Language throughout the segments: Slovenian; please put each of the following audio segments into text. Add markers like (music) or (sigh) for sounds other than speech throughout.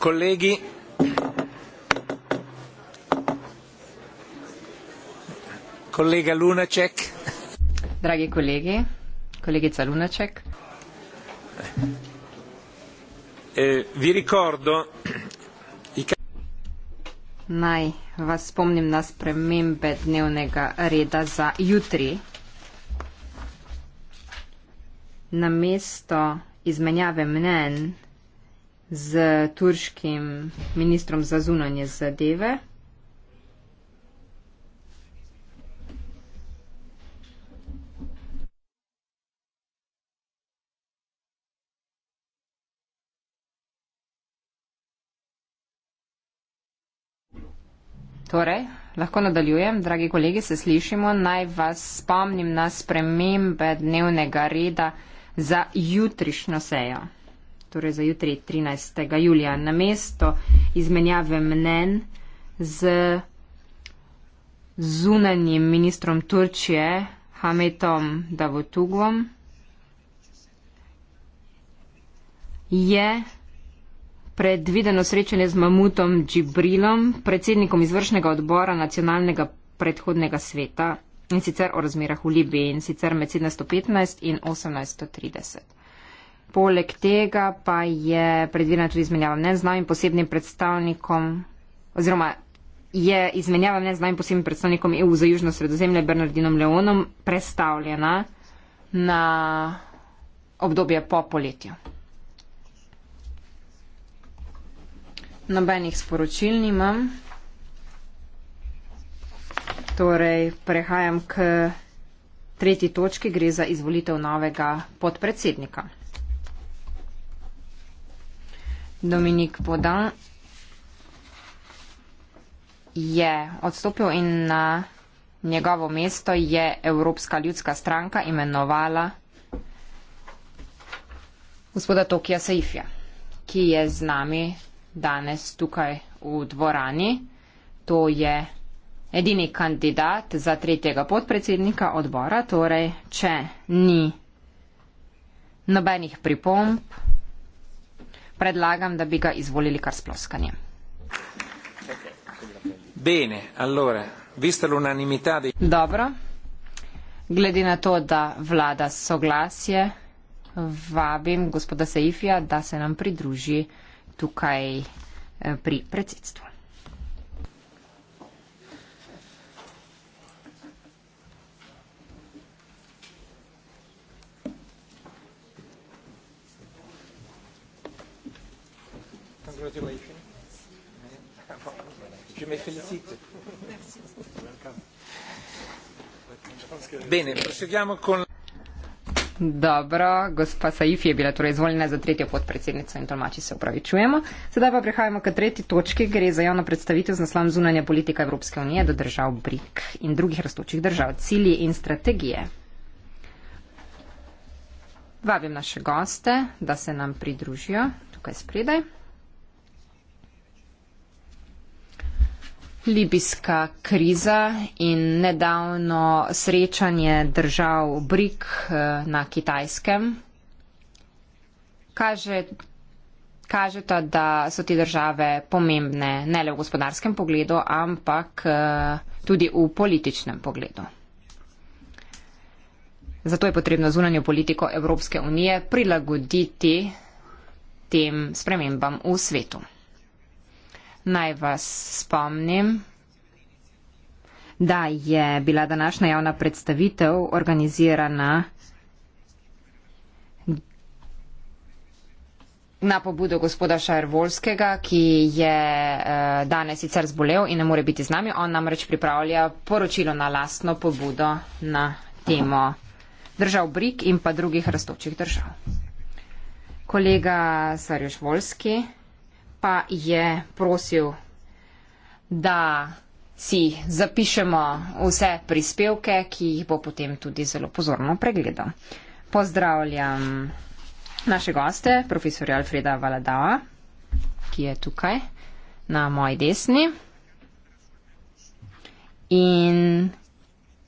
colleghi collega Lunacek draghi colleghi colleghezza Lunacek eh, vi ricordo i ca- Naj vas spomnim na spremembe dnevnega reda za jutri. Namesto izmenjave mnen z turškim ministrom za zunanje zadeve. Torej, lahko nadaljujem, dragi kolegi, se slišimo. Naj vas spomnim na spremembe dnevnega reda za jutrišnjo sejo torej za jutri 13. julija, na mesto izmenjave mnen z zunanjim ministrom Turčije Hametom Davotugom je predvideno srečanje z Mamutom Džibrilom, predsednikom izvršnega odbora nacionalnega predhodnega sveta in sicer o razmerah v Libiji in sicer med 715 in 1830. Poleg tega pa je predvidena tudi izmenjava mnen z novim posebnim predstavnikom oziroma je izmenjava mnen z novim posebnim predstavnikom EU za južno sredozemlje Bernardinom Leonom predstavljena na obdobje po poletju. Nobenih sporočil nimam. Torej, prehajam k tretji točki, gre za izvolitev novega podpredsednika. Dominik Bodan je odstopil in na njegovo mesto je Evropska ljudska stranka imenovala gospoda Tokija Saifija, ki je z nami danes tukaj v dvorani. To je edini kandidat za tretjega podpredsednika odbora, torej če ni nobenih pripomb, predlagam, da bi ga izvolili kar sploskanje. Bene, allora, vista l'unanimità di... Dobro. Glede na to, da vlada soglasje, vabim gospoda Seifija, da se nam pridruži tukaj eh, pri predsedstvu. congratulation. Je me félicite. Bene, proseguiamo con. Dobro, gospa Saif je bila torej izvoljena za tretjo podpredsednico in tolmači se upravičujemo. Sedaj pa prehajamo k tretji točki, gre za javno predstavitev z naslovom zunanja politika Evropske unije do držav BRIK in drugih rastočih držav, cilji in strategije. Vabim naše goste, da se nam pridružijo tukaj spredaj. libijska kriza in nedavno srečanje držav BRIK eh, na kitajskem kaže, kaže to, da so te države pomembne ne le v gospodarskem pogledu, ampak eh, tudi v političnem pogledu. Zato je potrebno zunanjo politiko Evropske unije prilagoditi tem spremembam v svetu. Naj vas spomnim, da je bila današnja javna predstavitev organizirana na pobudo gospoda Šarvolskega, ki je eh, danes sicer zbolel in ne more biti z nami. On namreč pripravlja poročilo na lastno pobudo na temo držav Brik in pa drugih rastočih držav. Kolega Sarjoš Volski pa je prosil, da si zapišemo vse prispevke, ki jih bo potem tudi zelo pozorno pregledal. Pozdravljam naše goste, profesorja Alfreda Valadava, ki je tukaj na moji desni in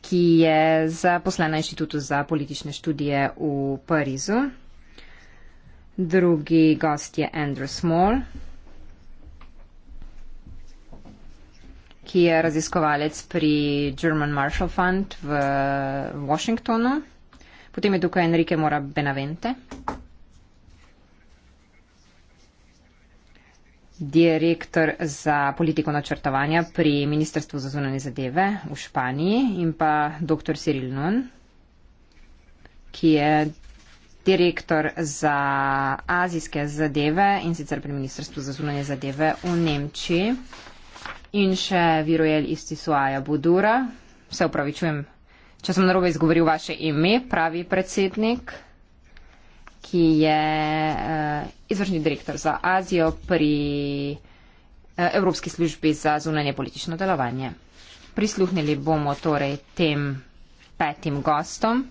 ki je zaposlen na Inštitutu za politične študije v Parizu. Drugi gost je Andrew Small. ki je raziskovalec pri German Marshall Fund v Washingtonu. Potem je tukaj Enrique Mora Benavente. direktor za politiko načrtovanja pri Ministrstvu za zunanje zadeve v Španiji in pa dr. Cyril Nun, ki je direktor za azijske zadeve in sicer pri Ministrstvu za zunanje zadeve v Nemčiji in še Virojel iz Tisuaja Budura. Se upravičujem, če sem narobe izgovoril vaše ime, pravi predsednik, ki je uh, izvršni direktor za Azijo pri uh, Evropski službi za zunanje politično delovanje. Prisluhnili bomo torej tem petim gostom.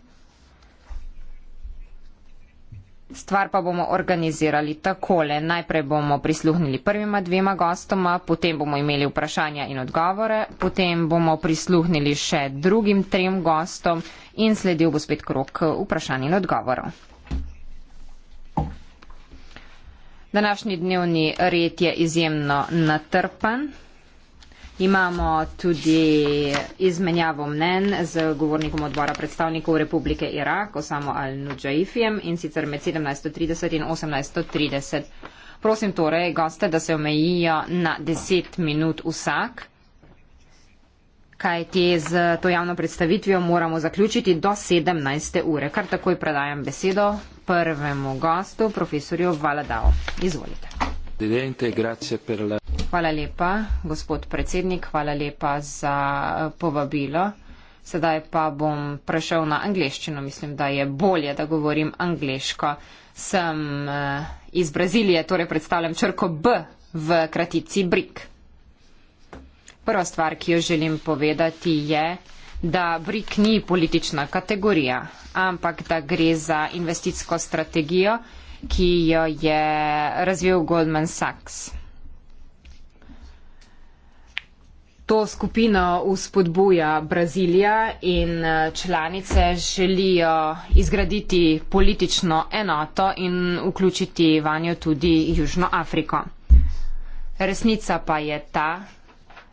Stvar pa bomo organizirali takole. Najprej bomo prisluhnili prvima dvema gostoma, potem bomo imeli vprašanja in odgovore, potem bomo prisluhnili še drugim trem gostom in sledil bo spet krok vprašanj in odgovorov. Današnji dnevni red je izjemno natrpan. Imamo tudi izmenjavo mnen z govornikom odbora predstavnikov Republike Irak, Osamo Al-Nujaifijem in sicer med 17.30 in 18.30. Prosim torej, goste, da se omejijo na 10 minut vsak. Kaj ti z to javno predstavitvijo moramo zaključiti do 17. ure. Kar takoj predajam besedo prvemu gostu, profesorju Valadao. Izvolite. Dedente, Hvala lepa, gospod predsednik, hvala lepa za eh, povabilo. Sedaj pa bom prešel na angliščino. Mislim, da je bolje, da govorim angliško. Sem eh, iz Brazilije, torej predstavljam črko B v kratici BRIC. Prva stvar, ki jo želim povedati, je, da BRIC ni politična kategorija, ampak da gre za investicijsko strategijo, ki jo je razvil Goldman Sachs. to skupino vzpodbuja Brazilija in eh, članice želijo izgraditi politično enoto in vključiti vanjo tudi Južno Afriko. Resnica pa je ta,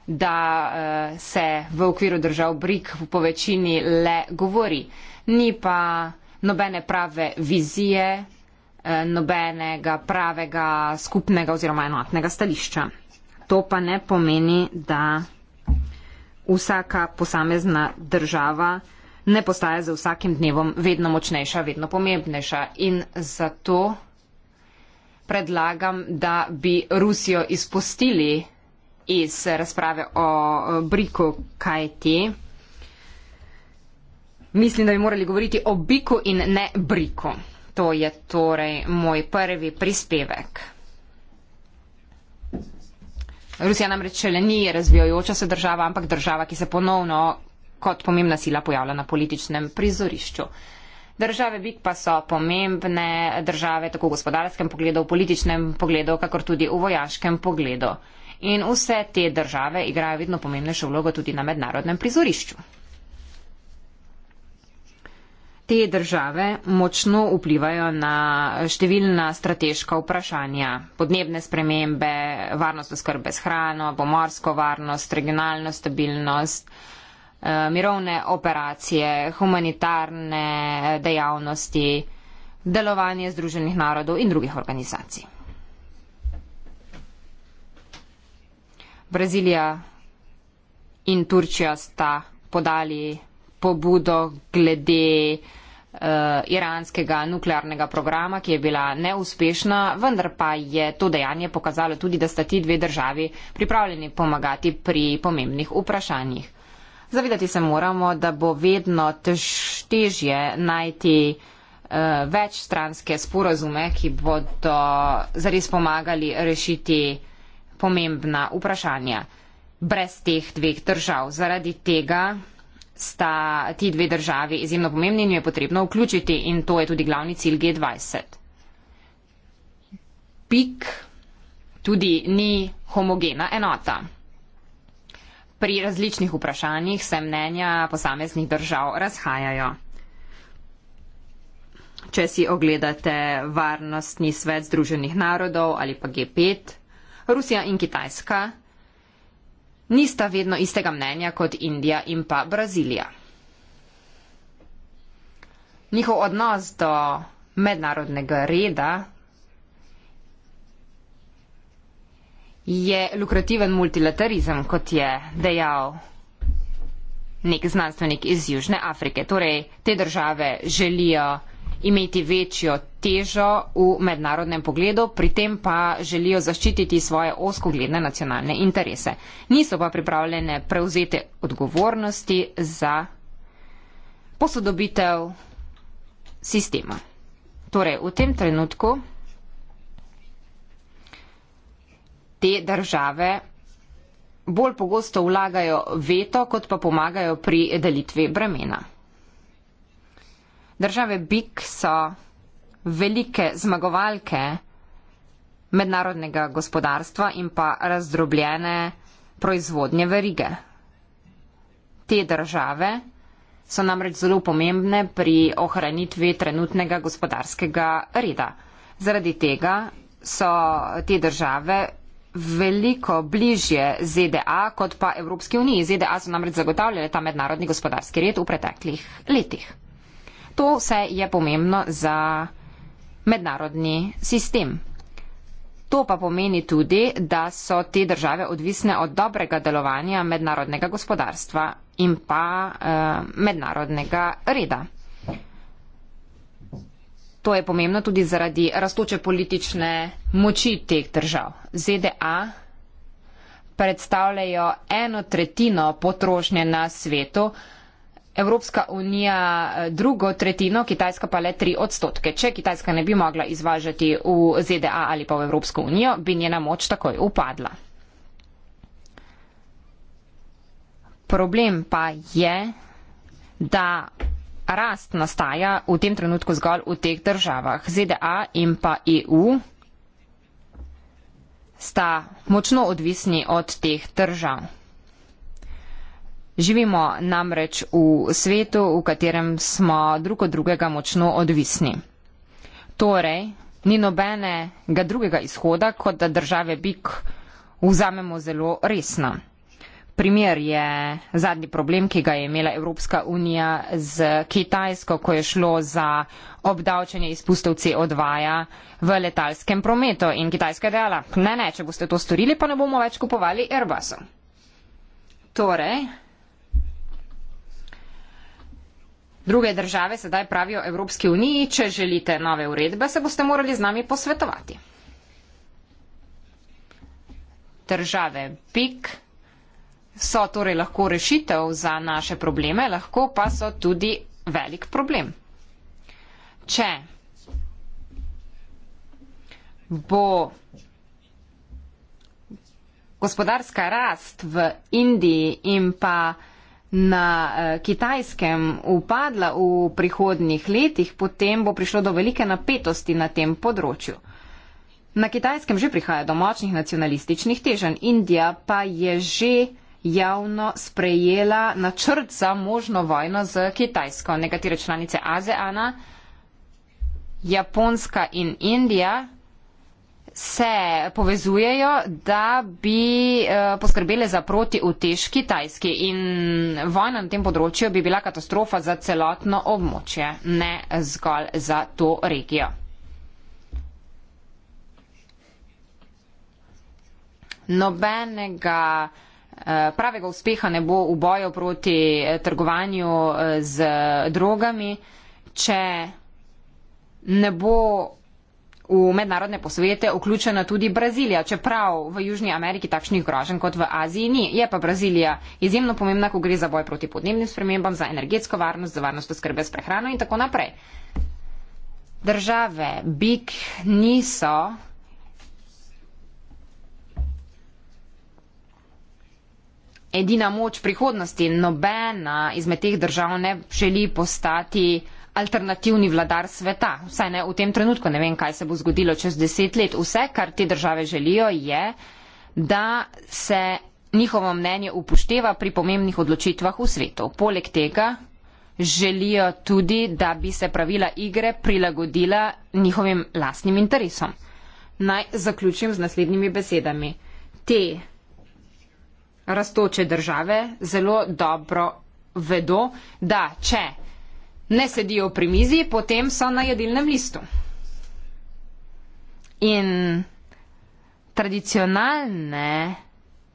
da eh, se v okviru držav BRIK po večini le govori. Ni pa nobene prave vizije, eh, nobenega pravega skupnega oziroma enotnega stališča. To pa ne pomeni, da vsaka posamezna država ne postaja za vsakim dnevom vedno močnejša, vedno pomembnejša. In zato predlagam, da bi Rusijo izpustili iz razprave o briku KT. Mislim, da bi morali govoriti o biku in ne briku. To je torej moj prvi prispevek. Rusija namreč šele ni razvijajoča se država, ampak država, ki se ponovno kot pomembna sila pojavlja na političnem prizorišču. Države BIK pa so pomembne države tako v gospodarskem pogledu, v političnem pogledu, kakor tudi v vojaškem pogledu. In vse te države igrajo vedno pomembnejšo vlogo tudi na mednarodnem prizorišču te države močno vplivajo na številna strateška vprašanja. Podnebne spremembe, varnost oskrbe s hrano, pomorsko varnost, regionalno stabilnost, eh, mirovne operacije, humanitarne eh, dejavnosti, delovanje Združenih narodov in drugih organizacij. Brazilija in Turčija sta podali pobudo glede uh, iranskega nuklearnega programa, ki je bila neuspešna, vendar pa je to dejanje pokazalo tudi, da sta ti dve državi pripravljeni pomagati pri pomembnih vprašanjih. Zavedati se moramo, da bo vedno težje najti uh, večstranske sporozume, ki bodo zares pomagali rešiti pomembna vprašanja brez teh dveh držav. Zaradi tega sta ti dve državi izjemno pomembni in jo je potrebno vključiti in to je tudi glavni cilj G20. PIK tudi ni homogena enota. Pri različnih vprašanjih se mnenja posameznih držav razhajajo. Če si ogledate varnostni svet Združenih narodov ali pa G5, Rusija in Kitajska nista vedno istega mnenja kot Indija in pa Brazilija. Njihov odnos do mednarodnega reda je lukrativen multilaterizem, kot je dejal nek znanstvenik iz Južne Afrike. Torej, te države želijo imeti večjo težo v mednarodnem pogledu, pri tem pa želijo zaščititi svoje oskogledne nacionalne interese. Niso pa pripravljene prevzeti odgovornosti za posodobitev sistema. Torej, v tem trenutku te države bolj pogosto vlagajo veto, kot pa pomagajo pri delitvi bremena. Države BIK so velike zmagovalke mednarodnega gospodarstva in pa razdrobljene proizvodnje verige. Te države so namreč zelo pomembne pri ohranitvi trenutnega gospodarskega reda. Zaradi tega so te države veliko bližje ZDA kot pa Evropski uniji. ZDA so namreč zagotavljale ta mednarodni gospodarski red v preteklih letih to vse je pomembno za mednarodni sistem. To pa pomeni tudi, da so te države odvisne od dobrega delovanja mednarodnega gospodarstva in pa eh, mednarodnega reda. To je pomembno tudi zaradi rastoče politične moči teh držav. ZDA predstavljajo eno tretjino potrošnje na svetu, Evropska unija eh, drugo tretjino, Kitajska pa le tri odstotke. Če Kitajska ne bi mogla izvažati v ZDA ali pa v Evropsko unijo, bi njena moč takoj upadla. Problem pa je, da rast nastaja v tem trenutku zgolj v teh državah. ZDA in pa EU sta močno odvisni od teh držav. Živimo namreč v svetu, v katerem smo drug od drugega močno odvisni. Torej, ni nobenega drugega izhoda, kot da države bik vzamemo zelo resno. Primer je zadnji problem, ki ga je imela Evropska unija z Kitajsko, ko je šlo za obdavčanje izpustov CO2 -ja v letalskem prometu. In Kitajska je dejala, ne, ne, če boste to storili, pa ne bomo več kupovali Airbusov. Torej, Druge države sedaj pravijo Evropski uniji, če želite nove uredbe, se boste morali z nami posvetovati. Države PIK so torej lahko rešitev za naše probleme, lahko pa so tudi velik problem. Če bo gospodarska rast v Indiji in pa na eh, kitajskem upadla v prihodnjih letih, potem bo prišlo do velike napetosti na tem področju. Na kitajskem že prihaja do močnih nacionalističnih težanj. Indija pa je že javno sprejela načrt za možno vojno z Kitajsko. Nekatere članice ASEANA, Japonska in Indija se povezujejo, da bi eh, poskrbele za protiutež Kitajski. In vojna na tem področju bi bila katastrofa za celotno območje, ne zgolj za to regijo. Nobenega eh, pravega uspeha ne bo v boju proti eh, trgovanju z drogami, če ne bo V mednarodne posvete vključena tudi Brazilija, čeprav v Južni Ameriki takšnih groženj kot v Aziji ni. Je pa Brazilija izjemno pomembna, ko gre za boj proti podnebnim spremembam, za energetsko varnost, za varnost oskrbe s prehrano in tako naprej. Države BIK niso. Edina moč prihodnosti, nobena izmed teh držav ne želi postati alternativni vladar sveta. Vsaj ne v tem trenutku, ne vem, kaj se bo zgodilo čez deset let. Vse, kar te države želijo, je, da se njihovo mnenje upošteva pri pomembnih odločitvah v svetu. Poleg tega želijo tudi, da bi se pravila igre prilagodila njihovim lastnim interesom. Naj zaključim z naslednjimi besedami. Te rastoče države zelo dobro vedo, da če ne sedijo pri mizi, potem so na jedilnem listu. In tradicionalne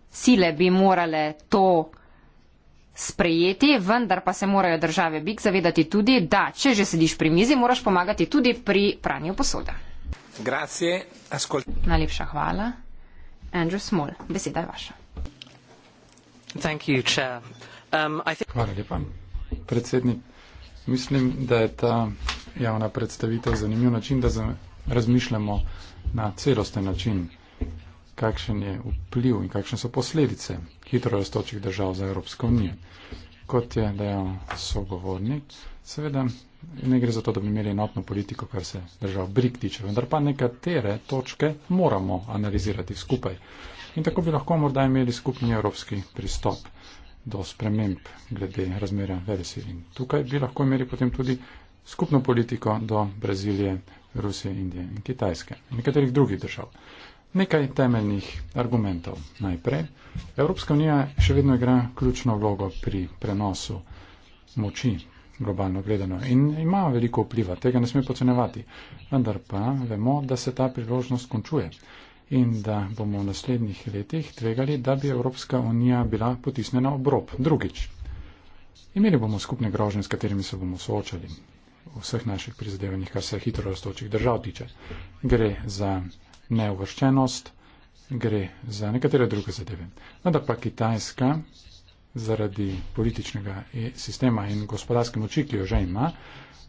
sile bi morale to sprejeti, vendar pa se morajo države BIK zavedati tudi, da če že sediš pri mizi, moraš pomagati tudi pri pranju posode. Grazie, ascolt- Najlepša hvala. Andrew Small, beseda je vaša. Thank you, um, I think... Hvala lepa, predsednik. Mislim, da je ta javna predstavitev zanimiv način, da razmišljamo na celosten način, kakšen je vpliv in kakšne so posledice hitro raztočih držav za Evropsko unijo. Kot je dejal sogovornik, seveda ne gre za to, da bi imeli enotno politiko, kar se držav brik tiče, vendar pa nekatere točke moramo analizirati skupaj. In tako bi lahko morda imeli skupni evropski pristop do sprememb glede razmerja v Siriji. Tukaj bi lahko imeli potem tudi skupno politiko do Brazilije, Rusije, Indije in Kitajske in nekaterih drugih držav. Nekaj temeljnih argumentov. Najprej, Evropska unija še vedno igra ključno vlogo pri prenosu moči, globalno gledano, in ima veliko vpliva, tega ne sme pocenevati. Vendar pa vemo, da se ta priložnost končuje in da bomo v naslednjih letih tvegali, da bi Evropska unija bila potisnjena ob rob. Drugič, imeli bomo skupne grožnje, s katerimi se bomo soočali v vseh naših prizadevanjih, kar se hitro raztočih držav tiče. Gre za neuvrščenost, gre za nekatere druge zadeve. Vendar no, pa Kitajska zaradi političnega e-, sistema in gospodarske moči, ki jo že ima,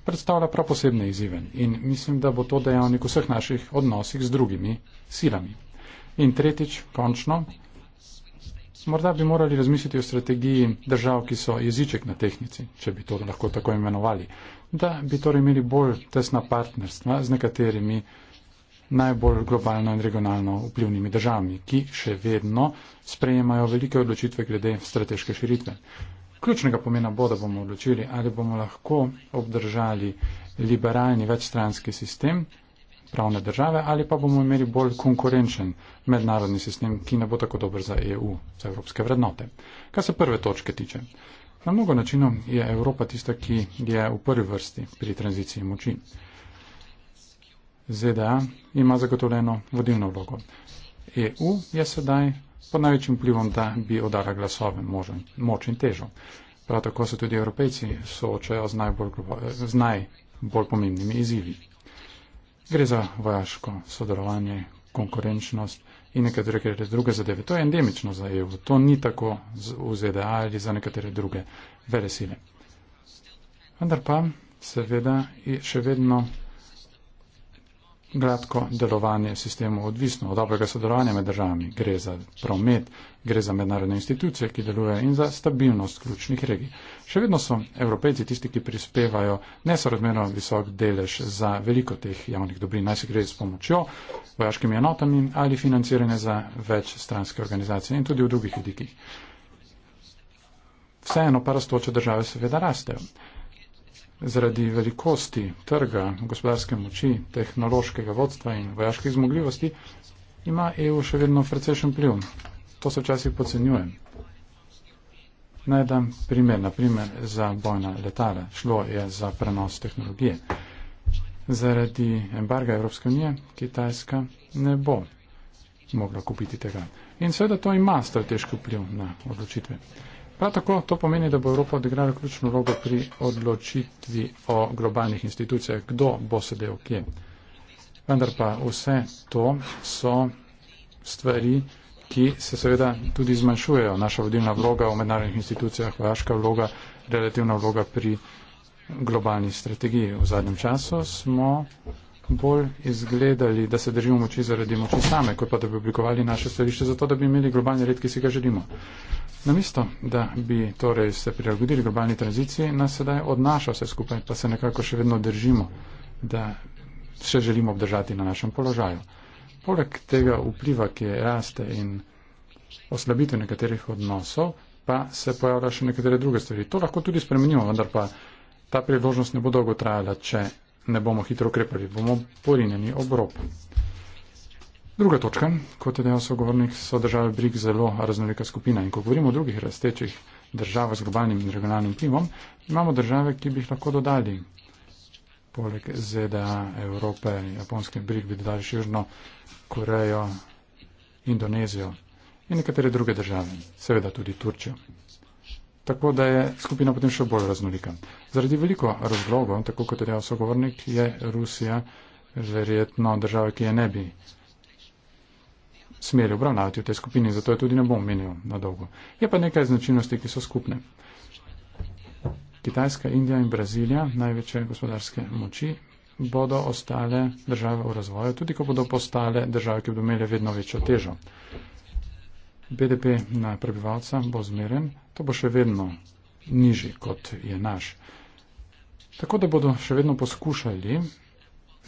predstavlja prav posebne izzive in mislim, da bo to dejavnik vseh naših odnosih z drugimi silami. In tretjič, končno, morda bi morali razmisliti o strategiji držav, ki so jeziček na tehnici, če bi to lahko tako imenovali, da bi torej imeli bolj tesna partnerstva z nekaterimi najbolj globalno in regionalno vplivnimi državami, ki še vedno sprejemajo velike odločitve glede strateške širitve ključnega pomena bo, da bomo odločili, ali bomo lahko obdržali liberalni večstranski sistem pravne države ali pa bomo imeli bolj konkurenčen mednarodni sistem, ki ne bo tako dober za EU, za evropske vrednote. Kar se prve točke tiče. Na mnogo načinov je Evropa tista, ki je v prvi vrsti pri tranziciji moči. ZDA e ima zagotovljeno vodilno vlogo. EU je sedaj pod največjim vplivom, da bi odara glasove možen, moč in težo. Prav tako se tudi evropejci soočajo z najbolj, z najbolj pomembnimi izzivi. Gre za vojaško sodelovanje, konkurenčnost in nekatere druge zadeve. To je endemično za EU, to ni tako v ZDA ali za nekatere druge velesile. Vendar pa, seveda, še vedno gladko delovanje sistemov odvisno od dobrega sodelovanja med državami. Gre za promet, gre za mednarodne institucije, ki delujejo in za stabilnost ključnih regij. Še vedno so evropejci tisti, ki prispevajo nesorazmerno visok delež za veliko teh javnih dobrin, naj se gre s pomočjo, vojaškimi enotami ali financiranje za več stranske organizacije in tudi v drugih vidikih. Vseeno pa rastoče države seveda rastejo zaradi velikosti trga, gospodarske moči, tehnološkega vodstva in vojaških zmogljivosti, ima EU še vedno precejšen pliv. To se včasih pocenjuje. Naj dam primer, naprimer za bojna letala. Šlo je za prenos tehnologije. Zaradi embarga Evropske unije Kitajska ne bo mogla kupiti tega. In seveda to ima strateški vpliv na odločitve. Prav tako to pomeni, da bo Evropa odigrala ključno vlogo pri odločitvi o globalnih institucijah, kdo bo sedel kje. Vendar pa vse to so stvari, ki se seveda tudi zmanjšujejo. Naša vodilna vloga v mednarodnih institucijah, vaška vloga, relativna vloga pri globalni strategiji. V zadnjem času smo bolj izgledali, da se držimo moči zaradi moči same, kot pa da bi oblikovali naše stališče zato, da bi imeli globalni red, ki si ga želimo. Namesto, da bi torej se prilagodili globalni tranziciji, nas sedaj odnaša vse skupaj, pa se nekako še vedno držimo, da se želimo obdržati na našem položaju. Poleg tega vpliva, ki je raste in oslabitev nekaterih odnosov, pa se pojavljajo še nekatere druge stvari. To lahko tudi spremenimo, vendar pa ta priložnost ne bo dolgo trajala, če ne bomo hitro ukrepali, bomo porineni ob rob. Druga točka, kot je dejal sogovornik, so države BRIC zelo raznolika skupina in ko govorimo o drugih raztečih državah z globalnim in regionalnim vplivom, imamo države, ki bi jih lahko dodali. Poleg ZDA, Evrope, Japonske, BRIC bi dodali Širno, Korejo, Indonezijo in nekatere druge države, seveda tudi Turčijo. Tako da je skupina potem še bolj raznolika. Zaradi veliko razlogov, tako kot je dejal sogovornik, je Rusija verjetno država, ki je ne bi smeli obravnavati v tej skupini, zato je tudi ne bom menil na dolgo. Je pa nekaj značilnosti, ki so skupne. Kitajska, Indija in Brazilija, največje gospodarske moči, bodo ostale države v razvoju, tudi ko bodo postale države, ki bodo imele vedno večjo težo. BDP na prebivalca bo zmeren, to bo še vedno nižji, kot je naš. Tako da bodo še vedno poskušali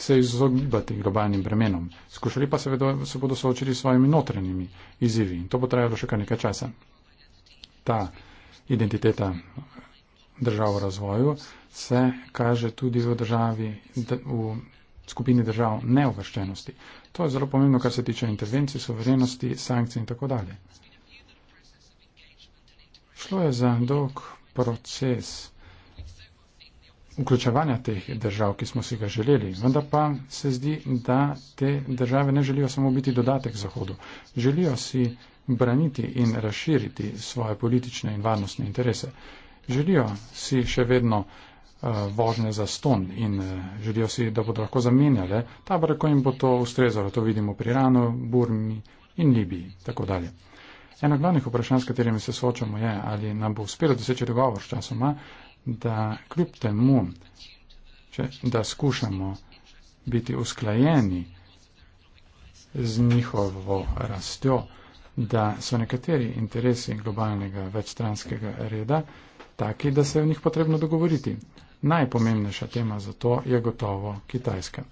se izogibati globalnim bremenom. Skušali pa seveda se bodo soočili s svojimi notranjimi izzivi in to bo trajalo še kar nekaj časa. Ta identiteta držav v razvoju se kaže tudi v, državi, v skupini držav neuvrščenosti. To je zelo pomembno, kar se tiče intervencij, soverenosti, sankcij in tako dalje. Šlo je za dolg proces vključevanja teh držav, ki smo si ga želeli. Vendar pa se zdi, da te države ne želijo samo biti dodatek Zahodu. Želijo si braniti in razširiti svoje politične in varnostne interese. Želijo si še vedno uh, eh, vožne za ston in uh, želijo si, da bodo lahko zamenjale tabore, ko jim bo to ustrezalo. To vidimo pri Iranu, Burmi in Libiji in tako dalje. Eno glavnih vprašanj, s katerimi se soočamo, je, ali nam bo uspelo doseči dogovor s časoma, da kljub temu, če, da skušamo biti usklajeni z njihovo rastjo, da so nekateri interesi globalnega večstranskega reda taki, da se je v njih potrebno dogovoriti. Najpomembnejša tema za to je gotovo Kitajska.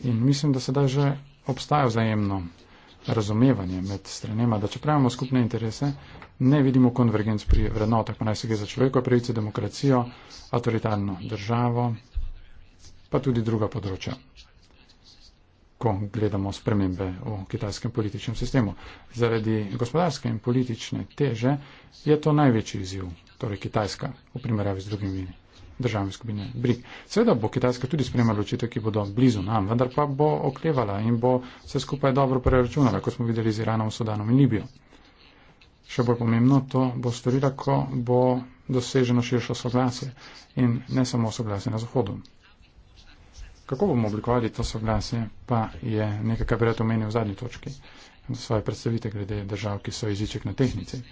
In mislim, da sedaj že obstaja vzajemno razumevanje med stranema, da če pravimo skupne interese, ne vidimo konvergenc pri vrednotah, pa naj se gre za človekove pravice, demokracijo, avtoritarno državo, pa tudi druga področja, ko gledamo spremembe v kitajskem političnem sistemu. Zaradi gospodarske in politične teže je to največji izziv, torej Kitajska v primerjavi z drugimi državami skupine BRIC. Seveda bo Kitajska tudi spremljala očitek, ki bodo blizu nam, vendar pa bo oklevala in bo se skupaj dobro preračunala, kot smo videli z Iranom, Sudanom in Libijo še bolj pomembno, to bo storila, ko bo doseženo širšo soglasje in ne samo soglasje na Zahodu. Kako bomo oblikovali to soglasje, pa je nekaj, kar bi rad omenil v zadnji točki svoje predstavite glede držav, ki so jeziček na tehnici.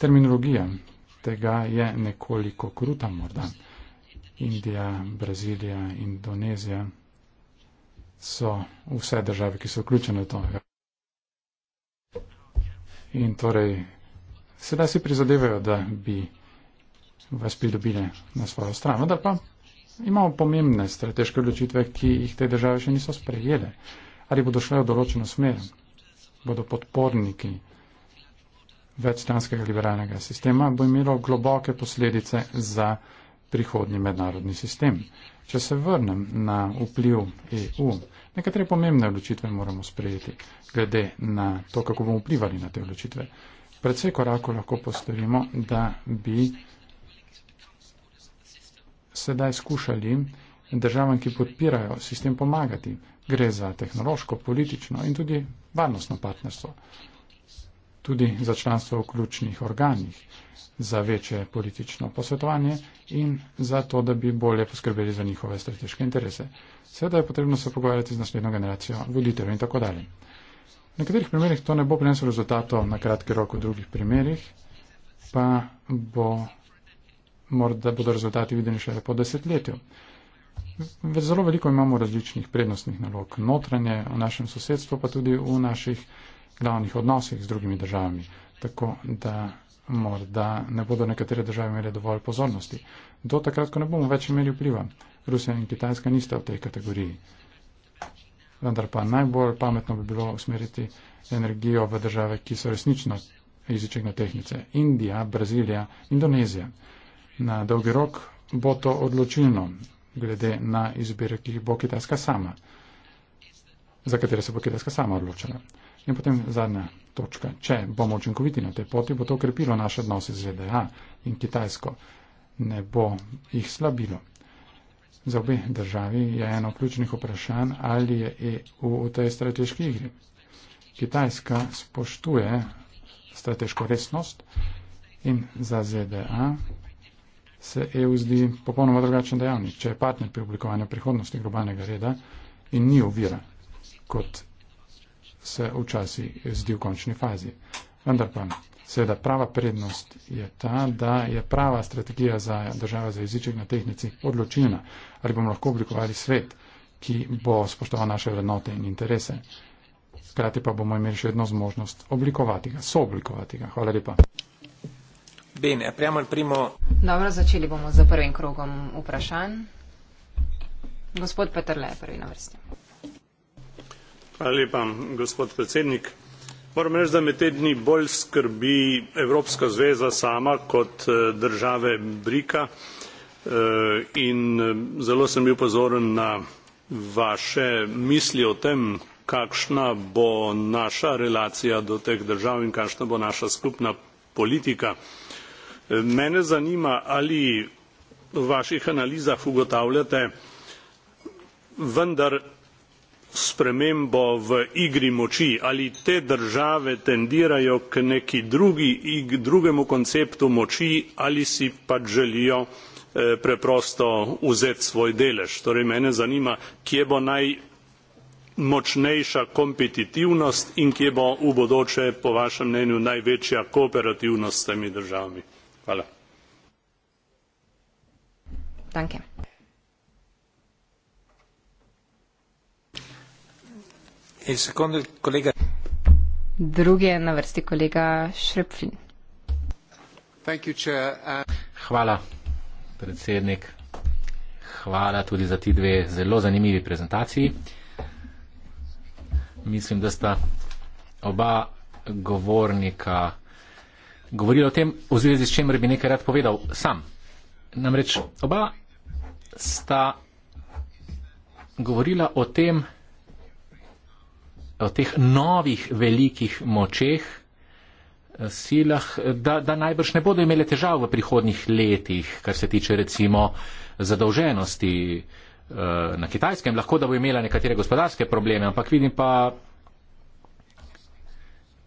Terminologija tega je nekoliko kruta morda. Indija, Brazilija, Indonezija so vse države, ki so vključene v to. In torej sedaj si prizadevajo, da bi vas pridobile na svojo stran. Vendar pa imamo pomembne strateške odločitve, ki jih te države še niso sprejele. Ali bodo šle v določeno smer, bodo podporniki večstranskega liberalnega sistema, bo imelo globoke posledice za prihodnji mednarodni sistem. Če se vrnem na vpliv EU, nekatere pomembne odločitve moramo sprejeti glede na to, kako bomo vplivali na te odločitve predvsej korakov lahko postorimo, da bi sedaj skušali državam, ki podpirajo sistem, pomagati. Gre za tehnološko, politično in tudi varnostno partnerstvo. Tudi za članstvo v ključnih organih, za večje politično posvetovanje in za to, da bi bolje poskrbeli za njihove strateške interese. Seveda je potrebno se pogovarjati z naslednjo generacijo voditeljev in tako dalje. V nekaterih primerjih to ne bo prineslo rezultatov na kratki rok, v drugih primerjih pa bo, morda bodo rezultati videni šele po desetletju. Zelo veliko imamo različnih prednostnih nalog notranje v našem sosedstvu, pa tudi v naših glavnih odnosih z drugimi državami. Tako da morda ne bodo nekatere države imele dovolj pozornosti. Do takrat, ko ne bomo več imeli vpliva. Rusija in Kitajska nista v tej kategoriji vendar pa najbolj pametno bi bilo usmeriti energijo v države, ki so resnično jezične tehnice. Indija, Brazilija, Indonezija. Na dolgi rok bo to odločilno, glede na izbire, ki jih bo Kitajska sama, za katere se bo Kitajska sama odločila. In potem zadnja točka. Če bomo učinkoviti na tej poti, bo to okrepilo naše odnose z ZDA in Kitajsko. Ne bo jih slabilo. Za obe državi je eno ključnih vprašanj, ali je EU v tej strateški igri. Kitajska spoštuje strateško resnost in za ZDA se EU zdi popolnoma drugačen dejavnik, če je partner pri oblikovanju prihodnosti globalnega reda in ni ovira, kot se včasih zdi v končni fazi. Vendar pa Seveda, prava prednost je ta, da je prava strategija za država za jeziček na tehnici odločilna, ali bomo lahko oblikovali svet, ki bo spoštoval naše vrednote in interese. Hkrati pa bomo imeli še vedno zmožnost oblikovati ga, sooblikovati ga. Hvala lepa. Bene, prijamo ali primo. Dobro, začeli bomo z prvim krogom vprašanj. Gospod Petrle, prvi na vrsti. Hvala lepa, gospod predsednik moram reči da me te dni bolj skrbi evropska zveza sama kot eh, države brika eh, in eh, zelo sem bil pozoren na vaše misli o tem kakšna bo naša relacija do teh držav in kakšna bo naša skupna politika mene zanima ali v vaših analizah ugotavljate vendar spremembo v igri moči ali te države tendirajo k neki drugi drugemu konceptu moči ali si pač želijo eh, preprosto vzeti svoj delež torej mene zanima kje bo naj močnejša kompetitivnost in kje bo v bodoče po vašem mnenju največja kooperativnost s temi državami hvala Hvala, predsednik. Hvala tudi za ti dve zelo zanimivi prezentaciji. Mislim, da sta oba govornika govorila o tem, v zvezi s čem bi nekaj rad povedal sam. Namreč oba sta govorila o tem, o teh novih velikih močeh, eh, silah, da, da najbrž ne bodo imele težav v prihodnih letih, kar se tiče recimo zadolženosti eh, na kitajskem. Lahko, da bo imela nekatere gospodarske probleme, ampak vidim pa,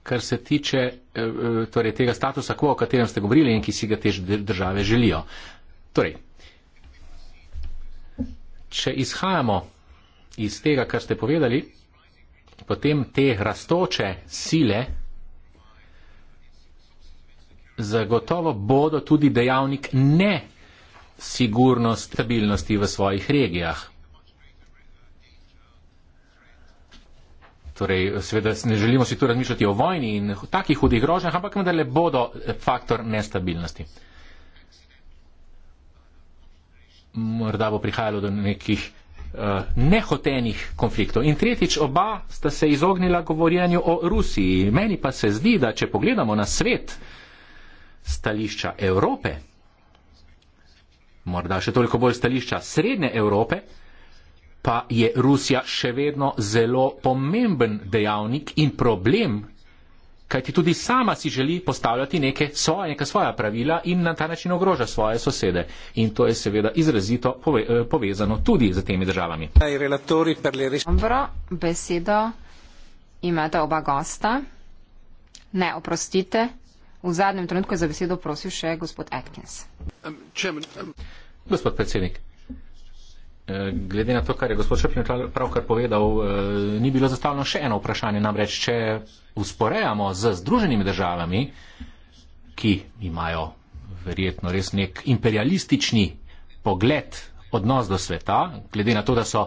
kar se tiče eh, torej, tega statusa quo, o katerem ste govorili in ki si ga te države želijo. Torej, če izhajamo iz tega, kar ste povedali, potem te rastoče sile zagotovo bodo tudi dejavnik ne sigurnosti, stabilnosti v svojih regijah. Torej, seveda ne želimo si tu razmišljati o vojni in o takih hudih grožnjah, ampak vendarle bodo faktor nestabilnosti. Morda bo prihajalo do nekih Eh, nehotenih konfliktov. In tretjič, oba sta se izognila govorjenju o Rusiji. Meni pa se zdi, da če pogledamo na svet stališča Evrope, morda še toliko bolj stališča Srednje Evrope, pa je Rusija še vedno zelo pomemben dejavnik in problem kajti tudi sama si želi postavljati neke svoje, neka svoja pravila in na ta način ogroža svoje sosede. In to je seveda izrazito pove, eh, povezano tudi z temi državami. Dobro, besedo imate oba gosta. Ne, oprostite. V zadnjem trenutku je za besedo prosil še gospod Atkins. Um, um- gospod predsednik. Eh, glede na to, kar je gospod Šepin pravkar povedal, eh, ni bilo zastavljeno še eno vprašanje. Namreč, če usporejamo z združenimi državami, ki imajo verjetno res nek imperialistični pogled, odnos do sveta, glede na to, da so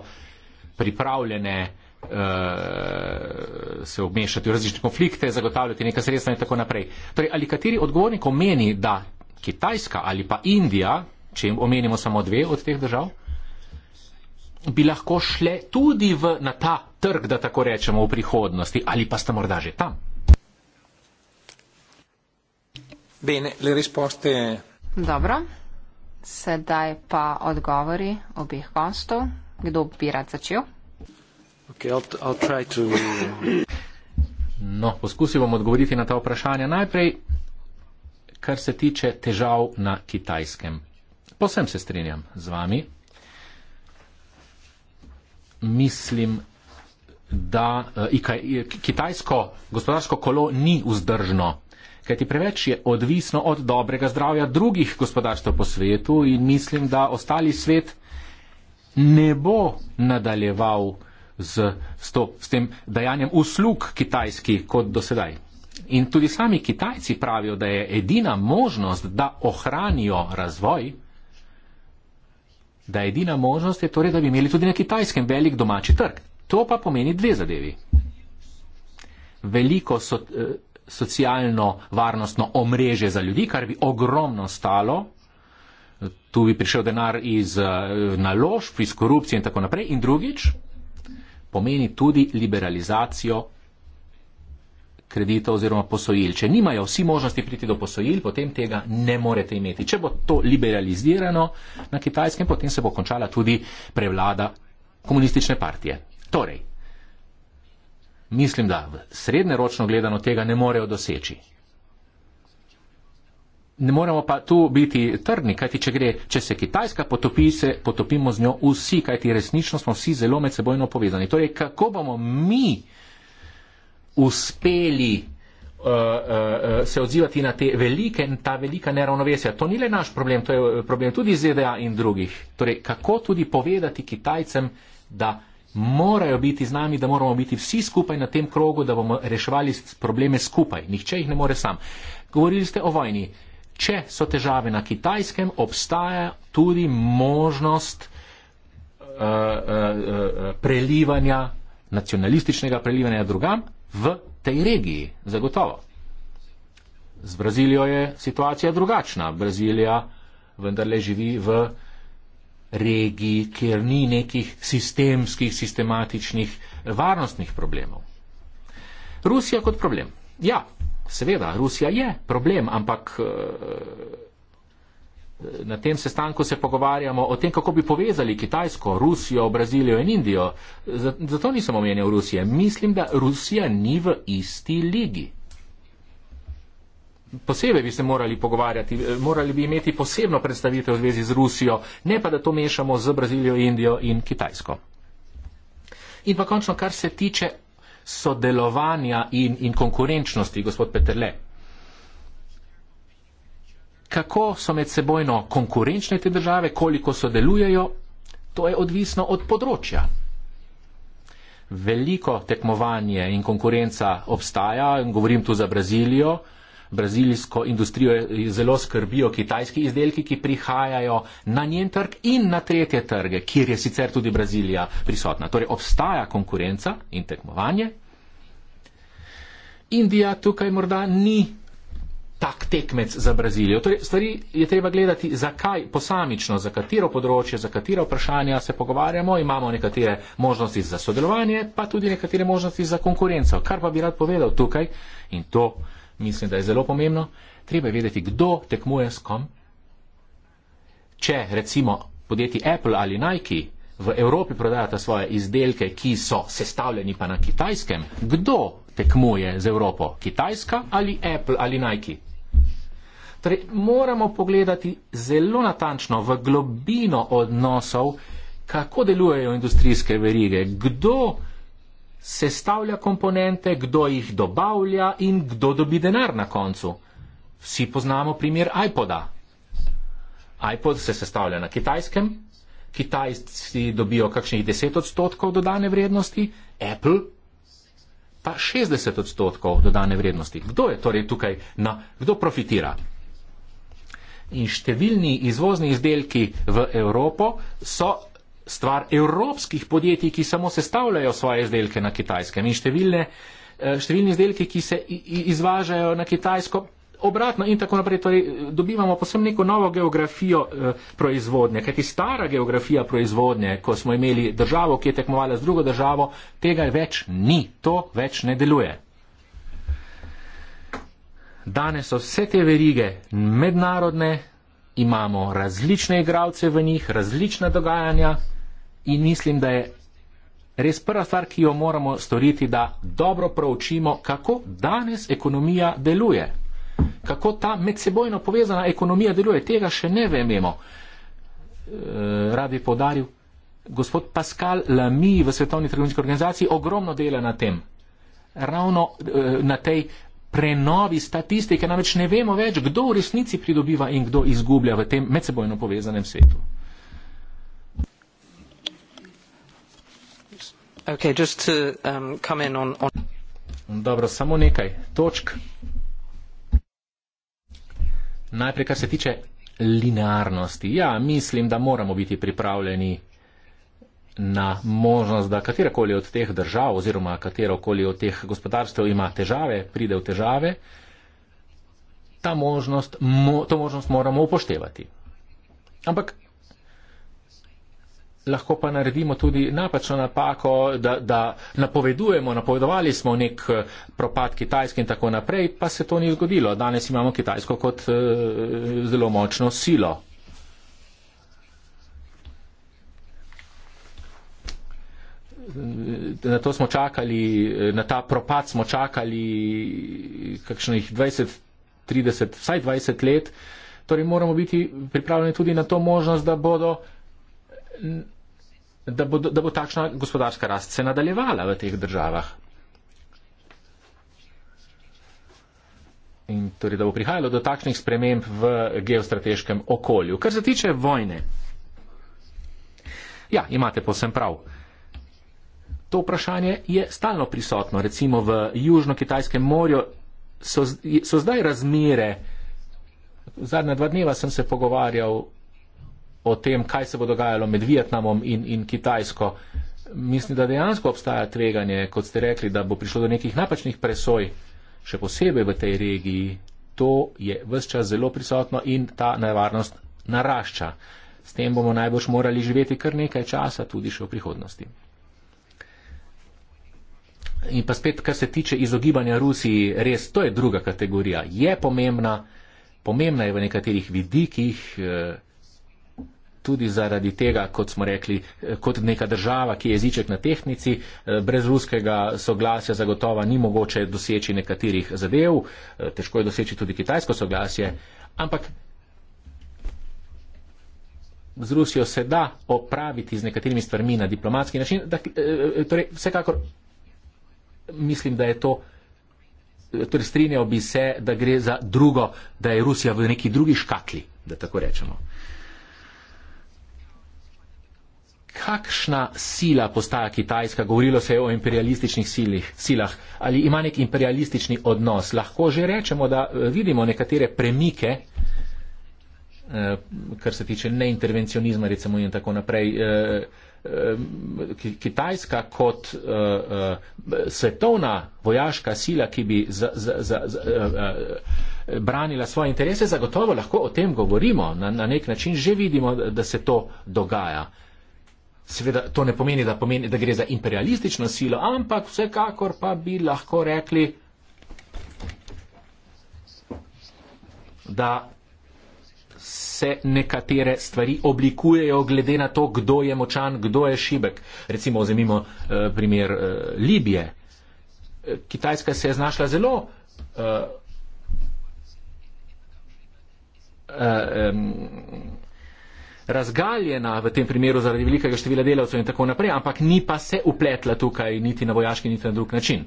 pripravljene uh, se obmešati v različne konflikte, zagotavljati nekaj sredstva in tako naprej. Torej, ali kateri odgovornik omeni, da Kitajska ali pa Indija, če omenimo samo dve od teh držav, bi lahko šle tudi v, na ta trg, da tako rečemo, v prihodnosti, ali pa ste morda že tam? Bene, le risposte. Dobro, sedaj pa odgovori obih gostov. Kdo bi rad začel? Okay, I'll, I'll try to... No, poskusil bom odgovoriti na ta vprašanja. Najprej, kar se tiče težav na kitajskem. Posem se strinjam z vami, mislim, da eh, kitajsko gospodarsko kolo ni vzdržno, kajti preveč je odvisno od dobrega zdravja drugih gospodarstv po svetu in mislim, da ostali svet ne bo nadaljeval z, s, to, s tem dajanjem uslug kitajski kot do sedaj. In tudi sami kitajci pravijo, da je edina možnost, da ohranijo razvoj, da edina možnost je torej, da bi imeli tudi na kitajskem velik domači trg. To pa pomeni dve zadevi. Veliko so, eh, socialno varnostno omrežje za ljudi, kar bi ogromno stalo, tu bi prišel denar iz eh, naložb, iz korupcije in tako naprej. In drugič, pomeni tudi liberalizacijo kredita oziroma posojil. Če nimajo vsi možnosti priti do posojil, potem tega ne morete imeti. Če bo to liberalizirano na kitajskem, potem se bo končala tudi prevlada komunistične partije. Torej, mislim, da v srednjeročno gledano tega ne morejo doseči. Ne moremo pa tu biti trdni, kajti če, gre, če se Kitajska potopi, se potopimo z njo vsi, kajti resnično smo vsi zelo med sebojno povezani. Torej, kako bomo mi uspeli uh, uh, se odzivati na te velike, ta velika neravnovesja. To ni le naš problem, to je eh, problem tudi ZDA in drugih. Torej, kako tudi povedati Kitajcem, da morajo biti z nami, da moramo biti vsi skupaj na tem krogu, da bomo reševali probleme skupaj. Nihče jih ne more sam. Govorili ste o vojni. Če so težave na kitajskem, obstaja tudi možnost uh, uh, uh, prelivanja, nacionalističnega prelivanja drugam, v tej regiji, zagotovo. Z Brazilijo je situacija drugačna. Brazilija vendarle živi v regiji, kjer ni nekih sistemskih, sistematičnih varnostnih problemov. Rusija kot problem. Ja, seveda, Rusija je problem, ampak. Uh, na tem sestanku se pogovarjamo o tem, kako bi povezali Kitajsko, Rusijo, Brazilijo in Indijo. Zato nisem omenjal Rusije. Mislim, da Rusija ni v isti ligi. Posebej bi se morali pogovarjati, morali bi imeti posebno predstavitev v zvezi z Rusijo, ne pa da to mešamo z Brazilijo, Indijo in Kitajsko. In pa končno, kar se tiče sodelovanja in, in konkurenčnosti, gospod Peterle kako so med sebojno konkurenčne te države, koliko sodelujejo, to je odvisno od področja. Veliko tekmovanje in konkurenca obstaja, govorim tu za Brazilijo, brazilsko industrijo zelo skrbijo kitajski izdelki, ki prihajajo na njen trg in na tretje trge, kjer je sicer tudi Brazilija prisotna. Torej obstaja konkurenca in tekmovanje. Indija tukaj morda ni tak tekmec za Brazilijo. Torej, stvari je treba gledati, zakaj posamično, za katero področje, za katero vprašanja se pogovarjamo. Imamo nekatere možnosti za sodelovanje, pa tudi nekatere možnosti za konkurenco. Kar pa bi rad povedal tukaj, in to mislim, da je zelo pomembno, treba je vedeti, kdo tekmuje s kom. Če recimo podjetji Apple ali Nike v Evropi prodajata svoje izdelke, ki so sestavljeni pa na kitajskem, kdo tekmuje z Evropo? Kitajska ali Apple ali Nike? Torej, moramo pogledati zelo natančno v globino odnosov, kako delujejo industrijske verige, kdo sestavlja komponente, kdo jih dobavlja in kdo dobi denar na koncu. Vsi poznamo primer iPoda. iPod se sestavlja na kitajskem, kitajci dobijo kakšnih 10 odstotkov dodane vrednosti, Apple pa 60 odstotkov dodane vrednosti. Kdo je torej tukaj na, kdo profitira? in številni izvozni izdelki v Evropo so stvar evropskih podjetij, ki samo sestavljajo svoje izdelke na kitajskem in številne, eh, številni izdelki, ki se izvažajo na kitajsko obratno in tako naprej. Torej, dobivamo posebno neko novo geografijo eh, proizvodnje, kajti stara geografija proizvodnje, ko smo imeli državo, ki je tekmovala z drugo državo, tega več ni, to več ne deluje. Danes so vse te verige mednarodne, imamo različne igralce v njih, različna dogajanja in mislim, da je res prva stvar, ki jo moramo storiti, da dobro proučimo, kako danes ekonomija deluje, kako ta medsebojno povezana ekonomija deluje. Tega še ne vemo. E, rad bi podaril, gospod Pascal Lamy v Svetovni trgovinski organizaciji ogromno dela na tem. Ravno eh, na tej prenovi statistike, namreč ne vemo več, kdo v resnici pridobiva in kdo izgublja v tem medsebojno povezanem svetu. Okay, to, um, on, on... Dobro, samo nekaj točk. Najprej, kar se tiče linearnosti. Ja, mislim, da moramo biti pripravljeni na možnost, da katerakoli od teh držav oziroma katerokoli od teh gospodarstv ima težave, pride v težave, možnost, mo, to možnost moramo upoštevati. Ampak lahko pa naredimo tudi napačno napako, da, da napovedujemo, napovedovali smo nek eh, propad Kitajske in tako naprej, pa se to ni zgodilo. Danes imamo Kitajsko kot eh, zelo močno silo. na to smo čakali, na ta propad smo čakali kakšnih 20, 30, vsaj 20 let. Torej moramo biti pripravljeni tudi na to možnost, da, bodo, da, bo, da bo takšna gospodarska rast se nadaljevala v teh državah. In torej, da bo prihajalo do takšnih sprememb v geostrateškem okolju. Kar se tiče vojne. Ja, imate posem prav to vprašanje je stalno prisotno. Recimo v Južno-Kitajskem morju so, so zdaj razmere. Zadnja dva dneva sem se pogovarjal o tem, kaj se bo dogajalo med Vietnamom in, in Kitajsko. Mislim, da dejansko obstaja tveganje, kot ste rekli, da bo prišlo do nekih napačnih presoj, še posebej v tej regiji. To je vse čas zelo prisotno in ta nevarnost narašča. S tem bomo najbolj morali živeti kar nekaj časa, tudi še v prihodnosti. In pa spet, kar se tiče izogibanja Rusiji, res to je druga kategorija. Je pomembna, pomembna je v nekaterih vidikih, eh, tudi zaradi tega, kot smo rekli, eh, kot neka država, ki je jeziček na tehnici, eh, brez ruskega soglasja zagotova ni mogoče doseči nekaterih zadev, težko je doseči tudi kitajsko soglasje, ampak z Rusijo se da opraviti z nekaterimi stvarmi na diplomatski način, da, torej vsekakor mislim, da je to, torej strinjal bi se, da gre za drugo, da je Rusija v neki drugi škatli, da tako rečemo. Kakšna sila postaja Kitajska? Govorilo se je o imperialističnih silih, silah. Ali ima nek imperialistični odnos? Lahko že rečemo, da eh, vidimo nekatere premike, eh, kar se tiče neintervencionizma, recimo in tako naprej. Eh, Kitajska kot uh, uh, svetovna vojaška sila, ki bi z, z, z, z, uh, eh, uh, branila svoje interese, zagotovo lahko o tem govorimo, na, na nek način že vidimo, da se to dogaja. Seveda to ne pomeni da, pomeni, da gre za imperialistično silo, ampak vsekakor pa bi lahko rekli, da se nekatere stvari oblikujejo glede na to, kdo je močan, kdo je šibek. Recimo, vzemimo eh, primer eh, Libije. Eh, Kitajska se je znašla zelo eh, eh, razgaljena v tem primeru zaradi velikega števila delavcev in tako naprej, ampak ni pa se upletla tukaj niti na vojaški, niti na drug način.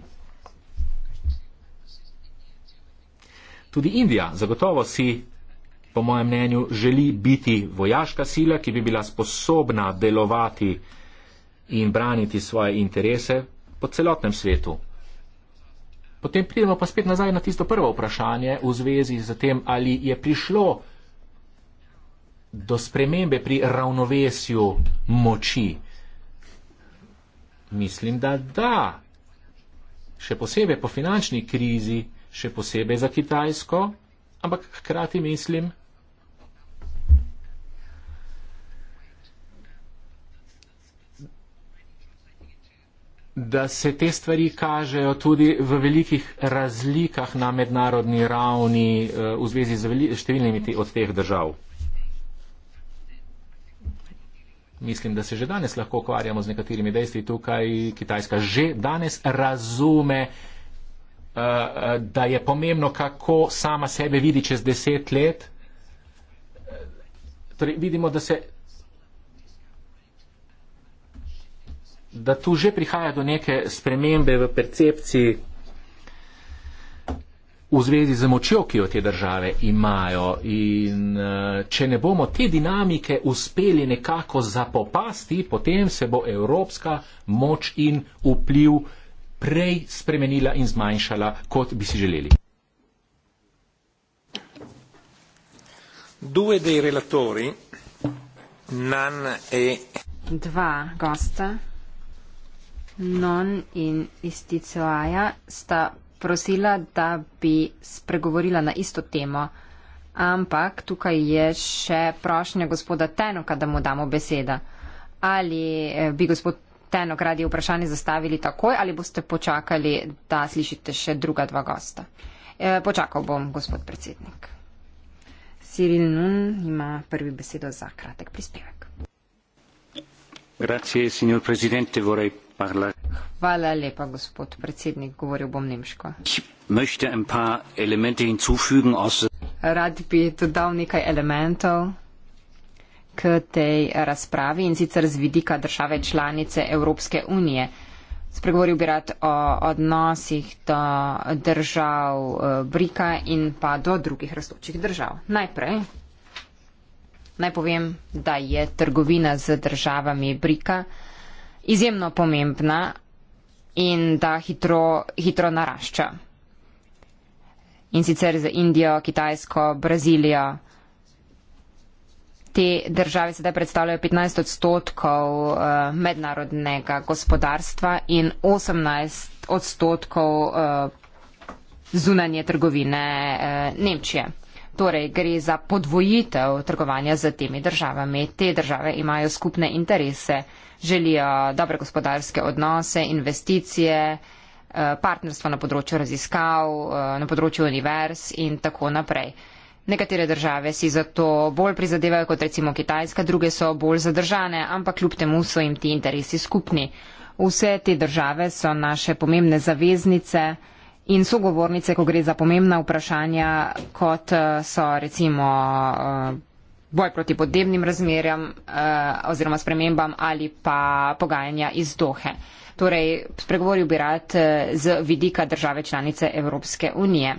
Tudi Indija zagotovo si po mojem mnenju, želi biti vojaška sila, ki bi bila sposobna delovati in braniti svoje interese po celotnem svetu. Potem pridemo pa spet nazaj na tisto prvo vprašanje v zvezi z tem, ali je prišlo do spremembe pri ravnovesju moči. Mislim, da da. Še posebej po finančni krizi, še posebej za Kitajsko, ampak hkrati mislim, da se te stvari kažejo tudi v velikih razlikah na mednarodni ravni eh, v zvezi z številnimi od teh držav. Mislim, da se že danes lahko ukvarjamo z nekaterimi dejstvi tukaj. Kitajska že danes razume, eh, eh, da je pomembno, kako sama sebe vidi čez deset let. Torej, vidimo, da se da tu že prihaja do neke spremembe v percepciji v zvezi z močjo, ki jo te države imajo. In eh, če ne bomo te dinamike uspeli nekako zapopasti, potem se bo evropska moč in vpliv prej spremenila in zmanjšala, kot bi si želeli. Due dei relatori, nan e... Dva gosta Non in Isticoaja sta prosila, da bi spregovorila na isto temo, ampak tukaj je še prošnja gospoda Tenoka, da mu damo beseda. Ali eh, bi gospod Tenok radi vprašanje zastavili takoj ali boste počakali, da slišite še druga dva gosta? E, počakal bom, gospod predsednik. Cyril Nun ima prvi besedo za kratek prispevek. Grazie, signor presidente, vorrei Parla. Hvala lepa, gospod predsednik. Govoril bom nemško. Rad bi dodal nekaj elementov k tej razpravi in sicer z vidika države članice Evropske unije. Spregovoril bi rad o odnosih do držav eh, Brika in pa do drugih rastočih držav. Najprej naj povem, da je trgovina z državami Brika izjemno pomembna in da hitro, hitro narašča. In sicer z Indijo, Kitajsko, Brazilijo. Te države sedaj predstavljajo 15 odstotkov eh, mednarodnega gospodarstva in 18 odstotkov eh, zunanje trgovine eh, Nemčije. Torej gre za podvojitev trgovanja z temi državami. Te države imajo skupne interese želijo dobre gospodarske odnose, investicije, eh, partnerstvo na področju raziskav, eh, na področju univerz in tako naprej. Nekatere države si zato bolj prizadevajo kot recimo Kitajska, druge so bolj zadržane, ampak kljub temu so jim ti interesi skupni. Vse te države so naše pomembne zaveznice in sogovornice, ko gre za pomembna vprašanja, kot eh, so recimo boj proti podnebnim razmerjam eh, oziroma spremembam ali pa pogajanja iz Dohe. Torej, spregovoril bi rad eh, z vidika države članice Evropske unije.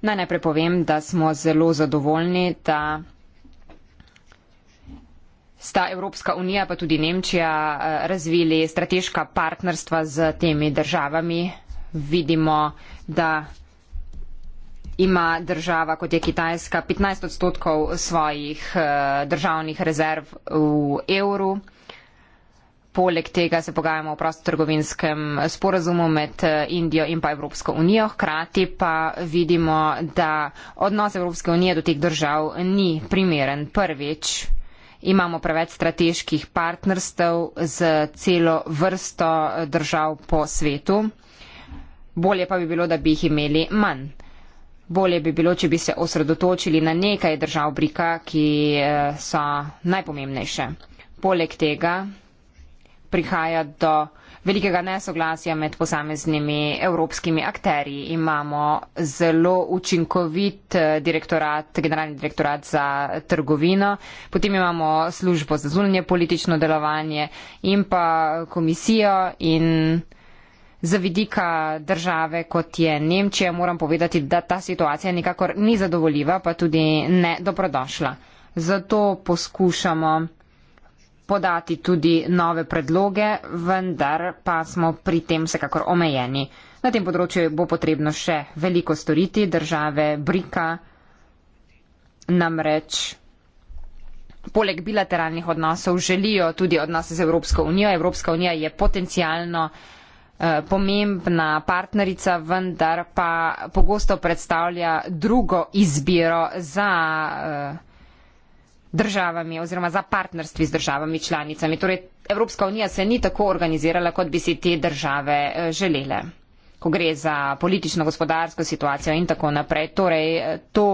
Naj najprej povem, da smo zelo zadovoljni, da sta Evropska unija pa tudi Nemčija eh, razvili strateška partnerstva z temi državami. Vidimo, da ima država, kot je Kitajska, 15 odstotkov svojih eh, državnih rezerv v evru. Poleg tega se pogajamo o prostotrgovinskem sporazumu med eh, Indijo in pa Evropsko unijo. Hkrati pa vidimo, da odnos Evropske unije do teh držav ni primeren. Prvič, imamo preveč strateških partnerstv z celo vrsto eh, držav po svetu. Bolje pa bi bilo, da bi jih imeli manj. Bolje bi bilo, če bi se osredotočili na nekaj držav Brika, ki eh, so najpomembnejše. Poleg tega prihaja do velikega nesoglasja med posameznimi evropskimi akteri. Imamo zelo učinkovit eh, direktorat, generalni direktorat za trgovino, potem imamo službo za zunanje politično delovanje in pa komisijo in. Z vidika države, kot je Nemčija, moram povedati, da ta situacija nikakor ni zadovoljiva, pa tudi ne dobrodošla. Zato poskušamo podati tudi nove predloge, vendar pa smo pri tem vsekakor omejeni. Na tem področju bo potrebno še veliko storiti, države Brika namreč. Poleg bilateralnih odnosov želijo tudi odnose z Evropsko unijo. Evropska unija je potencijalno uh, Eh, pomembna partnerica, vendar pa pogosto predstavlja drugo izbiro za eh, državami oziroma za partnerstvi z državami članicami. Torej, Evropska unija se ni tako organizirala, kot bi si te države eh, želele, ko gre za politično, gospodarsko situacijo in tako naprej. Torej, to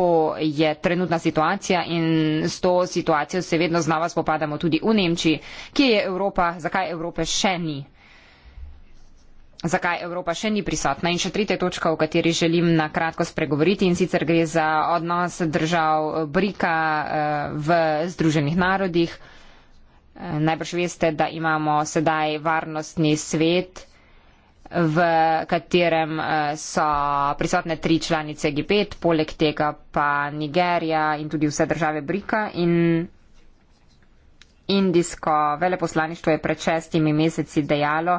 je trenutna situacija in s to situacijo se vedno znova spopadamo tudi v Nemčiji. Kje je Evropa, zakaj Evrope še ni? zakaj Evropa še ni prisotna. In še tretja točka, o kateri želim na kratko spregovoriti in sicer gre za odnos držav Brika eh, v Združenih narodih. Eh, najbrž veste, da imamo sedaj varnostni svet, v katerem eh, so prisotne tri članice G5, poleg tega pa Nigerija in tudi vse države Brika in Indijsko veleposlaništvo je pred šestimi meseci dejalo,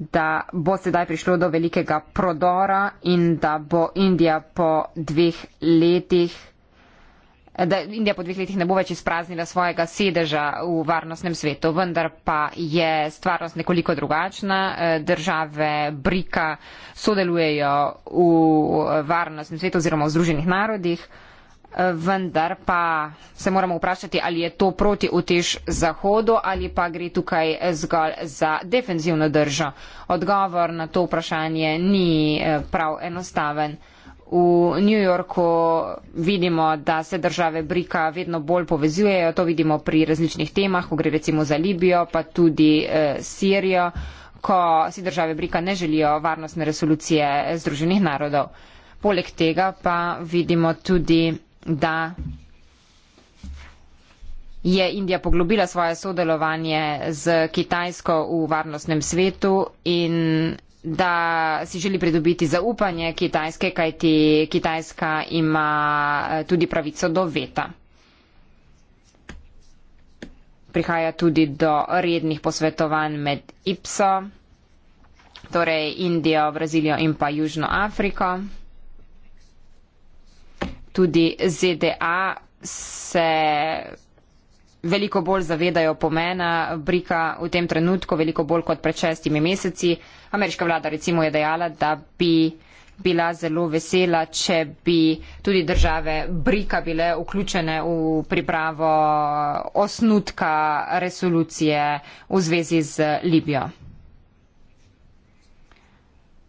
da bo sedaj prišlo do velikega prodora in da bo Indija po dveh letih, da Indija po dveh letih ne bo več izpraznila svojega sedeža v varnostnem svetu, vendar pa je stvarnost nekoliko drugačna. Države Brika sodelujejo v varnostnem svetu oziroma v Združenih narodih vendar pa se moramo vprašati, ali je to proti utež Zahodu ali pa gre tukaj zgolj za defenzivno držo. Odgovor na to vprašanje ni eh, prav enostaven. V New Yorku vidimo, da se države Brika vedno bolj povezujejo, to vidimo pri različnih temah, ko gre recimo za Libijo, pa tudi eh, Sirijo, ko si države Brika ne želijo varnostne resolucije Združenih narodov. Poleg tega pa vidimo tudi da je Indija poglobila svoje sodelovanje z Kitajsko v varnostnem svetu in da si želi pridobiti zaupanje Kitajske, kajti Kitajska ima eh, tudi pravico do veta. Prihaja tudi do rednih posvetovanj med IPSO, torej Indijo, Brazilijo in pa Južno Afriko tudi ZDA se veliko bolj zavedajo pomena brika v tem trenutku, veliko bolj kot pred šestimi meseci. Ameriška vlada recimo je dejala, da bi bila zelo vesela, če bi tudi države brika bile vključene v pripravo osnutka resolucije v zvezi z Libijo.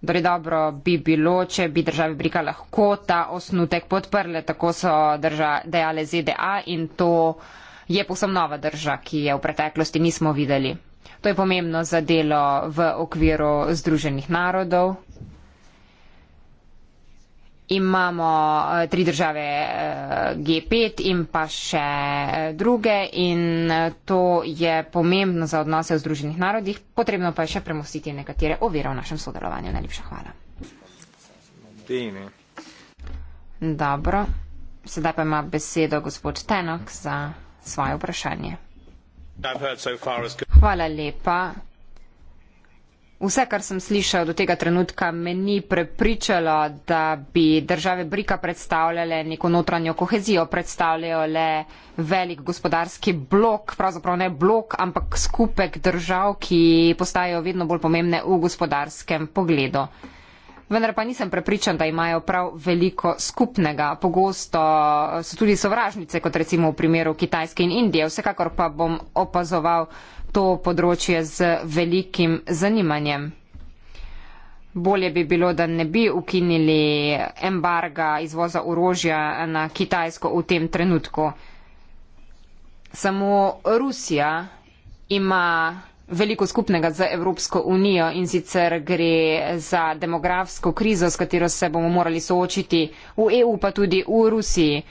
Torej dobro bi bilo, če bi države Brika lahko ta osnutek podprle, tako so drža, dejale ZDA in to je povsem nova drža, ki je v preteklosti nismo videli. To je pomembno za delo v okviru Združenih narodov imamo eh, tri države eh, G5 in pa še eh, druge in to je pomembno za odnose v Združenih narodih. Potrebno pa je še premostiti nekatere ovire v našem sodelovanju. Najlepša hvala. Dine. Dobro, sedaj pa ima besedo gospod Tenok za svoje vprašanje. Hvala lepa. Vse, kar sem slišal do tega trenutka, me ni prepričalo, da bi države Brika predstavljale neko notranjo kohezijo, predstavljajo le velik gospodarski blok, pravzaprav ne blok, ampak skupek držav, ki postajajo vedno bolj pomembne v gospodarskem pogledu vendar pa nisem prepričan, da imajo prav veliko skupnega. Pogosto so tudi sovražnice, kot recimo v primeru Kitajske in Indije. Vsekakor pa bom opazoval to področje z velikim zanimanjem. Bolje bi bilo, da ne bi ukinili embarga izvoza orožja na Kitajsko v tem trenutku. Samo Rusija ima veliko skupnega z Evropsko unijo in sicer gre za demografsko krizo, s katero se bomo morali soočiti v EU, pa tudi v Rusiji.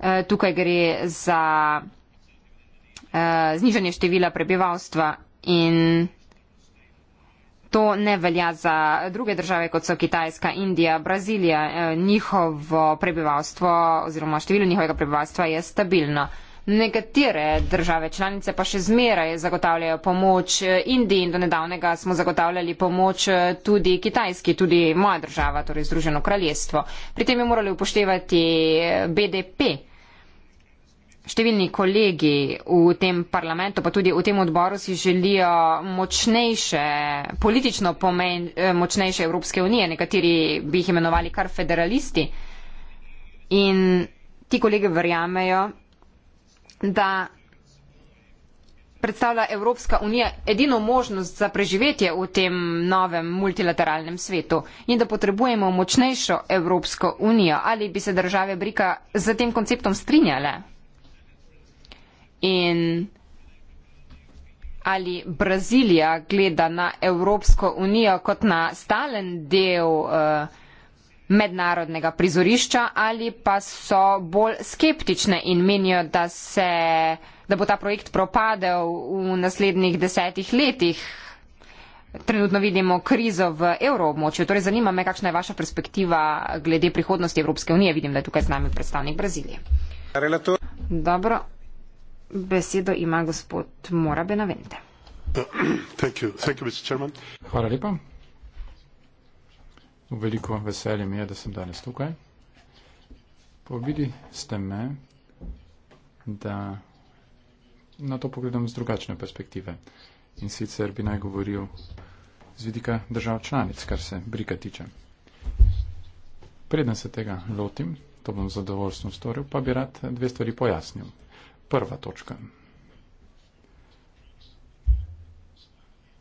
Eh, tukaj gre za eh, znižanje števila prebivalstva in to ne velja za druge države, kot so Kitajska, Indija, Brazilija. Eh, njihovo prebivalstvo oziroma število njihovega prebivalstva je stabilno. Nekatere države članice pa še zmeraj zagotavljajo pomoč Indiji in do nedavnega smo zagotavljali pomoč eh, tudi Kitajski, tudi moja država, torej Združeno kraljestvo. Pri tem je morali upoštevati eh, BDP. Številni kolegi v tem parlamentu, pa tudi v tem odboru, si želijo močnejše, politično pomen, eh, močnejše Evropske unije. Nekateri bi jih imenovali kar federalisti. In ti kolegi verjamejo, da predstavlja Evropska unija edino možnost za preživetje v tem novem multilateralnem svetu in da potrebujemo močnejšo Evropsko unijo. Ali bi se države Brika z tem konceptom strinjale? In ali Brazilija gleda na Evropsko unijo kot na stalen del uh, mednarodnega prizorišča ali pa so bolj skeptične in menijo, da, se, da bo ta projekt propadel v naslednjih desetih letih. Trenutno vidimo krizo v evroobmočju. Torej zanima me, kakšna je vaša perspektiva glede prihodnosti Evropske unije. Vidim, da je tukaj z nami predstavnik Brazilije. Relator. Dobro. Besedo ima gospod Morabe Navente. Hvala lepa. Veliko veselje mi je, da sem danes tukaj. Povabili ste me, da na to pogledam z drugačne perspektive. In sicer bi naj govoril z vidika držav članic, kar se brika tiče. Preden se tega lotim, to bom zadovoljstvo storil, pa bi rad dve stvari pojasnil. Prva točka.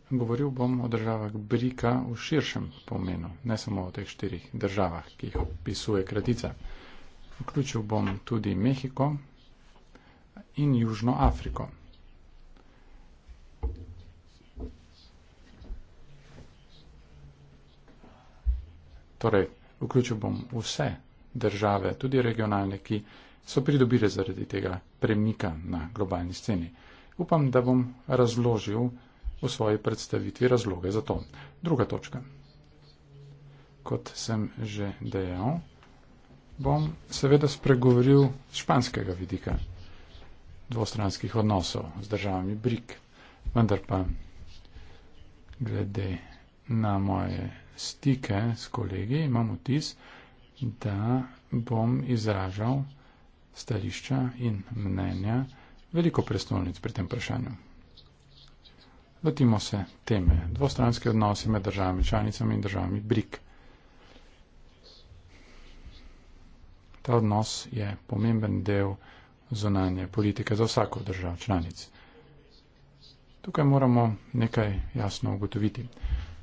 Govoril bom o državah Brika v širšem pomenu, ne samo o teh štirih državah, ki jih opisuje kratica. Vključil bom tudi Mehiko in Južno Afriko. Torej, vključil bom vse države, tudi regionalne, ki so pridobile zaradi tega premika na globalni sceni. Upam, da bom razložil, v svoji predstavitvi razloge za to. Druga točka. Kot sem že dejal, bom seveda spregovoril z španskega vidika dvostranskih odnosov z državami BRIC, vendar pa glede na moje stike s kolegi imam vtis, da bom izražal stališča in mnenja veliko prestolnic pri tem vprašanju. Vrtimo se teme. Dvostranski odnosi med državami članicami in državami BRIK. Ta odnos je pomemben del zonanje politike za vsako držav članic. Tukaj moramo nekaj jasno ugotoviti,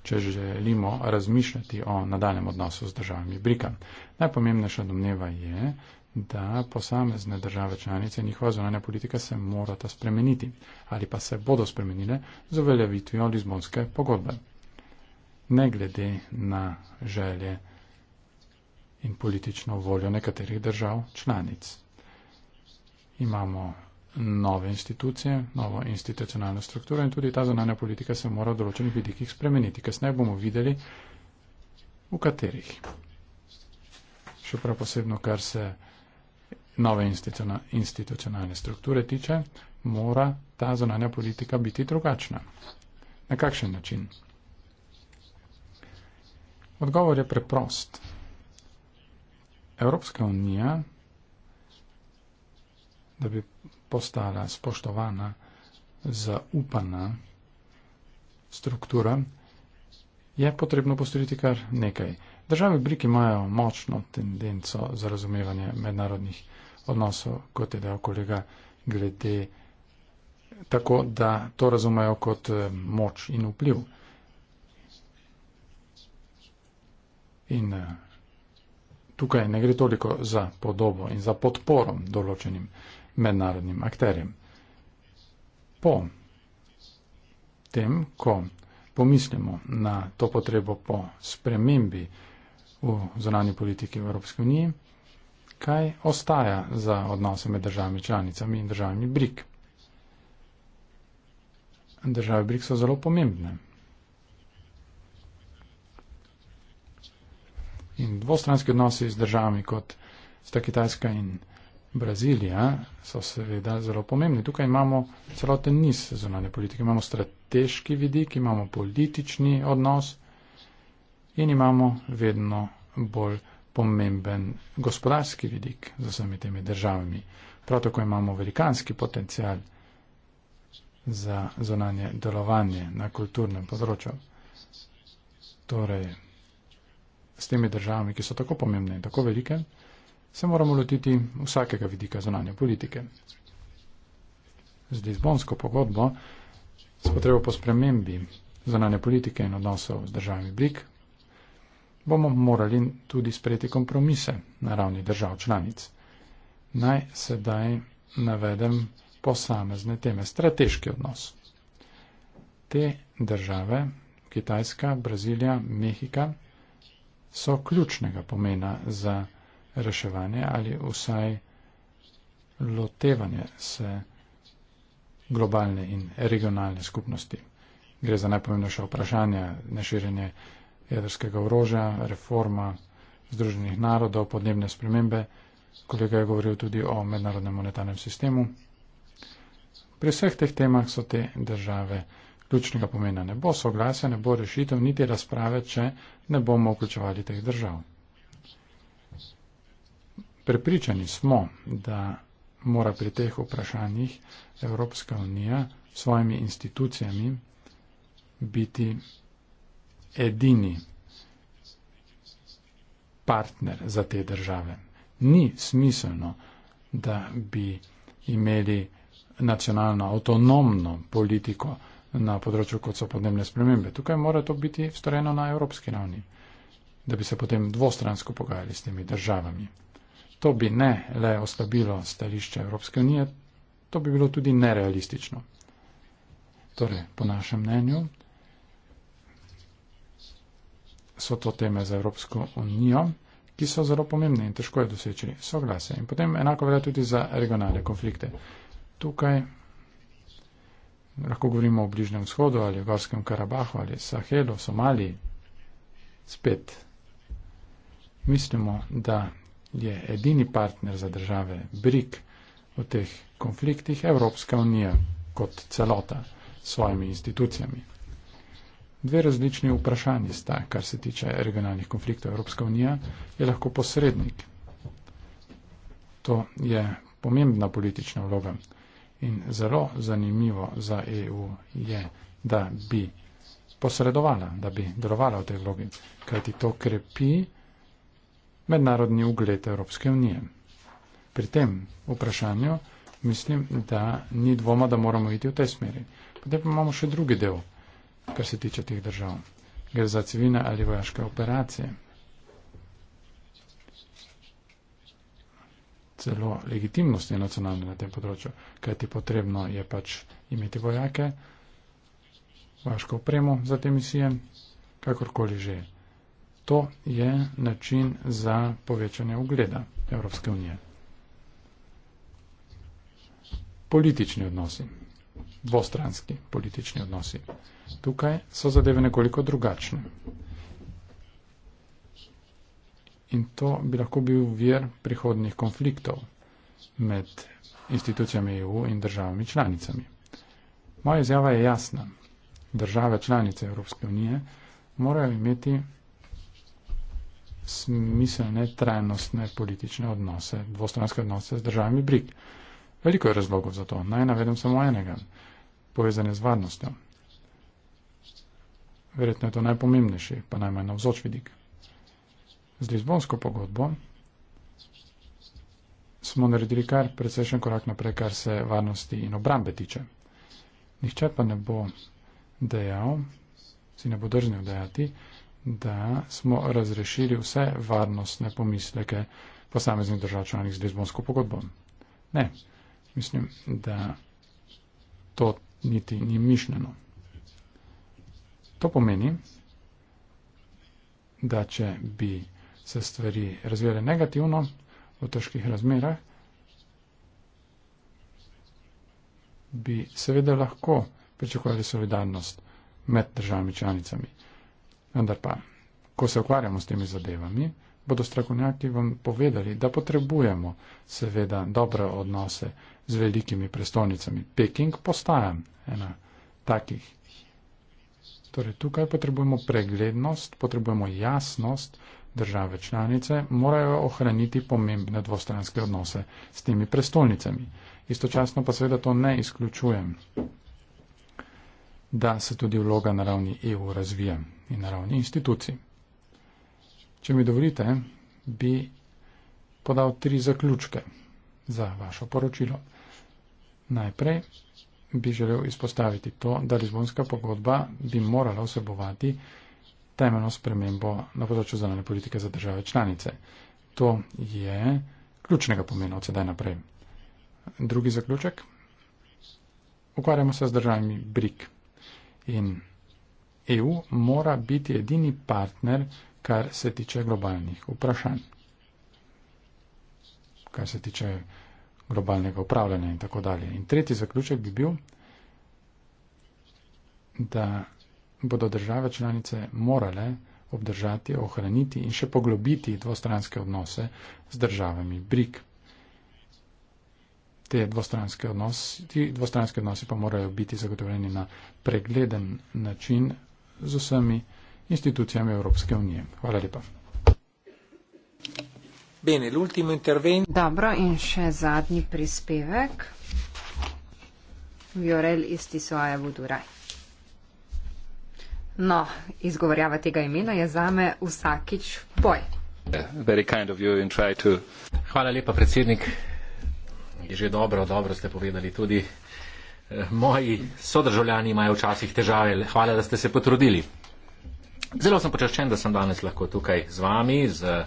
če želimo razmišljati o nadaljem odnosu z državami BRIK-a. Najpomembnejša domneva je, da posamezne države članice in njihova zunanja politika se morata spremeniti ali pa se bodo spremenile z uveljavitvijo Lizbonske pogodbe. Ne glede na želje in politično voljo nekaterih držav članic. Imamo nove institucije, novo institucionalno strukturo in tudi ta zunanja politika se mora v določenih vidikih spremeniti. Kasneje bomo videli, v katerih. Še prav posebno, kar se nove institucionalne strukture tiče, mora ta zonanja politika biti drugačna. Na kakšen način? Odgovor je preprost. Evropska unija, da bi postala spoštovana, zaupana struktura, je potrebno postoriti kar nekaj. Države briki imajo močno tendenco za razumevanje mednarodnih odnosu, kot je dejal kolega, glede tako, da to razumejo kot eh, moč in vpliv. In eh, tukaj ne gre toliko za podobo in za podporo določenim mednarodnim akterjem. Po tem, ko pomislimo na to potrebo po spremembi v zonalni politiki v Evropske unije, kaj ostaja za odnose med državami članicami in državami BRIK. Države BRIK so zelo pomembne. In dvostranski odnosi z državami kot sta Kitajska in Brazilija so seveda zelo pomembni. Tukaj imamo celoten niz zunanje politike. Imamo strateški vidik, imamo politični odnos in imamo vedno bolj pomemben gospodarski vidik za vsemi temi državami. Prav tako imamo velikanski potencial za zonanje delovanje na kulturnem področju. Torej, s temi državami, ki so tako pomembne in tako velike, se moramo lotiti vsakega vidika zonanje politike. Z Lizbonsko pogodbo s potrebo po spremembi zonanje politike in odnosov z državami BRIK bomo morali tudi sprejeti kompromise na ravni držav članic. Naj sedaj navedem posamezne teme. Strateški odnos. Te države, Kitajska, Brazilija, Mehika, so ključnega pomena za reševanje ali vsaj lotevanje se globalne in regionalne skupnosti. Gre za najpomembnejša vprašanja, neširjenje na jedrskega orožja, reforma Združenih narodov, podnebne spremembe, kolega je govoril tudi o mednarodnem monetarnem sistemu. Pri vseh teh temah so te države ključnega pomena. Ne bo soglasja, ne bo rešitev, niti razprave, če ne bomo vključevali teh držav. Prepričani smo, da mora pri teh vprašanjih Evropska unija s svojimi institucijami biti edini partner za te države. Ni smiselno, da bi imeli nacionalno avtonomno politiko na področju, kot so podnebne spremembe. Tukaj mora to biti storjeno na evropski ravni, da bi se potem dvostransko pogajali s temi državami. To bi ne le oslabilo stališče Evropske unije, to bi bilo tudi nerealistično. Torej, po našem mnenju, so to teme za Evropsko unijo, ki so zelo pomembne in težko je doseči soglasje. In potem enako velja tudi za regionalne konflikte. Tukaj lahko govorimo o Bližnem vzhodu ali o Gorskem Karabahu ali Sahelu, Somaliji. Spet mislimo, da je edini partner za države BRIK v teh konfliktih Evropska unija kot celota s svojimi institucijami. Dve različni vprašanji sta, kar se tiče regionalnih konfliktov. Evropska unija je lahko posrednik. To je pomembna politična vloga in zelo zanimivo za EU je, da bi posredovala, da bi delovala v tej vlogi, kajti to krepi mednarodni ugled Evropske unije. Pri tem vprašanju mislim, da ni dvoma, da moramo iti v tej smeri. Potem pa imamo še drugi del kar se tiče teh držav. Gre za civilne ali vojaške operacije. Celo legitimnost je nacionalna na tem področju, kajti potrebno je pač imeti vojake, vojaško opremo za te misije, kakorkoli že. To je način za povečanje ugleda Evropske unije. Politični odnosi dvostranski politični odnosi. Tukaj so zadeve nekoliko drugačne. In to bi lahko bil vir prihodnih konfliktov med institucijami EU in državami članicami. Moja izjava je jasna. Države članice Evropske unije morajo imeti smiselne, trajnostne politične odnose, dvostranske odnose z državami BRIK. Veliko je razlogov za to. Naj navedem samo enega povezane z varnostjo. Verjetno je to najpomembnejši, pa najmanj navzoč vidik. Z Lizbonsko pogodbo smo naredili kar precejšen korak naprej, kar se varnosti in obrambe tiče. Nihče pa ne bo dejal, si ne bo drznil dejati, da smo razrešili vse varnostne pomisleke posameznih držav članih z Lizbonsko pogodbo. Ne, mislim, da to niti ni mišljeno. To pomeni, da če bi se stvari razvijale negativno v težkih razmerah, bi seveda lahko pričakovali solidarnost med državami članicami. Vendar pa, ko se ukvarjamo s temi zadevami, bodo strakovnjaki vam povedali, da potrebujemo seveda dobre odnose z velikimi prestolnicami. Peking postaja ena takih. Torej, tukaj potrebujemo preglednost, potrebujemo jasnost. Države članice morajo ohraniti pomembne dvostranske odnose s temi prestolnicami. Istočasno pa seveda to ne izključujem, da se tudi vloga na ravni EU razvija in na ravni institucij. Če mi dovolite, bi podal tri zaključke za vašo poročilo. Najprej bi želel izpostaviti to, da Lizbonska pogodba bi morala osebovati temeljno spremembo na področju zanane politike za države članice. To je ključnega pomena od sedaj naprej. Drugi zaključek. Ukvarjamo se z državami BRIC. In EU mora biti edini partner, kar se tiče globalnih vprašanj. Kar se tiče globalnega upravljanja in tako dalje. In tretji zaključek bi bil, da bodo države članice morale obdržati, ohraniti in še poglobiti dvostranske odnose z državami BRIC. Te dvostranske odnose, ti dvostranske odnose pa morajo biti zagotovljeni na pregleden način z vsemi institucijami Evropske unije. Hvala lepa. Bene, l'ultimo intervento. Dobro, in še zadnji prispevek. Viorel Istisoja Buduraj. No, izgovorjava tega imena je zame vsakič boj. Kind of to... Hvala lepa, predsednik. Je že dobro, dobro ste povedali tudi. Eh, moji sodržavljani imajo včasih težave. Hvala, da ste se potrudili. Zelo sem počaščen, da sem danes lahko tukaj z vami, z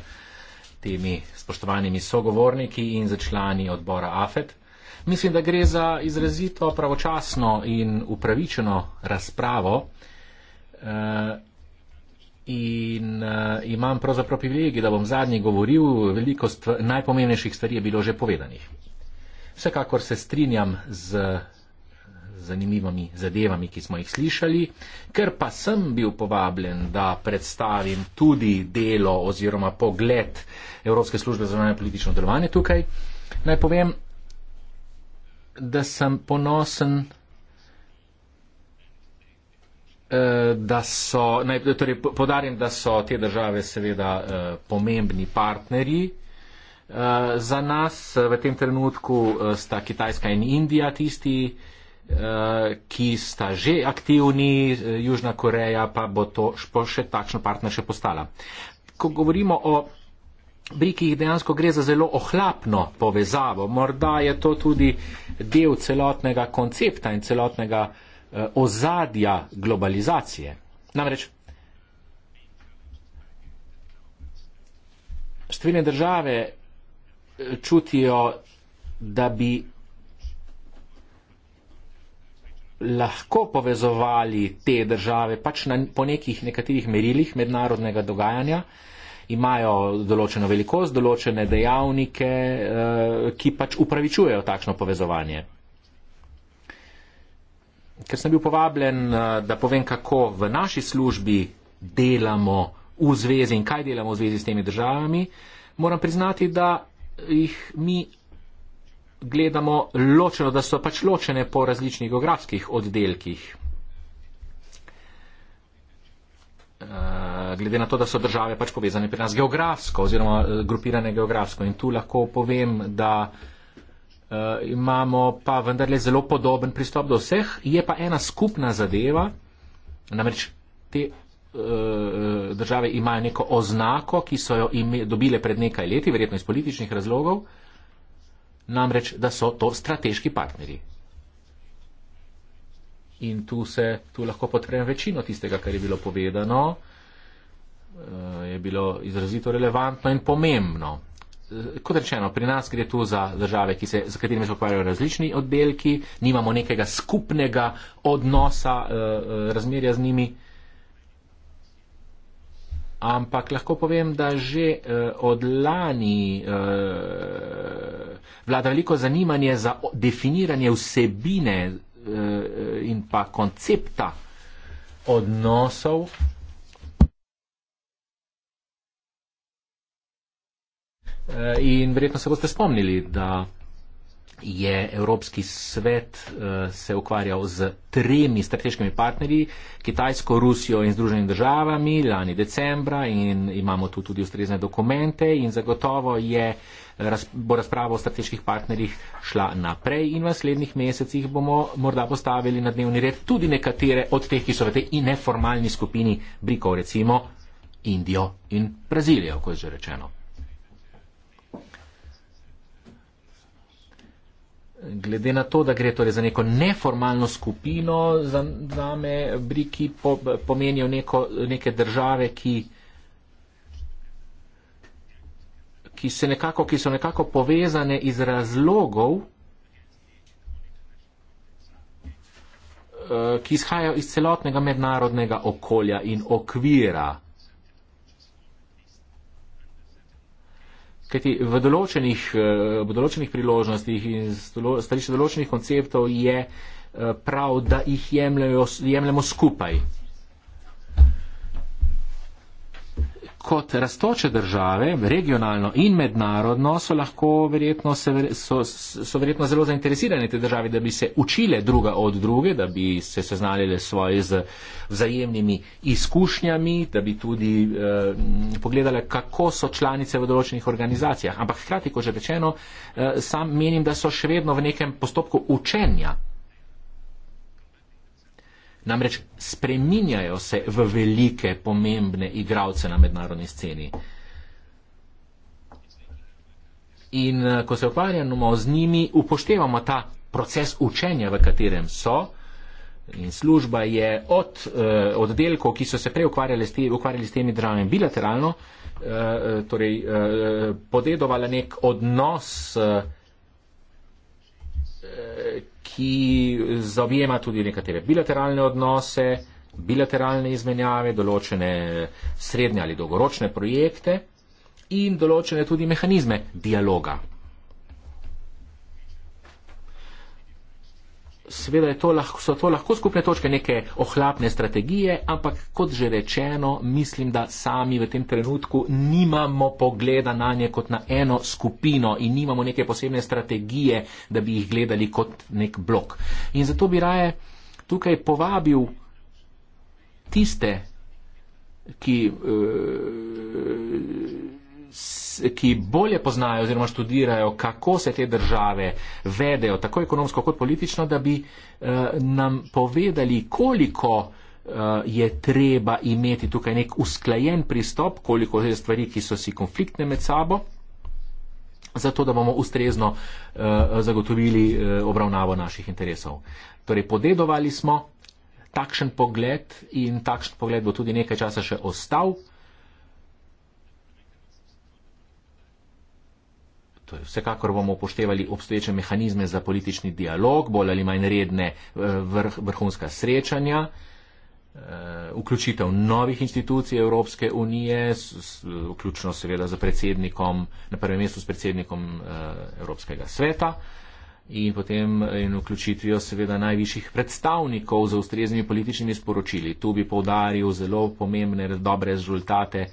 temi spoštovanimi sogovorniki in za člani odbora AFET. Mislim, da gre za izrazito pravočasno in upravičeno razpravo eh, in eh, imam pravzaprav privilegij, da bom zadnji govoril, veliko stv, najpomembnejših stvari je bilo že povedanih. Vsekakor se strinjam z zanimivimi zadevami, ki smo jih slišali, ker pa sem bil povabljen, da predstavim tudi delo oziroma pogled Evropske službe za zunanje politično delovanje tukaj, naj povem, da sem ponosen, eh, da so, naj, torej podarim, da so te države seveda eh, pomembni partnerji. Eh, za nas v tem trenutku sta Kitajska in Indija tisti, Eh, ki sta že aktivni, eh, Južna Koreja pa bo to špo, še takšno partner še postala. Ko govorimo o brikih, dejansko gre za zelo ohlapno povezavo. Morda je to tudi del celotnega koncepta in celotnega uh, ozadja globalizacije. Namreč številne države čutijo, da bi lahko povezovali te države pač na, po nekih nekaterih merilih mednarodnega dogajanja, imajo določeno velikost, določene dejavnike, eh, ki pač upravičujejo takšno povezovanje. Ker sem bil povabljen, eh, da povem, kako v naši službi delamo v zvezi in kaj delamo v zvezi s temi državami, moram priznati, da jih mi gledamo ločeno, da so pač ločene po različnih geografskih oddelkih. Eh, glede na to, da so države pač povezane pri nas geografsko oziroma eh, grupirane geografsko. In tu lahko povem, da eh, imamo pa vendarle zelo podoben pristop do vseh. Je pa ena skupna zadeva, namreč te države imajo neko oznako, ki so jo ime, dobile pred nekaj leti, verjetno iz političnih razlogov, namreč, da so to strateški partnerji. In tu, se, tu lahko potrebujem večino tistega, kar je bilo povedano, eh, je bilo izrazito relevantno in pomembno. Eh, kot rečeno, pri nas gre tu za države, se, za katerimi se ukvarjajo različni oddelki, nimamo nekega skupnega odnosa, eh, razmerja z njimi ampak lahko povem, da že uh, od lani uh, vlada veliko zanimanje za definiranje vsebine uh, in pa koncepta odnosov. Uh, in verjetno se boste spomnili, da je Evropski svet eh, se ukvarjal z tremi strateškimi partnerji, Kitajsko, Rusijo in Združenimi državami, lani decembra in imamo tu tudi ustrezne dokumente in zagotovo je, bo razprava o strateških partnerjih šla naprej in v naslednjih mesecih bomo morda postavili na dnevni red tudi nekatere od teh, ki so v tej neformalni skupini Brikov, recimo Indijo in Brazilijo, kot je že rečeno. glede na to, da gre torej za neko neformalno skupino, za, za me briki po, pomenijo neko, neke države, ki, ki, nekako, ki so nekako povezane iz razlogov, eh, ki izhajajo iz celotnega mednarodnega okolja in okvira. Kajti v določenih, eh, v določenih priložnostih in stališče določenih konceptov je eh, prav, da jih jemljajo, jemljamo skupaj. kot raztoče države, regionalno in mednarodno, so lahko verjetno, so, so verjetno zelo zainteresirane te države, da bi se učile druga od druge, da bi se seznanile svoje z vzajemnimi izkušnjami, da bi tudi eh, pogledale, kako so članice v določenih organizacijah. Ampak hkrati, kot že rečeno, eh, sam menim, da so še vedno v nekem postopku učenja. Namreč spreminjajo se v velike, pomembne igralce na mednarodni sceni. In eh, ko se ukvarjamo z njimi, upoštevamo ta proces učenja, v katerem so. In služba je od eh, oddelkov, ki so se prej ukvarjali s, te, ukvarjali s temi državami bilateralno, eh, eh torej eh, eh, podedovala nek odnos. Eh, ki zaobjema tudi nekatere bilateralne odnose, bilateralne izmenjave, določene srednje ali dolgoročne projekte in določene tudi mehanizme dialoga. seveda to lahko, so to lahko skupne točke neke ohlapne strategije, ampak kot že rečeno, mislim, da sami v tem trenutku nimamo pogleda na nje kot na eno skupino in nimamo neke posebne strategije, da bi jih gledali kot nek blok. In zato bi raje tukaj povabil tiste, ki. Uh, ki bolje poznajo oziroma študirajo, kako se te države vedejo, tako ekonomsko kot politično, da bi uh, nam povedali, koliko uh, je treba imeti tukaj nek usklajen pristop, koliko je stvari, ki so si konfliktne med sabo, zato da bomo ustrezno uh, zagotovili uh, obravnavo naših interesov. Torej, podedovali smo. Takšen pogled in takšen pogled bo tudi nekaj časa še ostal, Torej, vsekakor bomo upoštevali obstoječe mehanizme za politični dialog, bolj ali manj redne eh, vrh, vrhunska srečanja, eh, vključitev novih institucij Evropske unije, vključno seveda z predsednikom, na prvem mestu s predsednikom eh, Evropskega sveta in potem in vključitvijo seveda najvišjih predstavnikov za ustreznimi političnimi sporočili. Tu bi povdaril zelo pomembne, dobre rezultate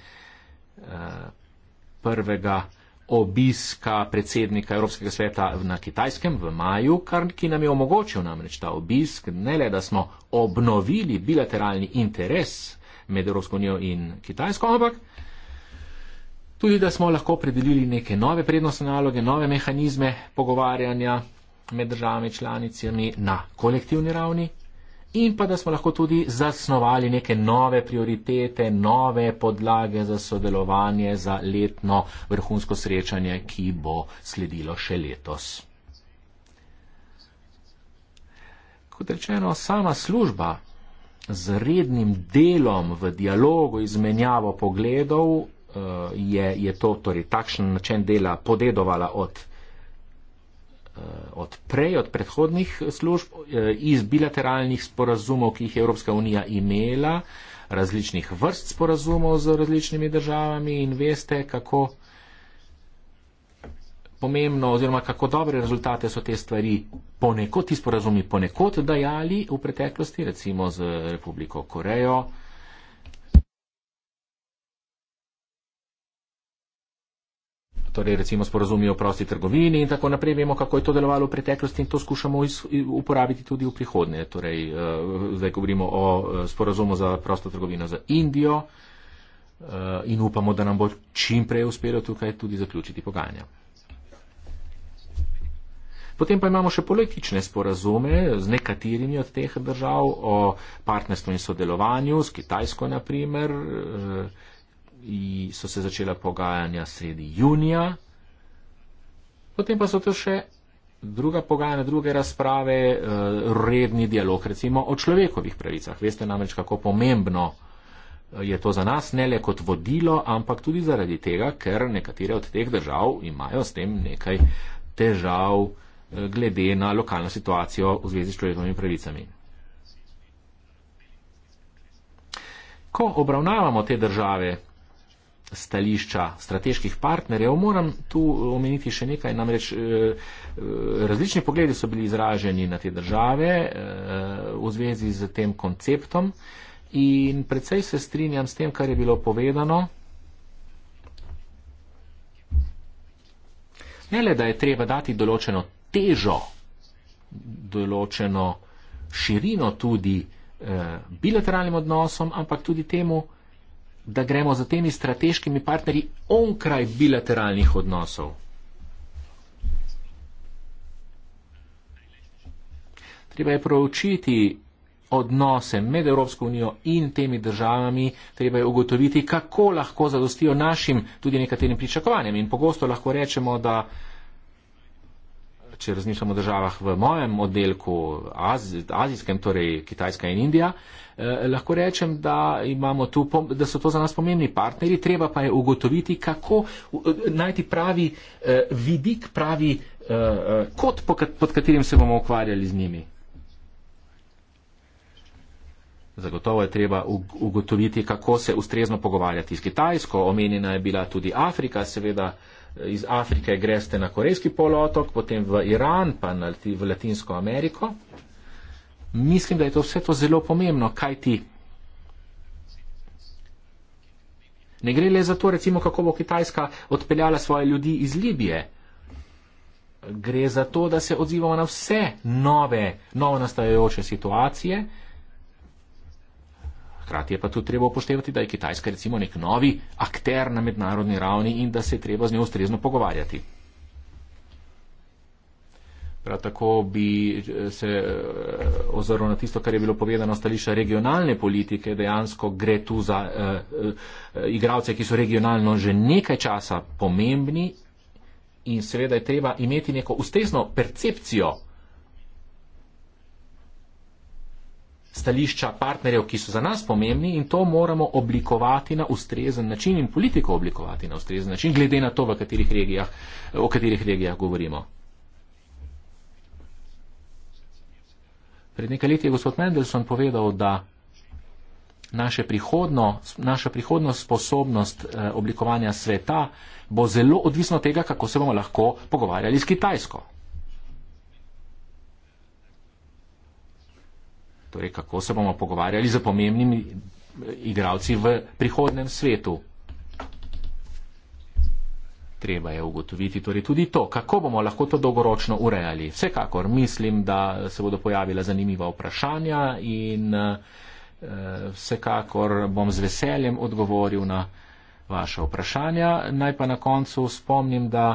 prvega obiska predsednika Evropskega sveta na Kitajskem v maju, kar, ki nam je omogočil namreč ta obisk, ne le, da smo obnovili bilateralni interes med Evropsko unijo in Kitajsko, ampak tudi, da smo lahko predelili neke nove prednostne naloge, nove mehanizme pogovarjanja med državami članicami na kolektivni ravni, in pa da smo lahko tudi zasnovali neke nove prioritete, nove podlage za sodelovanje za letno vrhunsko srečanje, ki bo sledilo še letos. Kot rečeno, sama služba z rednim delom v dialogu, izmenjavo pogledov eh, je, je to, torej takšen način dela podedovala od. Eh, od prej, od predhodnih služb, eh, iz bilateralnih sporazumov, ki jih je Evropska unija imela, različnih vrst sporazumov z različnimi državami in veste, kako pomembno oziroma kako dobre rezultate so te stvari ponekod, ti sporazumi ponekod dajali v preteklosti, recimo z Republiko Korejo. torej recimo sporozumijo o prosti trgovini in tako naprej. Vemo, kako je to delovalo v preteklosti in to skušamo uporabiti tudi v prihodnje. Torej, eh, zdaj govorimo o eh, sporozumu za prosto trgovino z Indijo eh, in upamo, da nam bo čim prej uspelo tukaj tudi zaključiti pogajanja. Potem pa imamo še politične sporazume z nekaterimi od teh držav o partnerstvu in sodelovanju, s Kitajsko naprimer so se začela pogajanja sredi junija, potem pa so to še druga pogajanja, druge razprave, eh, redni dialog recimo o človekovih pravicah. Veste namreč, kako pomembno eh, je to za nas, ne le kot vodilo, ampak tudi zaradi tega, ker nekatere od teh držav imajo s tem nekaj težav eh, glede na lokalno situacijo v zvezi s človekovimi pravicami. Ko obravnavamo te države, stališča strateških partnerjev. Moram tu omeniti še nekaj, namreč eh, eh, različni pogledi so bili izraženi na te države eh, v zvezi z tem konceptom in predvsej se strinjam s tem, kar je bilo povedano. Ne le, da je treba dati določeno težo, določeno širino tudi bilateralnim odnosom, ampak tudi temu, da gremo za temi strateškimi partnerji onkraj bilateralnih odnosov. Treba je proučiti odnose med Evropsko unijo in temi državami, treba je ugotoviti, kako lahko zadostijo našim tudi nekaterim pričakovanjem. In pogosto lahko rečemo, da če razmišljamo o državah v mojem oddelku, az, azijskem, torej Kitajska in Indija, eh, lahko rečem, da, tu, da so to za nas pomembni partnerji, treba pa je ugotoviti, kako najti pravi eh, vidik, pravi eh, eh kot, pod katerim se bomo ukvarjali z njimi. Zagotovo je treba ugotoviti, kako se ustrezno pogovarjati s Kitajsko. Omenjena je bila tudi Afrika, seveda. Eh, iz Afrike greste na Korejski polotok, potem v Iran, pa na, v Latinsko Ameriko. Mislim, da je to vse to zelo pomembno, kaj ti. Ne gre le za to, recimo, kako bo Kitajska odpeljala svoje ljudi iz Libije. Gre za to, da se odzivamo na vse nove, novo nastajajoče situacije, Hkrati je pa tudi treba upoštevati, da je Kitajska recimo nek novi akter na mednarodni ravni in da se je treba z njo ustrezno pogovarjati. Prav tako bi eh, se eh, ozrl na tisto, kar je bilo povedano stališča regionalne politike. Dejansko gre tu za uh, uh, igralce, ki so regionalno že nekaj časa pomembni in seveda je treba imeti neko ustrezno percepcijo stališča partnerjev, ki so za nas pomembni in to moramo oblikovati na ustrezen način in politiko oblikovati na ustrezen način, glede na to, katerih regijah, o katerih regijah govorimo. Pred nekaj leti je gospod Mendelssohn povedal, da naše prihodno, naša prihodna sposobnost eh, oblikovanja sveta bo zelo odvisna od tega, kako se bomo lahko pogovarjali s Kitajsko. torej kako se bomo pogovarjali z pomembnimi eh, igravci v prihodnem svetu. Treba je ugotoviti torej tudi to, kako bomo lahko to dolgoročno urejali. Vsekakor mislim, da se bodo pojavila zanimiva vprašanja in uh, vsekakor bom z veseljem odgovoril na vaše vprašanja. Naj pa na koncu spomnim, da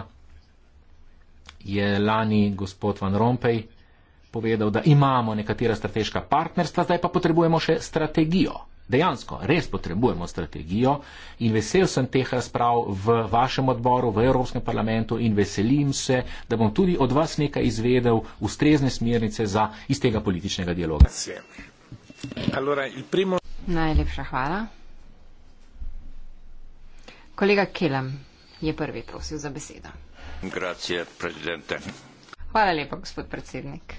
je lani gospod Van Rompej povedal, da imamo nekatera strateška partnerstva, zdaj pa potrebujemo še strategijo. Dejansko, res potrebujemo strategijo in vesel sem teh razprav v vašem odboru, v Evropskem parlamentu in veselim se, da bom tudi od vas nekaj izvedel ustrezne smernice za iz tega političnega dialoga. Allora, primo... Najlepša hvala. Kolega Kelem je prvi prosil za besedo. Grazie, predsednik. Hvala lepa, gospod predsednik.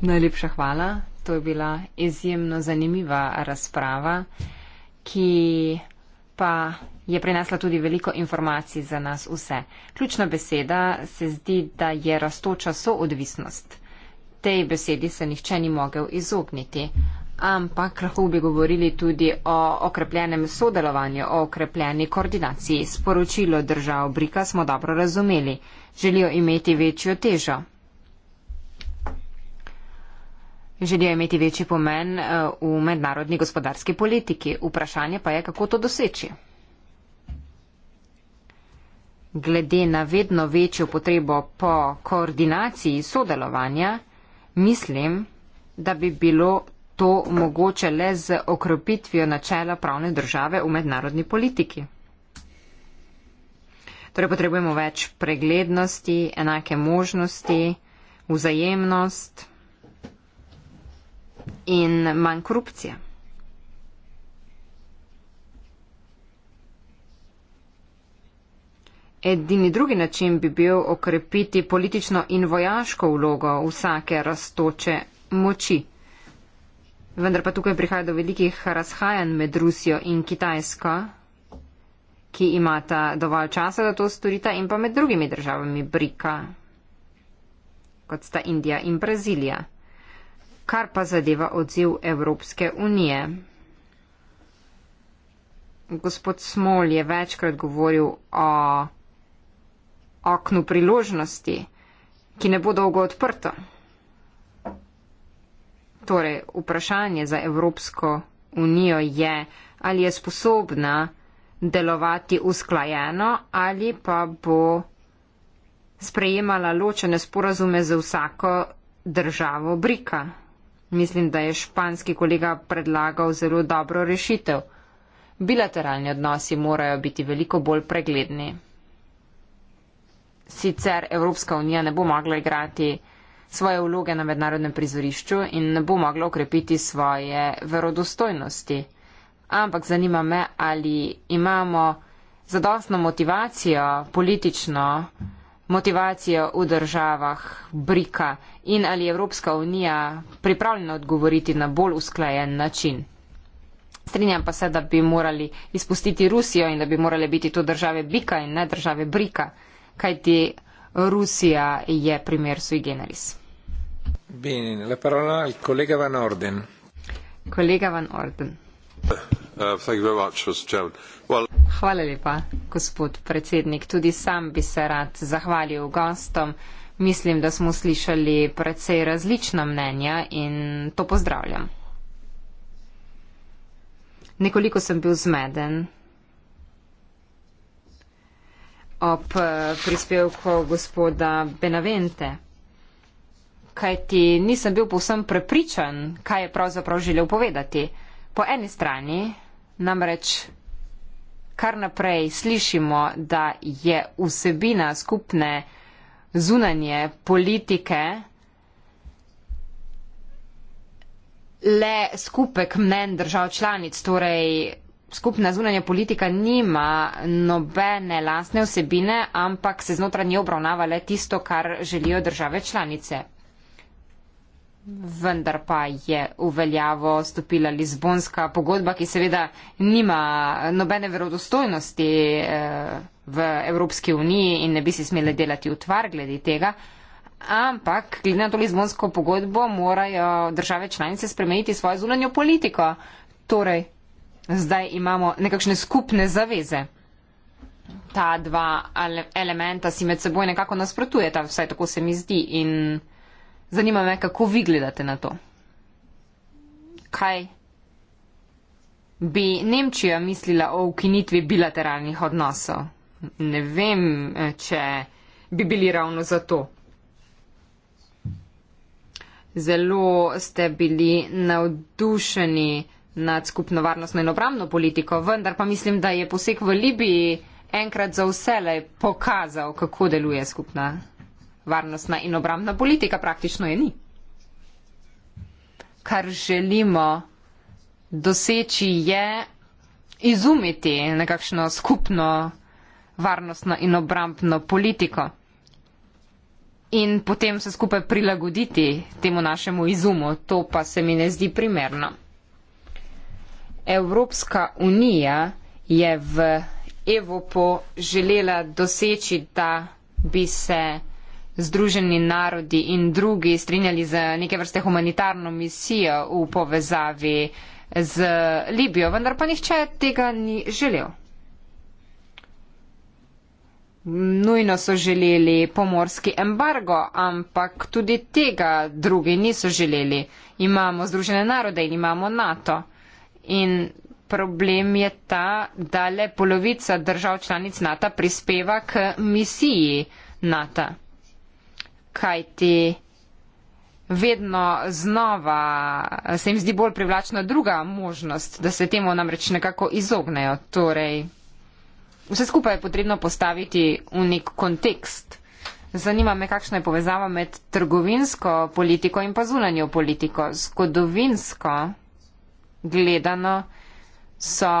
Najlepša hvala. To je bila izjemno zanimiva razprava, ki pa je prinesla tudi veliko informacij za nas vse. Ključna beseda se zdi, da je rastoča soodvisnost. Tej besedi se nihče ni mogel izogniti ampak lahko bi govorili tudi o okrepljenem sodelovanju, o okrepljeni koordinaciji. Sporočilo držav Brika smo dobro razumeli. Želijo imeti večjo težo. Želijo imeti večji pomen eh, v mednarodni gospodarski politiki. Vprašanje pa je, kako to doseči. Glede na vedno večjo potrebo po koordinaciji sodelovanja, mislim, da bi bilo to mogoče le z okrepitvijo načela pravne države v mednarodni politiki. Torej potrebujemo več preglednosti, enake možnosti, vzajemnost in manj korupcije. Edini drugi način bi bil okrepiti politično in vojaško vlogo vsake rastoče moči. Vendar pa tukaj prihaja do velikih razhajanj med Rusijo in Kitajsko, ki imata dovolj časa, da to storita, in pa med drugimi državami Brika, kot sta Indija in Brazilija. Kar pa zadeva odziv Evropske unije. Gospod Smol je večkrat govoril o oknu priložnosti, ki ne bo dolgo odprto. Torej, vprašanje za Evropsko unijo je, ali je sposobna delovati usklajeno ali pa bo sprejemala ločene sporazume za vsako državo Brika. Mislim, da je španski kolega predlagal zelo dobro rešitev. Bilateralni odnosi morajo biti veliko bolj pregledni. Sicer Evropska unija ne bo mogla igrati svoje vloge na mednarodnem prizorišču in ne bo mogla okrepiti svoje verodostojnosti. Ampak zanima me, ali imamo zadostno motivacijo, politično motivacijo v državah Brika in ali je Evropska unija pripravljena odgovoriti na bolj usklajen način. Strinjam pa se, da bi morali izpustiti Rusijo in da bi morali biti to države Bika in ne države Brika, kajti Rusija je primer sui generis. Bene, la parola al collega Van Orden. Collega Van Orden. Uh, thank you very much, well... Hvala lepa, gospod predsednik. Tudi sam bi se rad zahvalil gostom. Mislim, da smo slišali precej različna mnenja in to pozdravljam. Nekoliko sem bil zmeden ob prispevku gospoda Benavente kajti nisem bil povsem prepričan, kaj je pravzaprav želel povedati. Po eni strani namreč kar naprej slišimo, da je vsebina skupne zunanje politike le skupek mnen držav članic, torej skupna zunanje politika nima nobene lasne vsebine, ampak se znotraj nje obravnava le tisto, kar želijo države članice vendar pa je v veljavo stopila Lizbonska pogodba, ki seveda nima nobene verodostojnosti eh, v Evropski uniji in ne bi si smele delati utvar glede tega. Ampak, glede na to Lizbonsko pogodbo, morajo države članice spremeniti svojo zunanjo politiko. Torej, zdaj imamo nekakšne skupne zaveze. Ta dva elementa si med seboj nekako nasprotujeta, vsaj tako se mi zdi. In Zanima me, kako vi gledate na to. Kaj bi Nemčija mislila o ukinitvi bilateralnih odnosov? Ne vem, eh, če bi bili ravno za to. Zelo ste bili navdušeni nad skupno varnostno in obramno politiko, vendar pa mislim, da je poseg v Libiji enkrat za vselej pokazal, kako deluje skupna varnostna in obramna politika praktično je ni. Kar želimo doseči je izumiti nekakšno skupno varnostno in obrambno politiko in potem se skupaj prilagoditi temu našemu izumu. To pa se mi ne zdi primerno. Evropska unija je v Evropo želela doseči, da bi se Združeni narodi in drugi strinjali za neke vrste humanitarno misijo v povezavi z Libijo, vendar pa nihče tega ni želel. Nujno so želeli pomorski embargo, ampak tudi tega drugi niso želeli. Imamo Združene narode in imamo NATO. In problem je ta, da le polovica držav članic NATO prispeva k misiji NATO kajti vedno znova se jim zdi bolj privlačna druga možnost, da se temu namreč nekako izognejo. Torej, vse skupaj je potrebno postaviti v nek kontekst. Zanima me, kakšna je povezava med trgovinsko politiko in pa zunanjo politiko. Skodovinsko gledano so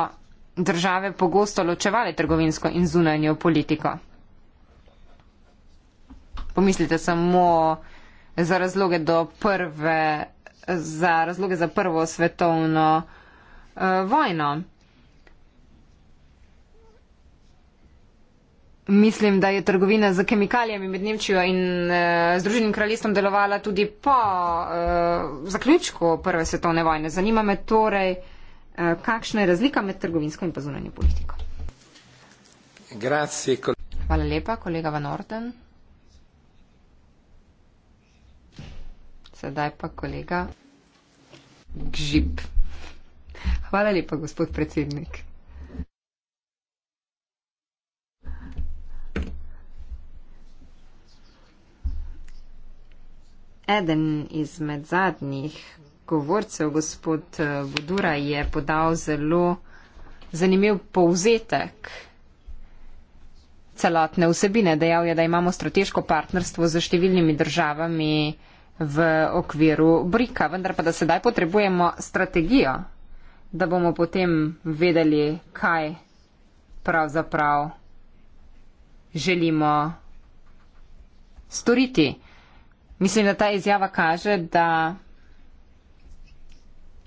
države pogosto ločevale trgovinsko in zunanjo politiko pomislite samo za razloge, prve, za razloge za prvo svetovno uh, vojno. Mislim, da je trgovina z kemikalijami med Nemčijo in uh, Združenim kraljestvom delovala tudi po uh, zaključku prve svetovne vojne. Zanima me torej, uh, kakšna je razlika med trgovinsko in pa zunanjo politiko. Grazie, Hvala lepa, kolega Van Orden. Sedaj pa kolega Gžib. Hvala lepa, gospod predsednik. Eden izmed zadnjih govorcev, gospod Budura, je podal zelo zanimiv povzetek celotne vsebine. Dejal je, da imamo strateško partnerstvo z številnimi državami v okviru brika, vendar pa da sedaj potrebujemo strategijo, da bomo potem vedeli, kaj pravzaprav želimo storiti. Mislim, da ta izjava kaže, da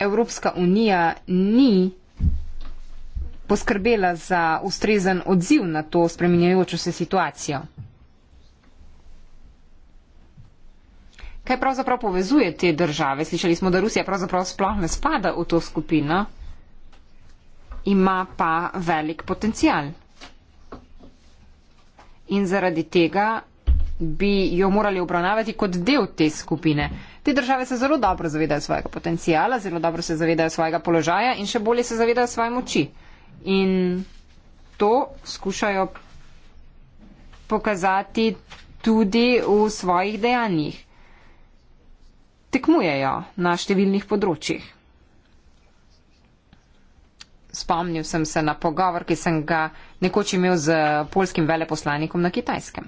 Evropska unija ni poskrbela za ustrezen odziv na to spreminjajočo se situacijo. Kaj pravzaprav povezuje te države? Slišali smo, da Rusija pravzaprav sploh ne spada v to skupino, ima pa velik potencial. In zaradi tega bi jo morali obravnavati kot del te skupine. Te države se zelo dobro zavedajo svojega potencijala, zelo dobro se zavedajo svojega položaja in še bolje se zavedajo svoje moči. In to skušajo pokazati tudi v svojih dejanjih tekmujejo na številnih področjih. Spomnil sem se na pogovor, ki sem ga nekoč imel z polskim veleposlanikom na Kitajskem.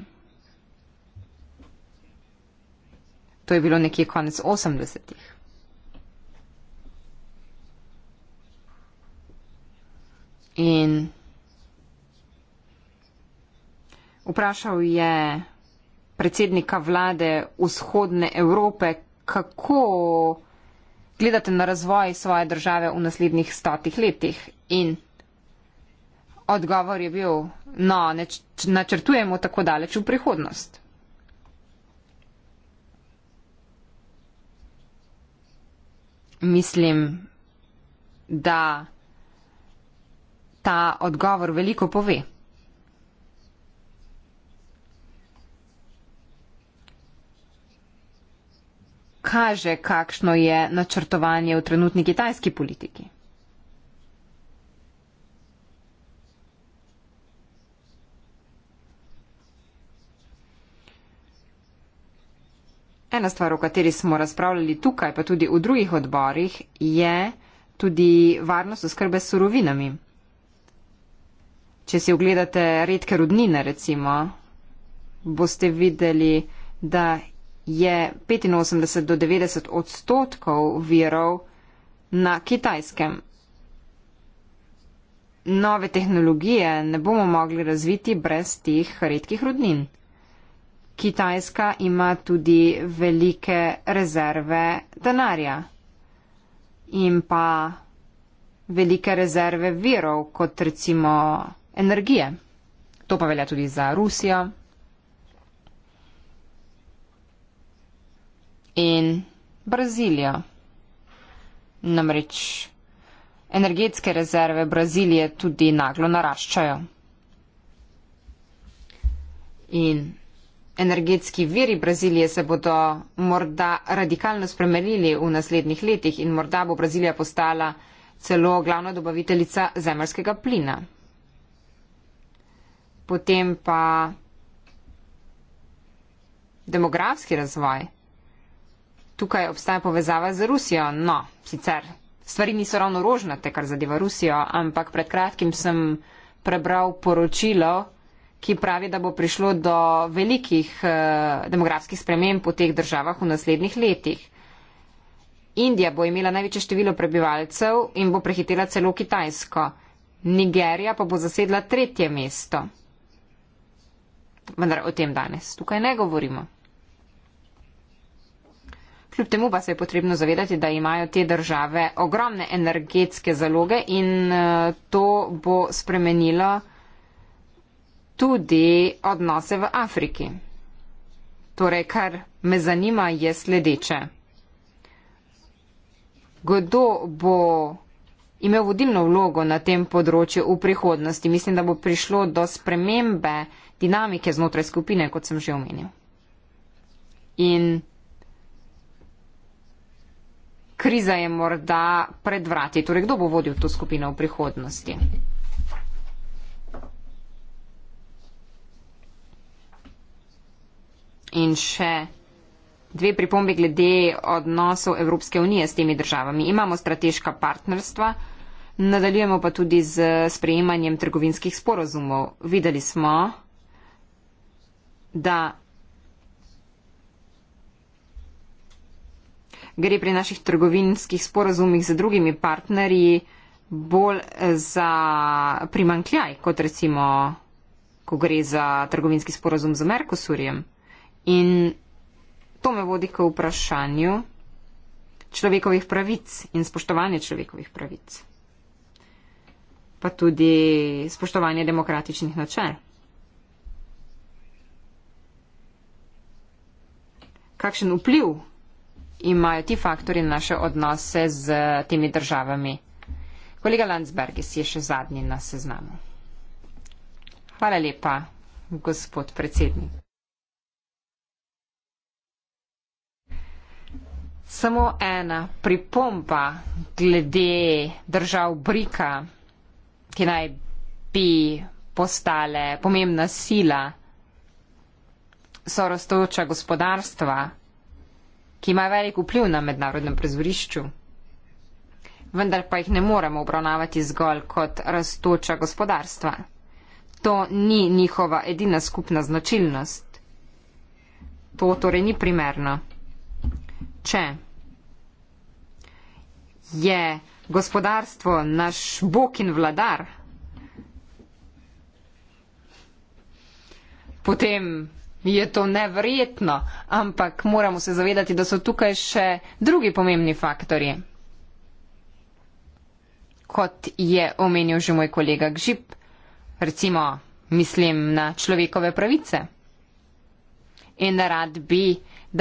To je bilo nekje konec 80-ih. In vprašal je predsednika vlade vzhodne Evrope, kako gledate na razvoj svoje države v naslednjih stotih letih. In odgovor je bil, no, ne načrtujemo tako daleč v prihodnost. Mislim, da ta odgovor veliko pove. kaže, kakšno je načrtovanje v trenutni kitajski politiki. Ena stvar, o kateri smo razpravljali tukaj, pa tudi v drugih odborih, je tudi varnost oskrbe s surovinami. Če si ogledate redke rudnine, recimo, boste videli, da je 85 do 90 odstotkov virov na kitajskem. Nove tehnologije ne bomo mogli razviti brez tih redkih rudnin. Kitajska ima tudi velike rezerve denarja in pa velike rezerve virov, kot recimo energije. To pa velja tudi za Rusijo, in Brazilija. Namreč energetske rezerve Brazilije tudi naglo naraščajo. In energetski viri Brazilije se bodo morda radikalno spremenili v naslednjih letih in morda bo Brazilija postala celo glavna dobaviteljica zemljskega plina. Potem pa demografski razvoj tukaj obstaja povezava z Rusijo. No, sicer stvari niso ravno rožnate, kar zadeva Rusijo, ampak pred kratkim sem prebral poročilo, ki pravi, da bo prišlo do velikih eh, demografskih sprememb v teh državah v naslednjih letih. Indija bo imela največje število prebivalcev in bo prehitela celo Kitajsko. Nigerija pa bo zasedla tretje mesto. Vendar o tem danes tukaj ne govorimo. Kljub temu pa se je potrebno zavedati, da imajo te države ogromne energetske zaloge in eh, to bo spremenilo tudi odnose v Afriki. Torej, kar me zanima, je sledeče. Kdo bo imel vodilno vlogo na tem področju v prihodnosti? Mislim, da bo prišlo do spremembe dinamike znotraj skupine, kot sem že omenil. In kriza je morda pred vrati. Torej, kdo bo vodil to skupino v prihodnosti? In še dve pripombe glede odnosov Evropske unije s temi državami. Imamo strateška partnerstva, nadaljujemo pa tudi z sprejemanjem trgovinskih sporozumov. Videli smo, da gre pri naših trgovinskih sporazumih z drugimi partnerji bolj za primankljaj, kot recimo, ko gre za trgovinski sporazum z Merkosurjem. In to me vodi k vprašanju človekovih pravic in spoštovanje človekovih pravic. Pa tudi spoštovanje demokratičnih načel. Kakšen vpliv imajo ti faktori na naše odnose z temi državami. Kolega Landsberg je še zadnji na seznamu. Hvala lepa, gospod predsednik. Samo ena pripomba glede držav Brika, ki naj bi postale pomembna sila so rastoča gospodarstva ki ima velik vpliv na mednarodnem prizorišču. Vendar pa jih ne moremo obravnavati zgolj kot raztoča gospodarstva. To ni njihova edina skupna značilnost. To torej ni primerno. Če je gospodarstvo naš bog in vladar, potem je to neverjetno, ampak moramo se zavedati, da so tukaj še drugi pomembni faktori. Kot je omenil že moj kolega Gžip, recimo, mislim na človekove pravice. In rad bi,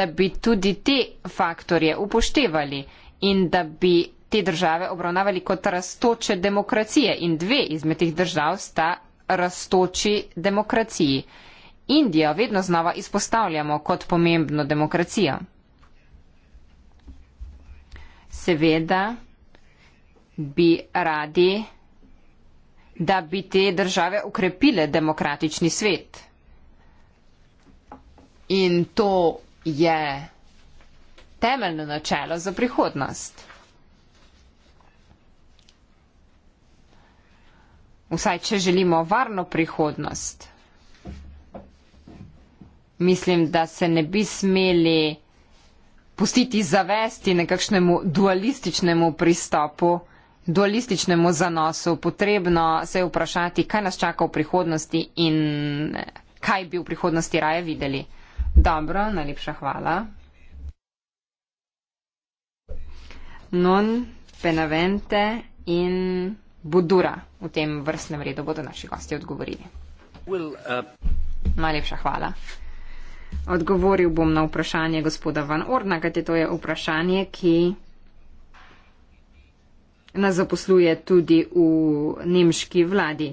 da bi tudi te faktorje upoštevali in da bi te države obravnavali kot rastoče demokracije. In dve izmed teh držav sta rastoči demokraciji. Indijo vedno znova izpostavljamo kot pomembno demokracijo. Seveda bi radi, da bi te države ukrepile demokratični svet. In to je temeljno načelo za prihodnost. Vsaj, če želimo varno prihodnost mislim, da se ne bi smeli pustiti zavesti nekakšnemu dualističnemu pristopu, dualističnemu zanosu. Potrebno se je vprašati, kaj nas čaka v prihodnosti in kaj bi v prihodnosti raje videli. Dobro, najlepša hvala. Non penavente in budura v tem vrstnem redu bodo naši gosti odgovorili. Uh, najlepša hvala. Odgovoril bom na vprašanje gospoda Van Orna, kajte to je vprašanje, ki nas zaposluje tudi v nemški vladi.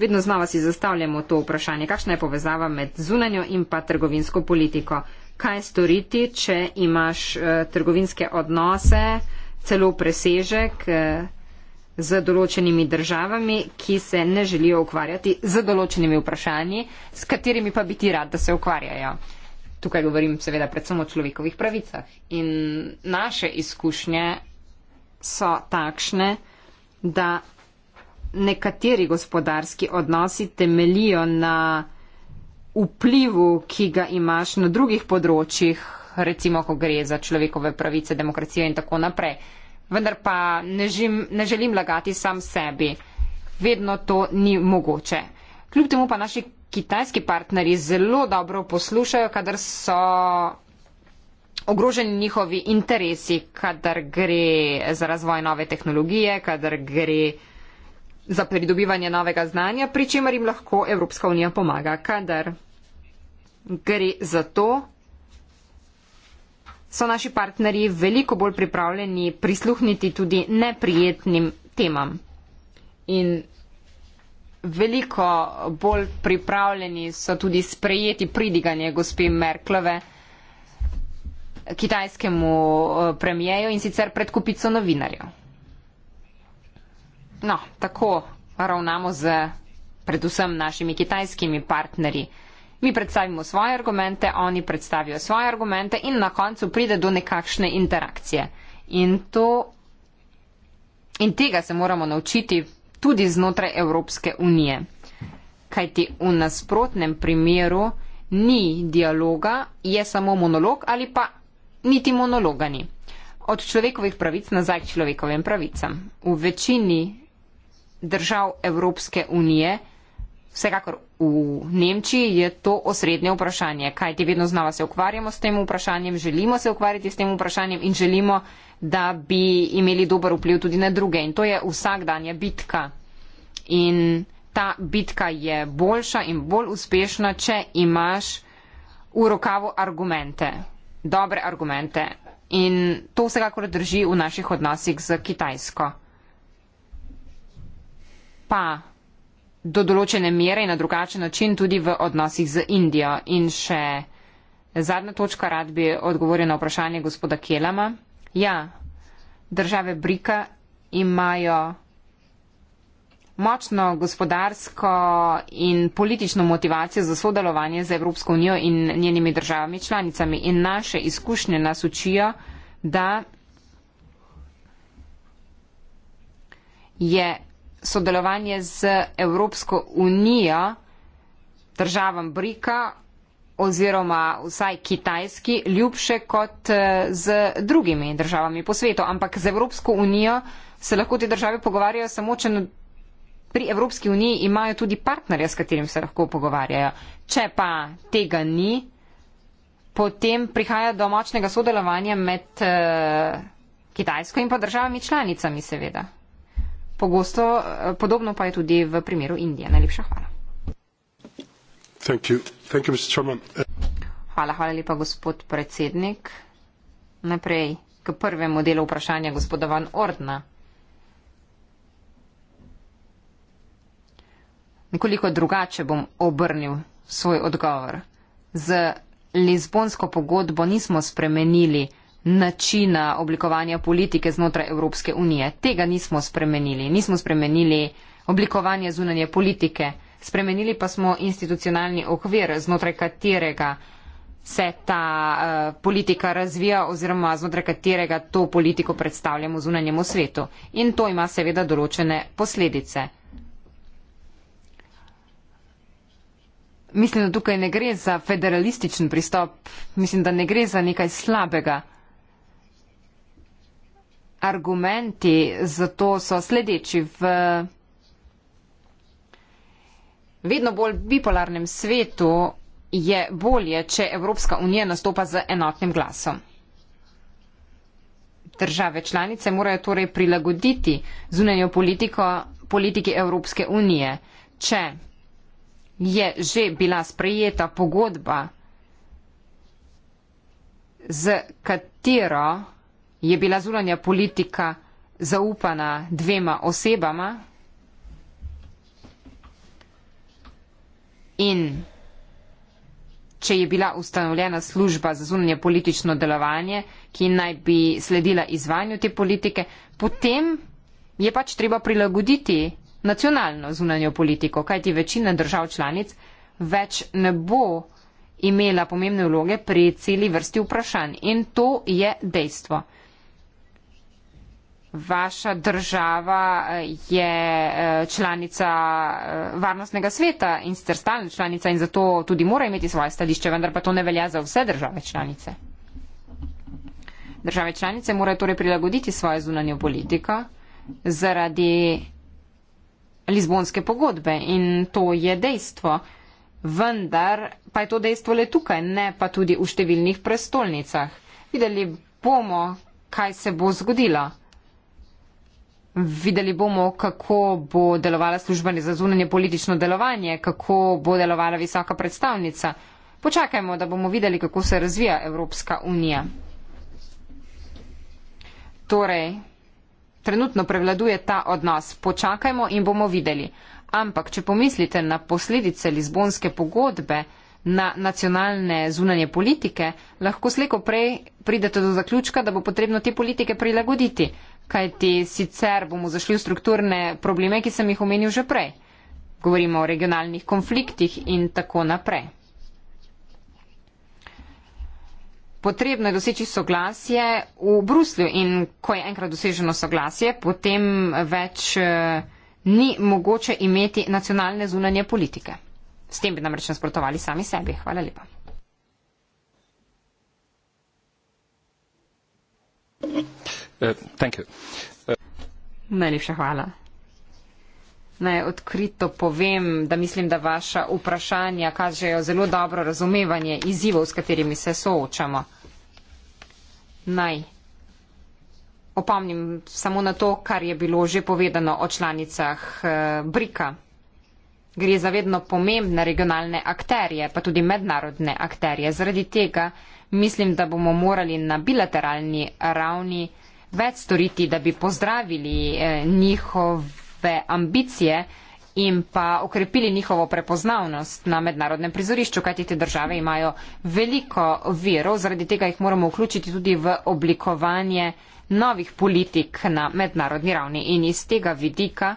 Vedno znova si zastavljamo to vprašanje, kakšna je povezava med zunanjo in pa trgovinsko politiko. Kaj storiti, če imaš eh, trgovinske odnose, celo presežek? Eh, z določenimi državami, ki se ne želijo ukvarjati z določenimi vprašanji, s katerimi pa bi ti rad, da se ukvarjajo. Tukaj govorim seveda predvsem o človekovih pravicah. In naše izkušnje so takšne, da nekateri gospodarski odnosi temelijo na vplivu, ki ga imaš na drugih področjih, recimo, ko gre za človekove pravice, demokracijo in tako naprej vendar pa ne, žim, ne želim lagati sam sebi. Vedno to ni mogoče. Kljub temu pa naši kitajski partnerji zelo dobro poslušajo, kadar so ogroženi njihovi interesi, kadar gre za razvoj nove tehnologije, kadar gre za pridobivanje novega znanja, pri čemer jim lahko Evropska unija pomaga, kadar gre za to, so naši partnerji veliko bolj pripravljeni prisluhniti tudi neprijetnim temam. In veliko bolj pripravljeni so tudi sprejeti pridiganje gospe Merklove kitajskemu eh, premijeju in sicer pred kupico novinarjev. No, tako ravnamo z predvsem našimi kitajskimi partnerji mi predstavimo svoje argumente, oni predstavijo svoje argumente in na koncu pride do nekakšne interakcije. In, to, in tega se moramo naučiti tudi znotraj Evropske unije. Kajti v nasprotnem primeru ni dialoga, je samo monolog ali pa niti monologa ni. Od človekovih pravic nazaj k človekovim pravicam. V večini držav Evropske unije Vsekakor v Nemčiji je to osrednje vprašanje, kaj ti vedno znova se ukvarjamo s tem vprašanjem, želimo se ukvarjati s tem vprašanjem in želimo, da bi imeli dober vpliv tudi na druge. In to je vsakdanja bitka. In ta bitka je boljša in bolj uspešna, če imaš v rokavu argumente, dobre argumente. In to vsekakor drži v naših odnosih z Kitajsko. Pa do določene mere in na drugačen način tudi v odnosih z Indijo. In še zadnja točka, rad bi odgovoril na vprašanje gospoda Kelama. Ja, države Brika imajo močno gospodarsko in politično motivacijo za sodelovanje z Evropsko unijo in njenimi državami članicami. In naše izkušnje nas učijo, da je sodelovanje z Evropsko unijo, državam Brika oziroma vsaj kitajski, ljubše kot eh, z drugimi državami po svetu. Ampak z Evropsko unijo se lahko te države pogovarjajo samo, če pri Evropski uniji imajo tudi partnerja, s katerim se lahko pogovarjajo. Če pa tega ni, potem prihaja do močnega sodelovanja med eh, Kitajsko in pa državami članicami, seveda pogosto, eh, podobno pa je tudi v primeru Indije. Najlepša hvala. Thank you. Thank you, hvala, hvala lepa, gospod predsednik. Naprej k prvemu delu vprašanja gospoda Van Ordna. Nekoliko drugače bom obrnil svoj odgovor. Z Lizbonsko pogodbo nismo spremenili načina oblikovanja politike znotraj Evropske unije. Tega nismo spremenili. Nismo spremenili oblikovanje zunanje politike. Spremenili pa smo institucionalni okvir, znotraj katerega se ta uh, politika razvija oziroma znotraj katerega to politiko predstavljamo zunanjemu svetu. In to ima seveda določene posledice. Mislim, da tukaj ne gre za federalističen pristop, mislim, da ne gre za nekaj slabega argumenti za to so sledeči v vedno bolj bipolarnem svetu je bolje, če Evropska unija nastopa z enotnim glasom. Države članice morajo torej prilagoditi zunanjo politiko politiki Evropske unije. Če je že bila sprejeta pogodba, z katero je bila zunanja politika zaupana dvema osebama in če je bila ustanovljena služba za zunanje politično delovanje, ki naj bi sledila izvanju te politike, potem je pač treba prilagoditi nacionalno zunanjo politiko, kajti večina držav članic več ne bo imela pomembne vloge pri celi vrsti vprašanj. In to je dejstvo vaša država eh, je eh, članica eh, varnostnega sveta in ste stalna članica in zato tudi mora imeti svoje stališče, vendar pa to ne velja za vse države članice. Države članice morajo torej prilagoditi svojo zunanjo politiko zaradi Lizbonske pogodbe in to je dejstvo. Vendar pa je to dejstvo le tukaj, ne pa tudi v številnih prestolnicah. Videli bomo, kaj se bo zgodilo. Videli bomo, kako bo delovala služba za zunanje politično delovanje, kako bo delovala visoka predstavnica. Počakajmo, da bomo videli, kako se razvija Evropska unija. Torej, trenutno prevladuje ta odnos. Počakajmo in bomo videli. Ampak, če pomislite na posledice Lizbonske pogodbe, na nacionalne zunanje politike, lahko sleko prej pridete do zaključka, da bo potrebno te politike prilagoditi kajti sicer bomo zašli v strukturne probleme, ki sem jih omenil že prej. Govorimo o regionalnih konfliktih in tako naprej. Potrebno je doseči soglasje v Bruslju in ko je enkrat doseženo soglasje, potem več eh, ni mogoče imeti nacionalne zunanje politike. S tem bi namreč nasprotovali sami sebi. Hvala lepa. Uh, uh, Najlepša hvala. Naj odkrito povem, da mislim, da vaša vprašanja kažejo zelo dobro razumevanje izzivov, s katerimi se soočamo. Naj opomnim samo na to, kar je bilo že povedano o članicah uh, Brika. Gre za vedno pomembne regionalne akterje, pa tudi mednarodne akterje. Zaradi tega mislim, da bomo morali na bilateralni ravni več storiti, da bi pozdravili eh, njihove ambicije in pa okrepili njihovo prepoznavnost na mednarodnem prizorišču, kajti te države imajo veliko virov, zaradi tega jih moramo vključiti tudi v oblikovanje novih politik na mednarodni ravni. In iz tega vidika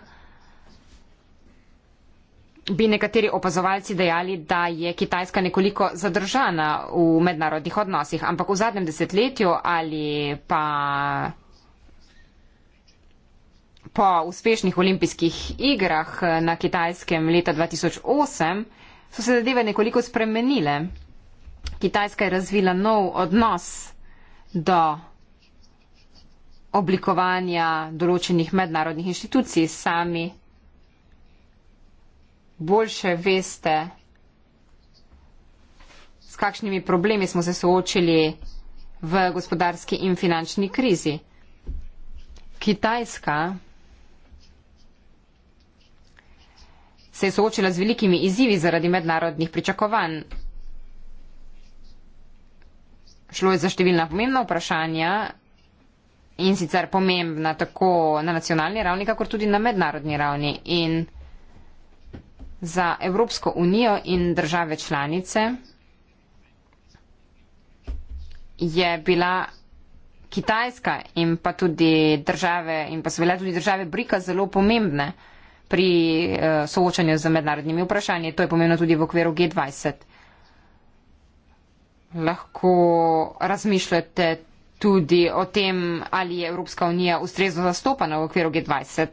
bi nekateri opazovalci dejali, da je Kitajska nekoliko zadržana v mednarodnih odnosih, ampak v zadnjem desetletju ali pa po uspešnih olimpijskih igrah eh, na Kitajskem leta 2008 so se zadeve nekoliko spremenile. Kitajska je razvila nov odnos do oblikovanja določenih mednarodnih inštitucij sami. Boljše veste, s kakšnimi problemi smo se soočili v gospodarski in finančni krizi. Kitajska se je soočila z velikimi izzivi zaradi mednarodnih pričakovanj. Šlo je za številna pomembna vprašanja in sicer pomembna tako na nacionalni ravni, kakor tudi na mednarodni ravni. In za Evropsko unijo in države članice je bila Kitajska in pa tudi države, in pa so bile tudi države Brika zelo pomembne pri eh, soočanju z mednarodnimi vprašanji. To je pomembno tudi v okviru G20. Lahko razmišljate tudi o tem, ali je Evropska unija ustrezno zastopana v okviru G20.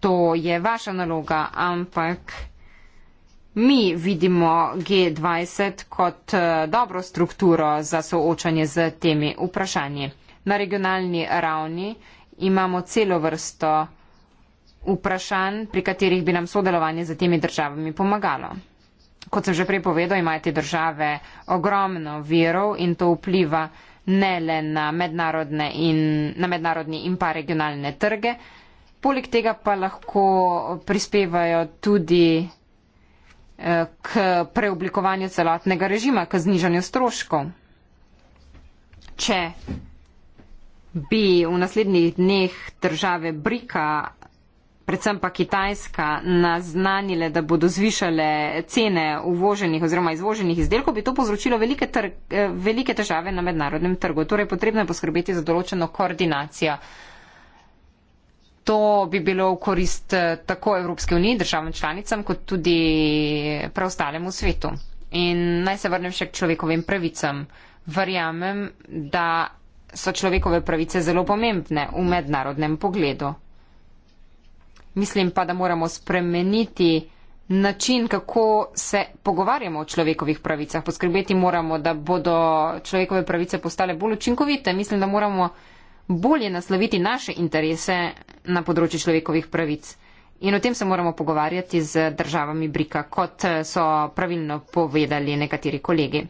To je vaša naloga, ampak mi vidimo G20 kot eh, dobro strukturo za soočanje z temi vprašanji. Na regionalni ravni imamo celo vrsto vprašanj, pri katerih bi nam sodelovanje z temi državami pomagalo. Kot sem že prej povedal, imajo te države ogromno virov in to vpliva ne le na mednarodne in, na mednarodni in pa regionalne trge, poleg tega pa lahko prispevajo tudi eh, k preoblikovanju celotnega režima, k znižanju stroškov. Če bi v naslednjih dneh države Brika predvsem pa Kitajska, naznanile, da bodo zvišale cene uvoženih oziroma izvoženih izdelkov, bi to povzročilo velike, eh, velike težave na mednarodnem trgu. Torej, potrebno je poskrbeti za določeno koordinacijo. To bi bilo v korist eh, tako Evropske unije, državam članicam, kot tudi preostalemu svetu. In naj se vrnem še k človekovim pravicam. Verjamem, da so človekove pravice zelo pomembne v mednarodnem pogledu. Mislim pa, da moramo spremeniti način, kako se pogovarjamo o človekovih pravicah. Poskrbeti moramo, da bodo človekove pravice postale bolj učinkovite. Mislim, da moramo bolje nasloviti naše interese na področju človekovih pravic. In o tem se moramo pogovarjati z državami Brika, kot so pravilno povedali nekateri kolegi.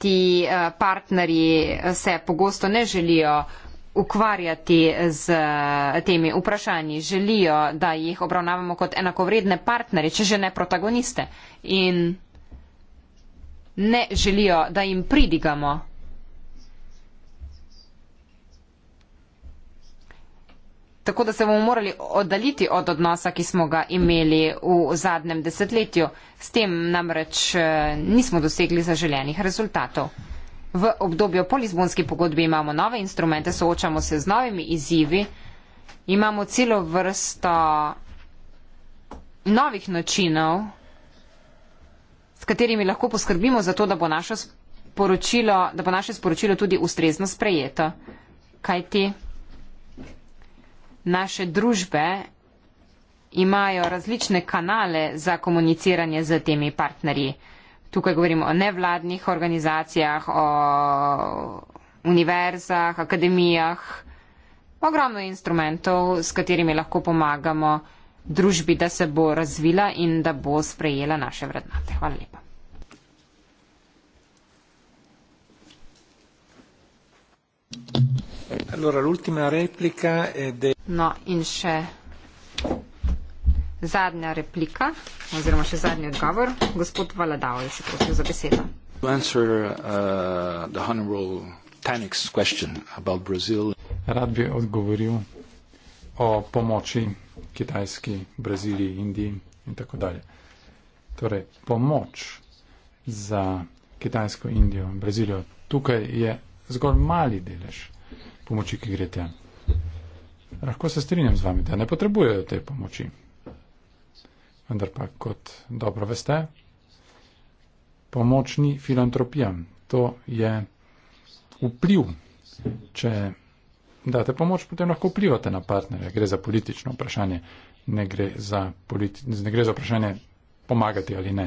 ti eh, partnerji eh, se pogosto ne želijo ukvarjati z eh, temi vprašanji, želijo, da jih obravnavamo kot enakovredne partnerje, če že ne protagoniste. In ne želijo, da jim pridigamo tako da se bomo morali oddaliti od odnosa, ki smo ga imeli v zadnjem desetletju. S tem namreč eh, nismo dosegli zaželenih rezultatov. V obdobju po Lizbonski pogodbi imamo nove instrumente, soočamo se z novimi izzivi, imamo celo vrsto novih načinov, s katerimi lahko poskrbimo za to, da bo naše sporočilo, da bo naše sporočilo tudi ustrezno sprejeto. Kaj ti? naše družbe imajo različne kanale za komuniciranje z temi partnerji. Tukaj govorimo o nevladnih organizacijah, o univerzah, akademijah, ogromno instrumentov, s katerimi lahko pomagamo družbi, da se bo razvila in da bo sprejela naše vrednote. Hvala lepa. Thank you. No in še zadnja replika oziroma še zadnji odgovor. Gospod Valadao, jaz se prosim za besedo. To answer uh, the honorable Tanik's question about Brazil. Rad bi odgovoril o pomoči Kitajski, Braziliji, Indiji in tako dalje. Torej, pomoč za Kitajsko, Indijo, Brazilijo, tukaj je zgolj mali delež pomoči, ki gre tam. Lahko se strinjam z vami, da ne potrebujejo te pomoči. Vendar pa, kot dobro veste, pomoč ni filantropija. To je vpliv. Če date pomoč, potem lahko vplivate na partnerja. Gre za politično vprašanje. Ne gre za, politi ne gre za vprašanje pomagati ali ne.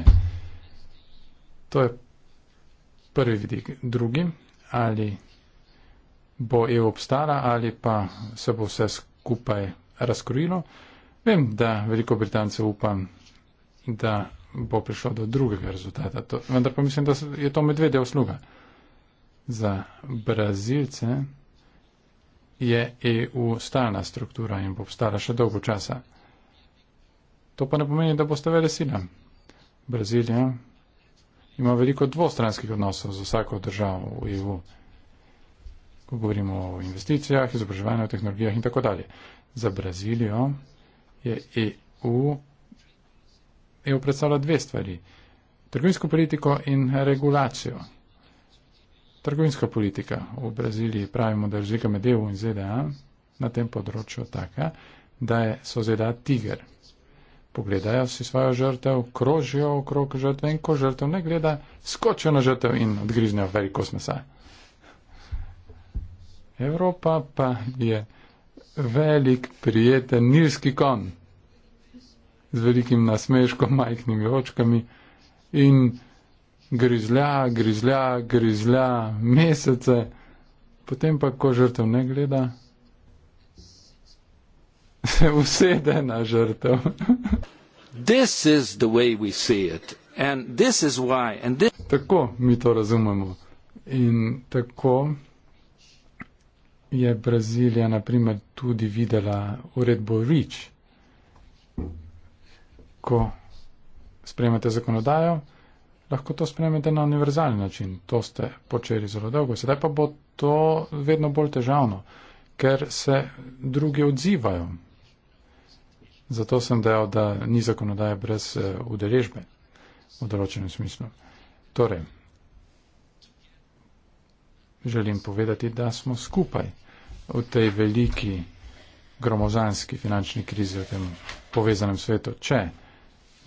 To je prvi vidik. Drugi ali bo EU obstala ali pa se bo vse skupaj razkrojilo. Vem, da veliko Britancev upam, da bo prišlo do drugega rezultata, to, vendar pa mislim, da je to medvedja usluga. Za Brazilce je EU stalna struktura in bo obstala še dolgo časa. To pa ne pomeni, da boste velesila. Brazilija ima veliko dvostranskih odnosov z vsako državo v EU govorimo o investicijah, izobraževanju, tehnologijah in tako dalje. Za Brazilijo je EU, EU predstavlja dve stvari. Trgovinsko politiko in regulacijo. Trgovinska politika v Braziliji pravimo, da je razlika med EU in ZDA na tem področju taka, da je, so ZDA tiger. Pogledajo si svojo žrtev, krožijo okrog žrtve in ko žrtev ne gleda, skočijo na žrtev in odgriznijo veliko smesa. Evropa pa je velik, prijeten, nirski kon z velikim nasmeškom, majhnimi očkami in grizlja, grizlja, grizlja, mesece, potem pa, ko žrtev ne gleda, se usede na žrtev. This is the way we see it and this is why and this... Tako mi to razumemo in tako je Brazilija naprimer tudi videla uredbo REACH, ko sprejmete zakonodajo, lahko to sprejmete na univerzalni način. To ste počeli zelo dolgo. Sedaj pa bo to vedno bolj težavno, ker se druge odzivajo. Zato sem dejal, da ni zakonodaje brez eh, udeležbe v določenem smislu. Torej, želim povedati, da smo skupaj v tej veliki gromozanski finančni krizi v tem povezanem svetu. Če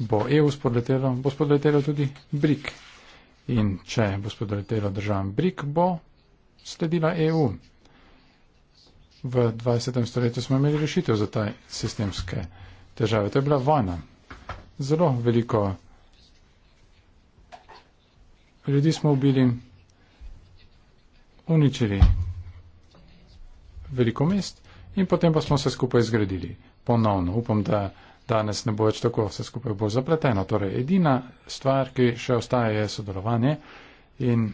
bo EU spodletelo, bo spodletelo tudi BRIC. In če bo spodletelo državam BRIC, bo sledila EU. V 20. stoletju smo imeli rešitev za taj sistemske težave. To je bila vojna. Zelo veliko ljudi smo ubili, uničili veliko mest in potem pa smo se skupaj zgradili. Ponovno upam, da danes ne bo več tako vse skupaj bolj zapleteno. Torej, edina stvar, ki še ostaje, je sodelovanje in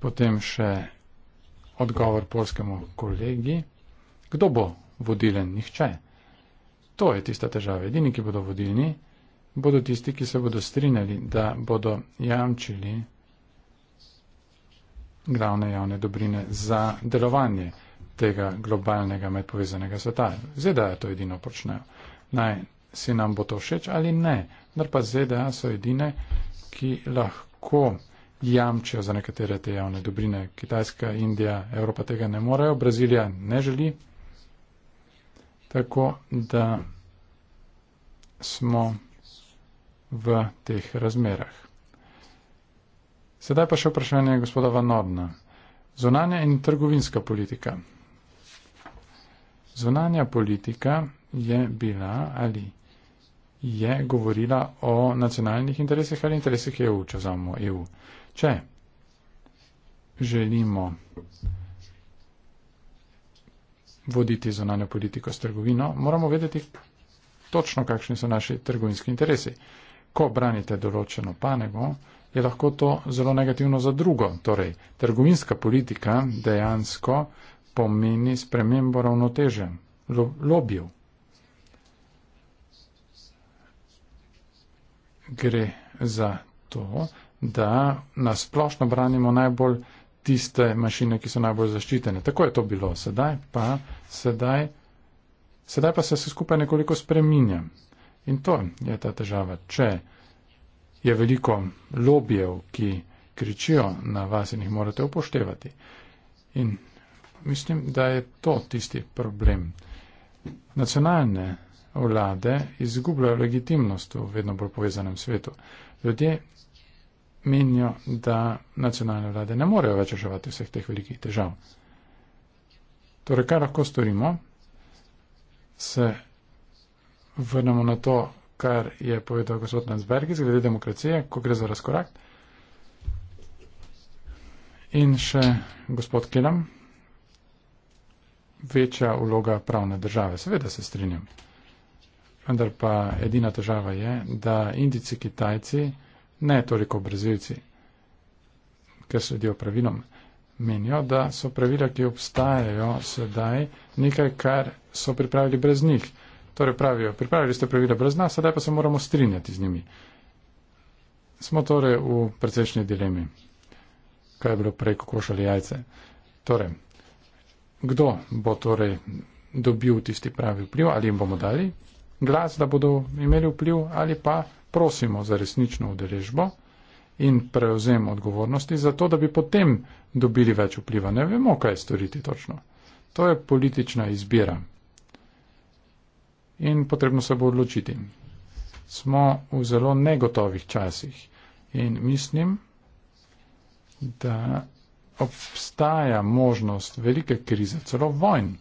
potem še odgovor polskemu kolegi. Kdo bo vodilen? Nihče. To je tista težava. Edini, ki bodo vodilni, bodo tisti, ki se bodo strinjali, da bodo jamčili glavne javne dobrine za delovanje tega globalnega medpovezanega sveta. ZDA to edino počnejo. Naj si nam bo to všeč ali ne, vendar pa ZDA so edine, ki lahko jamčijo za nekatere te javne dobrine. Kitajska, Indija, Evropa tega ne morejo, Brazilija ne želi. Tako da smo v teh razmerah. Sedaj pa še vprašanje gospoda Van Nordna. Zunanja in trgovinska politika. Zunanja politika je bila ali je govorila o nacionalnih interesih ali interesih EU, če vzamemo EU. Če želimo voditi zunanjo politiko s trgovino, moramo vedeti točno, kakšni so naši trgovinski interesi. Ko branite določeno panego, je lahko to zelo negativno za drugo. Torej, trgovinska politika dejansko pomeni spremembo ravnoteže lobijev. Gre za to, da nasplošno branimo najbolj tiste mašine, ki so najbolj zaščitene. Tako je to bilo sedaj, pa sedaj, sedaj pa se vse skupaj nekoliko spreminja. In to je ta težava. Če je veliko lobijev, ki kričijo na vas in jih morate upoštevati. In mislim, da je to tisti problem. Nacionalne vlade izgubljajo legitimnost v vedno bolj povezanem svetu. Ljudje menijo, da nacionalne vlade ne morejo več reševati vseh teh velikih težav. Torej, kaj lahko storimo? Se vrnemo na to, kar je povedal gospod Nansbergis glede demokracije, ko gre za razkorak. In še gospod Kilam, večja vloga pravne države. Seveda se strinjam. Vendar pa edina težava je, da indici Kitajci, ne toliko brazilci, ker sledijo pravilom, menijo, da so pravila, ki obstajajo sedaj, nekaj, kar so pripravili brez njih. Torej pravijo, pripravili ste pravila brez nas, sedaj pa se moramo strinjati z njimi. Smo torej v precejšnji dilemi, kaj je bilo prej kokošali jajce. Torej, kdo bo torej dobil tisti pravi vpliv, ali jim bomo dali glas, da bodo imeli vpliv, ali pa prosimo za resnično udeležbo in prevzem odgovornosti za to, da bi potem dobili več vpliva. Ne vemo, kaj storiti točno. To je politična izbira in potrebno se bo odločiti. Smo v zelo negotovih časih in mislim, da obstaja možnost velike krize, celo vojn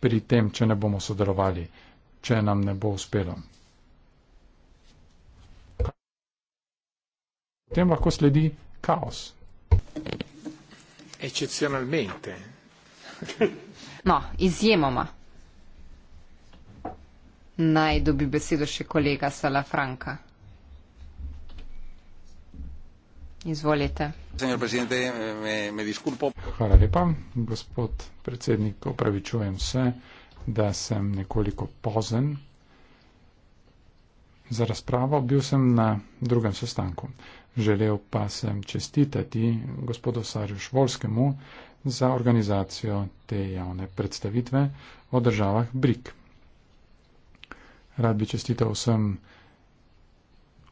pri tem, če ne bomo sodelovali, če nam ne bo uspelo. Potem lahko sledi kaos. Excepcionalmente. No, izjemoma. Naj dobi besedo še kolega Salafranka. Izvolite. Hvala lepa, gospod predsednik. Opravičujem se, da sem nekoliko pozen za razpravo. Bil sem na drugem sestanku. Želel pa sem čestitati gospodu Sarju Švolskemu za organizacijo te javne predstavitve o državah BRIK rad bi čestital vsem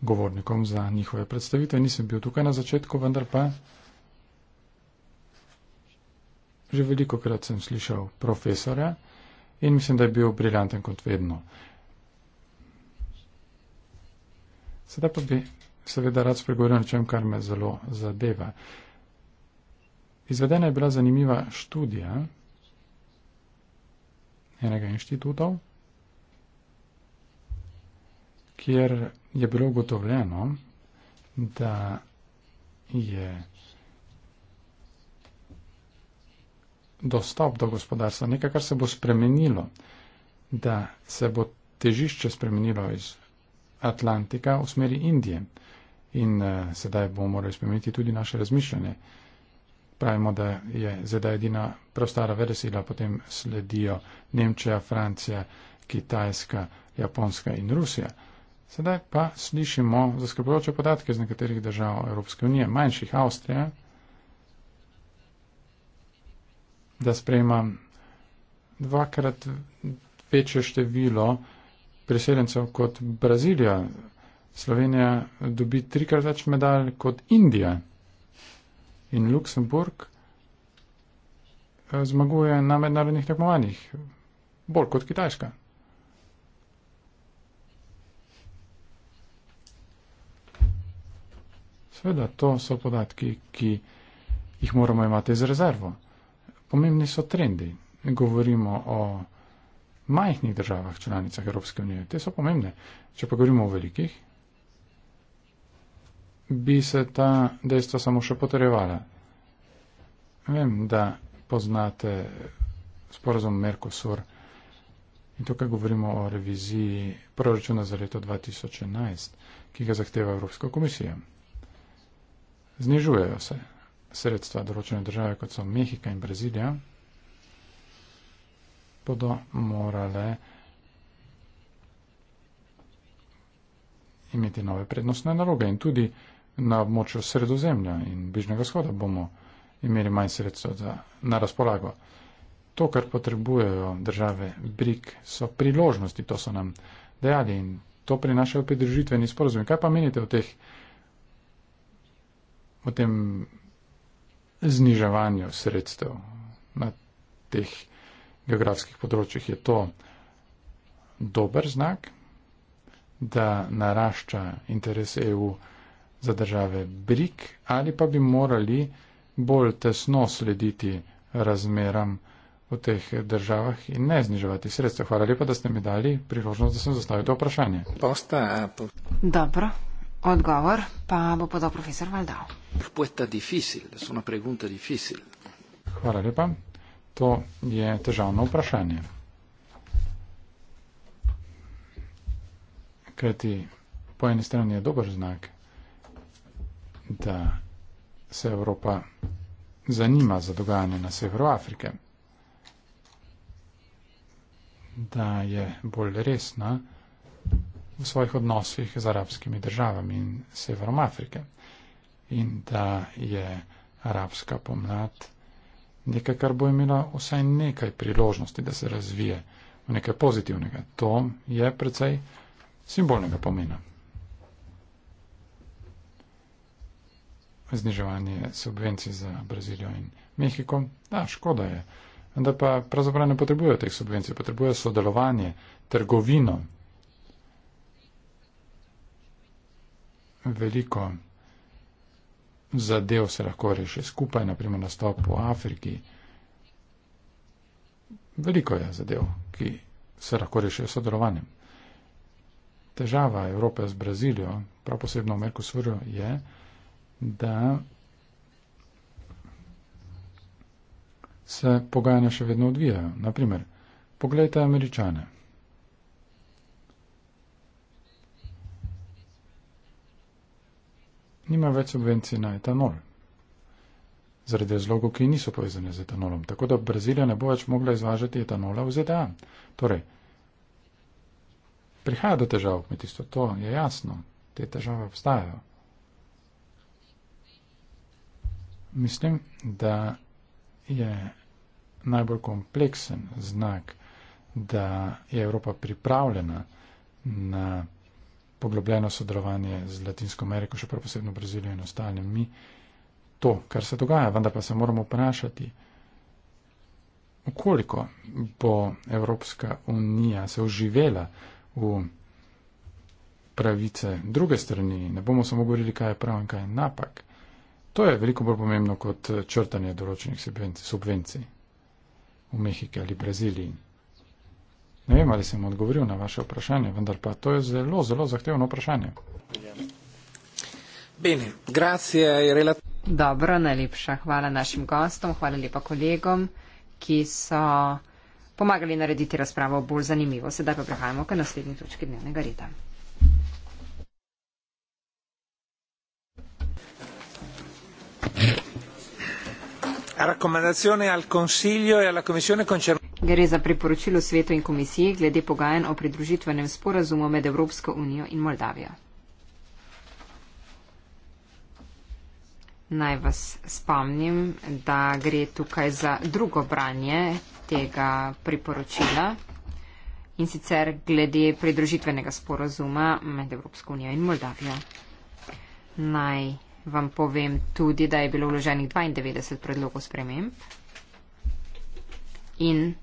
govornikom za njihove predstavitve. Nisem bil tukaj na začetku, vendar pa že veliko krat sem slišal profesora in mislim, da je bil briljanten kot vedno. Sedaj pa bi seveda rad spregovoril o čem, kar me zelo zadeva. Izvedena je bila zanimiva študija enega inštitutov kjer je bilo ugotovljeno, da je dostop do gospodarstva nekaj, kar se bo spremenilo, da se bo težišče spremenilo iz Atlantika v smeri Indije. In uh, sedaj bomo morali spremeniti tudi naše razmišljanje. Pravimo, da je zdaj edina preostala veresila, potem sledijo Nemčija, Francija, Kitajska, Japonska in Rusija. Uh, Sedaj pa slišimo zaskrbljujoče podatke iz nekaterih držav Evropske unije, manjših Avstrija, da sprejema dvakrat večje število priseljencev kot Brazilija. Slovenija dobi trikrat več medalj kot Indija in Luksemburg eh, zmaguje na mednarodnih tekmovanjih, bolj kot Kitajska. Sveda, to so podatki, ki jih moramo imati z rezervo. Pomembni so trendi. Govorimo o majhnih državah, članicah Evropske unije. Te so pomembne. Če pa govorimo o velikih, bi se ta dejstva samo še potrjevala. Vem, da poznate sporazum Merkosur in tukaj govorimo o reviziji proračuna za leto 2011, ki ga zahteva Evropska komisija. Znižujejo se sredstva določene države, kot so Mehika in Brazilija, bodo morale imeti nove prednostne naloge in tudi na območju sredozemlja in bližnjega shoda bomo imeli manj sredstva za, na razpolago. To, kar potrebujejo države BRIC, so priložnosti, to so nam dejali in to prinašajo pridružitveni sporozumi. Kaj pa menite o teh o tem zniževanju sredstev na teh geografskih področjih je to dober znak, da narašča interes EU za države BRIK ali pa bi morali bolj tesno slediti razmeram v teh državah in ne zniževati sredstev. Hvala lepa, da ste mi dali priložnost, da sem zastavil to vprašanje. Posta, Apple. Dobro. Odgovor pa bo podal profesor Valdal. Hvala lepa. To je težavno vprašanje. Kajti po eni strani je dober znak, da se Evropa zanima za dogajanje na severu Afrike, da je bolj resna v svojih odnosih z arabskimi državami in severom Afrike. In da je arabska pomlad nekaj, kar bo imela vsaj nekaj priložnosti, da se razvije v nekaj pozitivnega. To je precej simbolnega pomena. Zniževanje subvencij za Brazilijo in Mehiko. Da, škoda je. Vendar pa pravzaprav ne potrebujejo teh subvencij, potrebujejo sodelovanje, trgovino veliko zadev se lahko reši skupaj, naprimer nastop v Afriki. Veliko je zadev, ki se lahko rešijo sodelovanjem. Težava Evrope z Brazilijo, prav posebno v Merkosurju, je, da se pogajanja še vedno odvijajo. Naprimer, pogledajte američane. nima več subvencij na etanol, zaradi razlogov, ki niso povezane z etanolom. Tako da Brazilija ne bo več mogla izvažati etanola v ZDA. Torej, prihaja do težav v kmetijstvu, to je jasno, te težave obstajajo. Mislim, da je najbolj kompleksen znak, da je Evropa pripravljena na poglobljeno sodelovanje z Latinsko Ameriko, še prav posebno Brazilijo in ostalim. Mi to, kar se dogaja, vendar pa se moramo vprašati, ukoliko bo Evropska unija se oživela v pravice druge strani, ne bomo samo govorili, kaj je prav in kaj je napak. To je veliko bolj pomembno kot črtanje določenih subvencij v Mehiki ali Braziliji. Ne vem, ali sem odgovoril na vaše vprašanje, vendar pa to je zelo, zelo zahtevno vprašanje. Bene, grazie, relat... Dobro, najlepša hvala našim gostom, hvala lepa kolegom, ki so pomagali narediti razpravo bolj zanimivo. Sedaj pa prehajamo k naslednji točki dnevnega reda. E gre za priporočilo svetu in komisiji glede pogajanj o pridružitvenem sporazumu med Evropsko unijo in Moldavijo. Naj vas spomnim, da gre tukaj za drugo branje tega priporočila in sicer glede pridružitvenega sporazuma med Evropsko unijo in Moldavijo. Naj vam povem tudi, da je bilo vloženih 92 predlogov sprememb in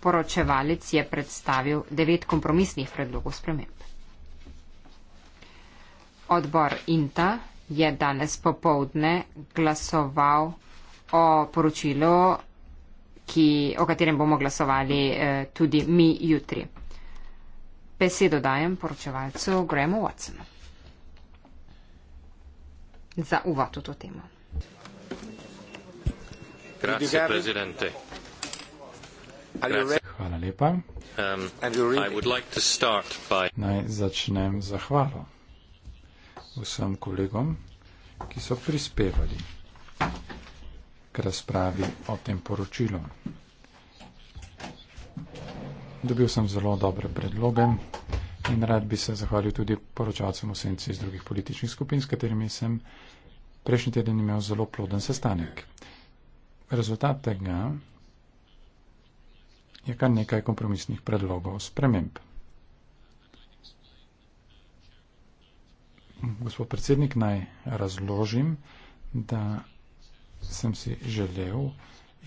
poročevalec je predstavil 9 kompromisnih predlogov sprememb. Odbor INTA je danes popovdne glasoval o poročilu, ki, o katerem bomo glasovali eh, tudi mi jutri. Besedo dajem poročevalcu Grahamu Watsonu za uvod v to temo. Grazie, predsednik. Hvala lepa. Um, Naj začnem zahvalo vsem kolegom, ki so prispevali k razpravi o tem poročilu. Dobil sem zelo dobre predloge. In rad bi se zahvalil tudi poročalcem v senci iz drugih političnih skupin, s katerimi sem prejšnji teden imel zelo ploden sestanek. Rezultat tega je kar nekaj kompromisnih predlogov sprememb. Gospod predsednik, naj razložim, da sem si želel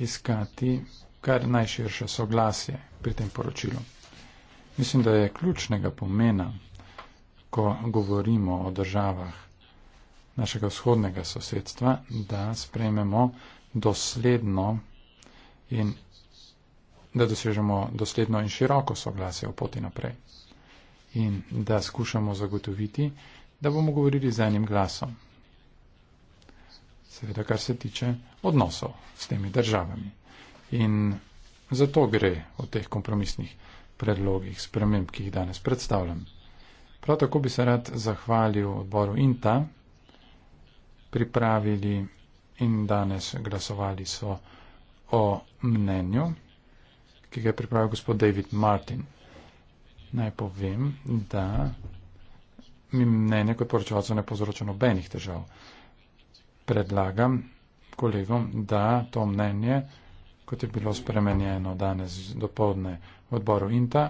iskati kar najširše soglasje pri tem poročilu. Mislim, da je ključnega pomena, ko govorimo o državah našega vzhodnega sosedstva, da sprejmemo dosledno in da dosežemo dosledno in široko soglasje o poti naprej. In da skušamo zagotoviti, da bomo govorili z enim glasom. Seveda, kar se tiče odnosov s temi državami. In zato gre v teh kompromisnih predlogih sprememb, ki jih danes predstavljam. Prav tako bi se rad zahvalil odboru INTA, pripravili in danes glasovali so o mnenju, ki ga je pripravil gospod David Martin. Naj povem, da mi mnenje kot poročevalcev ne povzroča nobenih težav. Predlagam kolegom, da to mnenje kot je bilo spremenjeno danes do povdne v odboru INTA,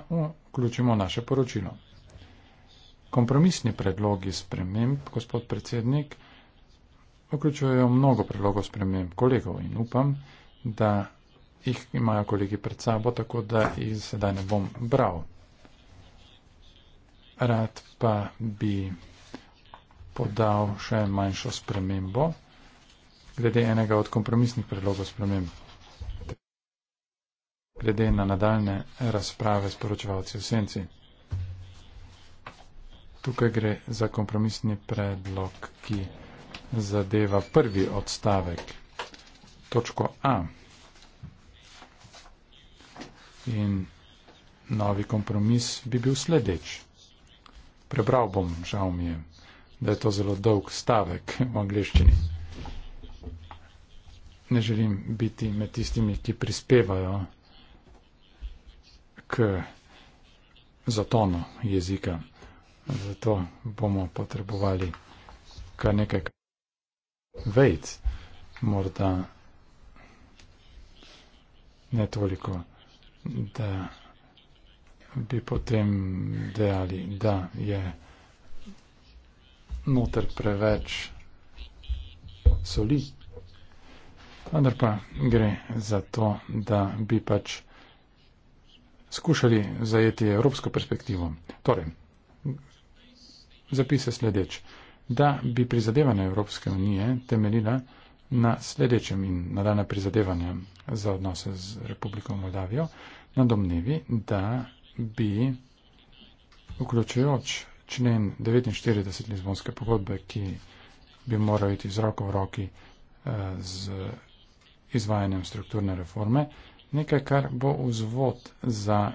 vključimo naše poročilo. Kompromisni predlogi sprememb, gospod predsednik, vključujejo mnogo predlogov sprememb kolegov in upam, da jih imajo kolegi pred sabo, tako da jih sedaj ne bom bral. Rad pa bi podal še manjšo spremembo glede enega od kompromisnih predlogov sprememb glede na nadaljne razprave s poročevalci v senci. Tukaj gre za kompromisni predlog, ki zadeva prvi odstavek, točko A. In novi kompromis bi bil sledeč. Prebral bom, žal mi je, da je to zelo dolg stavek v angliščini. Ne želim biti med tistimi, ki prispevajo k zatonu jezika. Zato bomo potrebovali kar nekaj vejc, morda ne toliko, da bi potem dejali, da je noter preveč soli. Vendar pa gre za to, da bi pač skušali zajeti evropsko perspektivo. Torej, zapise sledeč, da bi prizadevanje Evropske unije temeljila na sledečem in nadaljna prizadevanja za odnose z Republiko Moldavijo, na domnevi, da bi vključujoč člen 49. Lizbonske pogodbe, ki bi moral iti z roko v roki eh, z izvajanjem strukturne reforme, eh, nekaj, kar bo vzvod za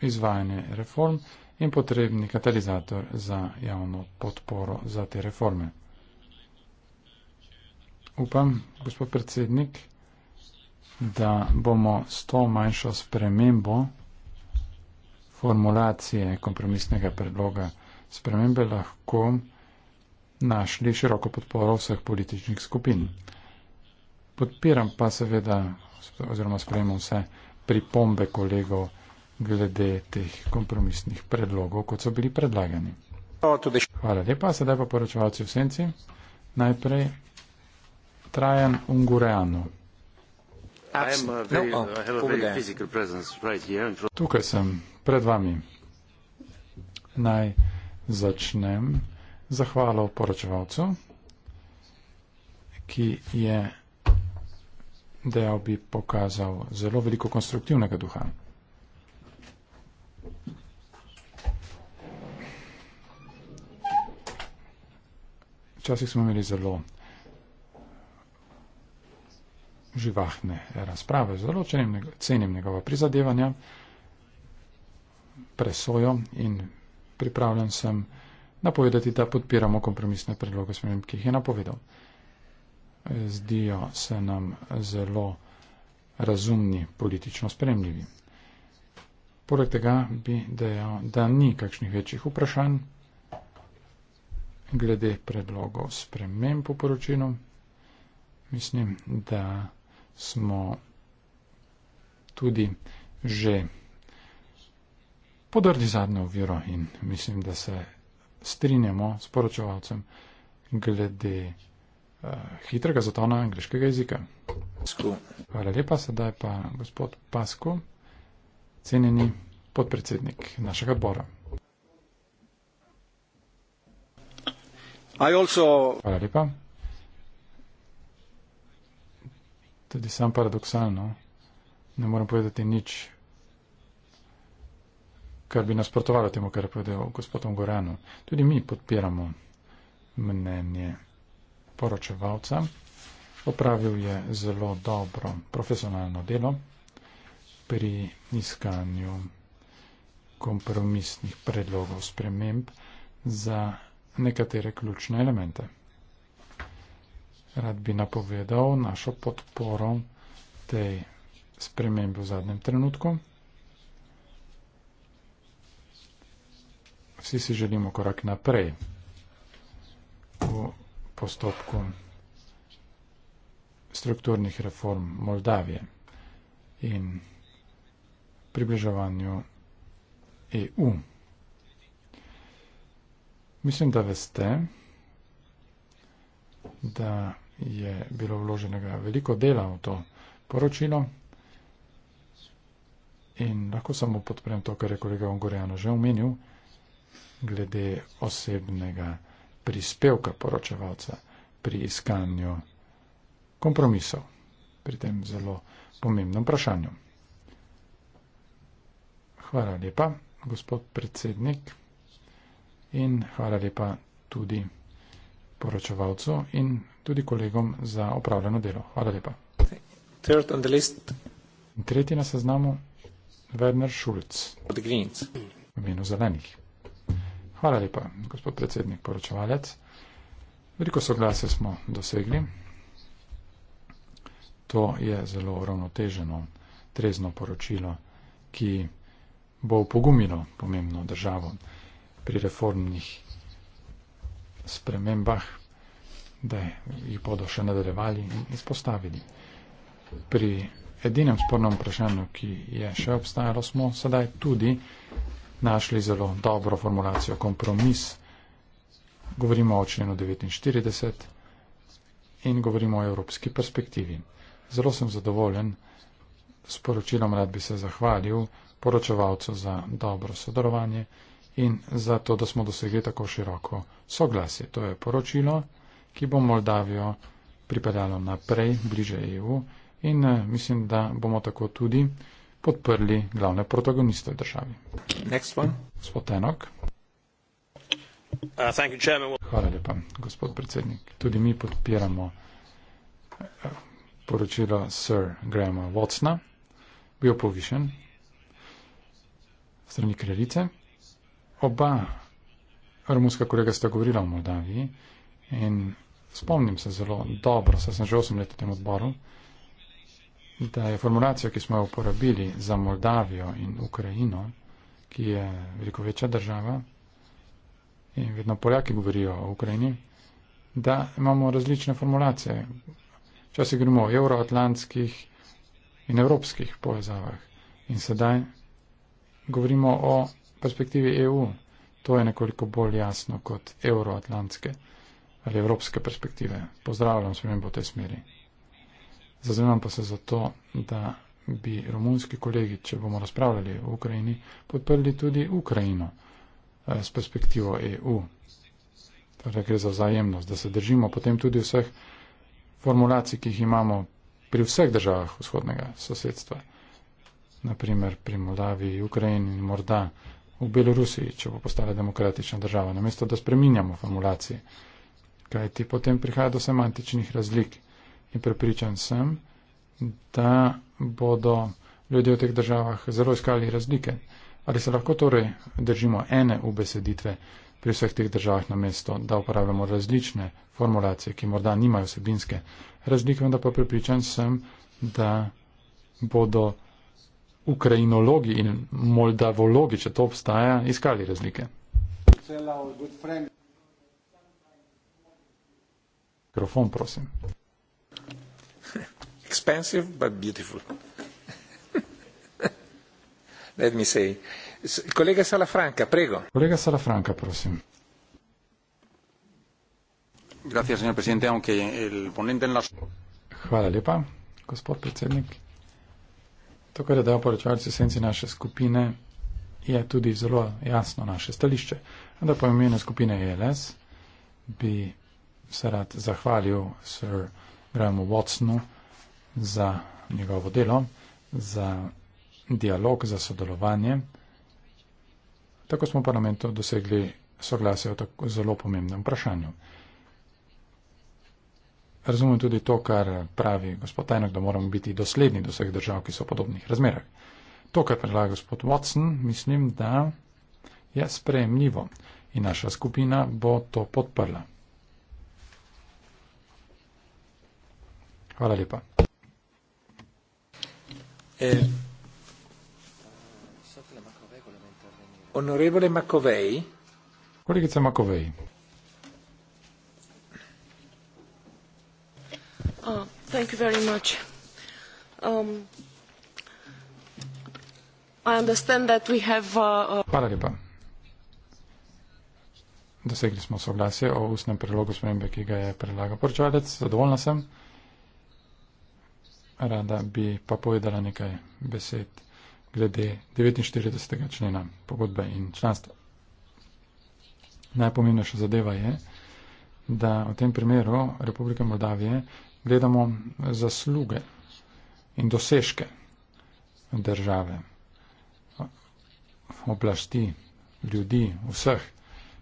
izvajanje reform in potrebni katalizator za javno podporo za te reforme. Upam, gospod predsednik, da bomo s to manjšo spremembo formulacije kompromisnega predloga spremembe lahko našli široko podporo vseh političnih skupin. Podpiram pa seveda oziroma sprejemam vse pripombe kolegov glede teh kompromisnih predlogov, kot so bili predlagani. Hvala lepa, sedaj pa poročevalci v senci. Najprej Trajan Ungureanu. No, oh, Tukaj sem, pred vami. Naj začnem zahvalo poročevalcu, ki je dejal bi, pokazal zelo veliko konstruktivnega duha. Včasih smo imeli zelo živahne razprave, zelo čenim, cenim njegova prizadevanja, presojo in pripravljen sem napovedati, da podpiramo kompromisne predloge s tem, ki jih je napovedal zdijo se nam zelo razumni, politično spremljivi. Poleg tega bi dejal, da ni kakšnih večjih vprašanj glede predlogov sprememb po poročinu. Mislim, da smo tudi že podrli zadnjo uviro in mislim, da se strinjamo s poročevalcem glede uh, hitrega zatona angliškega jezika. Pasku. Hvala lepa, sedaj pa gospod Pasku, cenjeni podpredsednik našega odbora. Also... Hvala lepa. Tudi sam paradoksalno, ne morem povedati nič, kar bi nasprotovalo temu, kar je povedal gospod Goranu. Tudi mi podpiramo mnenje poročevalca. Opravil je zelo dobro profesionalno delo pri iskanju kompromisnih predlogov sprememb za nekatere ključne elemente. Rad bi napovedal našo podporo tej spremembi v zadnjem trenutku. Vsi si želimo korak naprej v postopku strukturnih reform Moldavije in približevanju EU. Mislim, da veste, da je bilo vloženega veliko dela v to poročilo in lahko samo podprem to, kar je kolega Ongorjano že omenil, glede osebnega prispevka poročevalca pri iskanju kompromisov pri tem zelo pomembnem vprašanju. Hvala lepa, gospod predsednik, in hvala lepa tudi poročevalcu in tudi kolegom za opravljeno delo. Hvala lepa. Third on the list. Tretji na seznamu Werner Schulz. The Greens. V imenu zelenih. Hvala lepa, gospod predsednik poročevalec. Veliko soglasja smo dosegli. To je zelo ravnoteženo, trezno poročilo, ki bo upogumilo pomembno državo pri reformnih spremembah, da jih bodo še nadaljevali in izpostavili. Pri edinem spornem vprašanju, ki je še obstajalo, smo sedaj tudi našli zelo dobro formulacijo kompromis. Govorimo o členu 49 in govorimo o evropski perspektivi. Zelo sem zadovoljen. S poročilom rad bi se zahvalil poročevalcu za dobro sodelovanje in za to, da smo dosegli tako široko soglasje. To je poročilo, ki bo Moldavijo pripeljalo naprej, bliže EU in eh, mislim, da bomo tako tudi podprli glavne protagoniste v državi. Uh, Hvala lepa, gospod predsednik. Tudi mi podpiramo eh, poročilo Sir Grahama Watsona, bil povišen strani kraljice. Oba romunska kolega sta govorila o Moldaviji in spomnim se zelo dobro, saj sem že 8 let v tem odboru da je formulacija, ki smo jo uporabili za Moldavijo in Ukrajino, ki je veliko večja država in vedno Poljaki govorijo o Ukrajini, da imamo različne formulacije. Včasih gremo o euroatlantskih in evropskih povezavah in sedaj govorimo o perspektivi EU. To je nekoliko bolj jasno kot euroatlantske ali evropske perspektive. Pozdravljam spremembo v tej smeri. Zazemam pa se zato, da bi romunski kolegi, če bomo razpravljali v Ukrajini, podprli tudi Ukrajino eh, s perspektivo EU. Torej gre za vzajemnost, da se držimo potem tudi vseh formulacij, ki jih imamo pri vseh državah vzhodnega sosedstva. Naprimer pri Moldaviji, Ukrajini in morda v Belorusiji, če bo postala demokratična država. Namesto, da spreminjamo formulacije, kajti potem prihaja do semantičnih razlik in prepričan sem, da bodo ljudje v teh državah zelo iskali razlike. Ali se lahko torej držimo ene ubeseditve pri vseh teh državah na mesto, da uporabljamo različne formulacije, ki morda nimajo vsebinske razlike, vendar pa prepričan sem, da bodo ukrajinologi in moldavologi, če to obstaja, iskali razlike. Mikrofon, prosim expensive but beautiful. (laughs) Let me say. Kolega Salafranca, prego. Kolega Salafranca, prosim. Gracias, señor presidente, aunque el ponente en las... Hvala lepa, gospod predsednik. To, kar je dal poročevalci senci naše skupine, je tudi zelo jasno naše stališče. Da po imenu skupine ELS bi se rad zahvalil sir Grahamu Watsonu, za njegovo delo, za dialog, za sodelovanje. Tako smo v parlamentu dosegli soglasje o tako zelo pomembnem vprašanju. Razumem tudi to, kar pravi gospod Tajnok, da moramo biti dosledni do vseh držav, ki so v podobnih razmerah. To, kar predlaga gospod Watson, mislim, da je sprejemljivo in naša skupina bo to podprla. Hvala lepa. Eh, onorevole Macovei. Collega Macovei. Uh, ah, thank you very much. Um, I understand that we have. Uh, uh, Hvala lepa. Dosegli smo soglasje o ustnem predlogu spremembe, ki ga je predlagal poročalec. Zadovoljna sem rada bi pa povedala nekaj besed glede 49. člena pogodbe in članstva. Najpomembnejša zadeva je, da v tem primeru Republike Moldavije gledamo zasluge in dosežke države, oblasti, ljudi, vseh,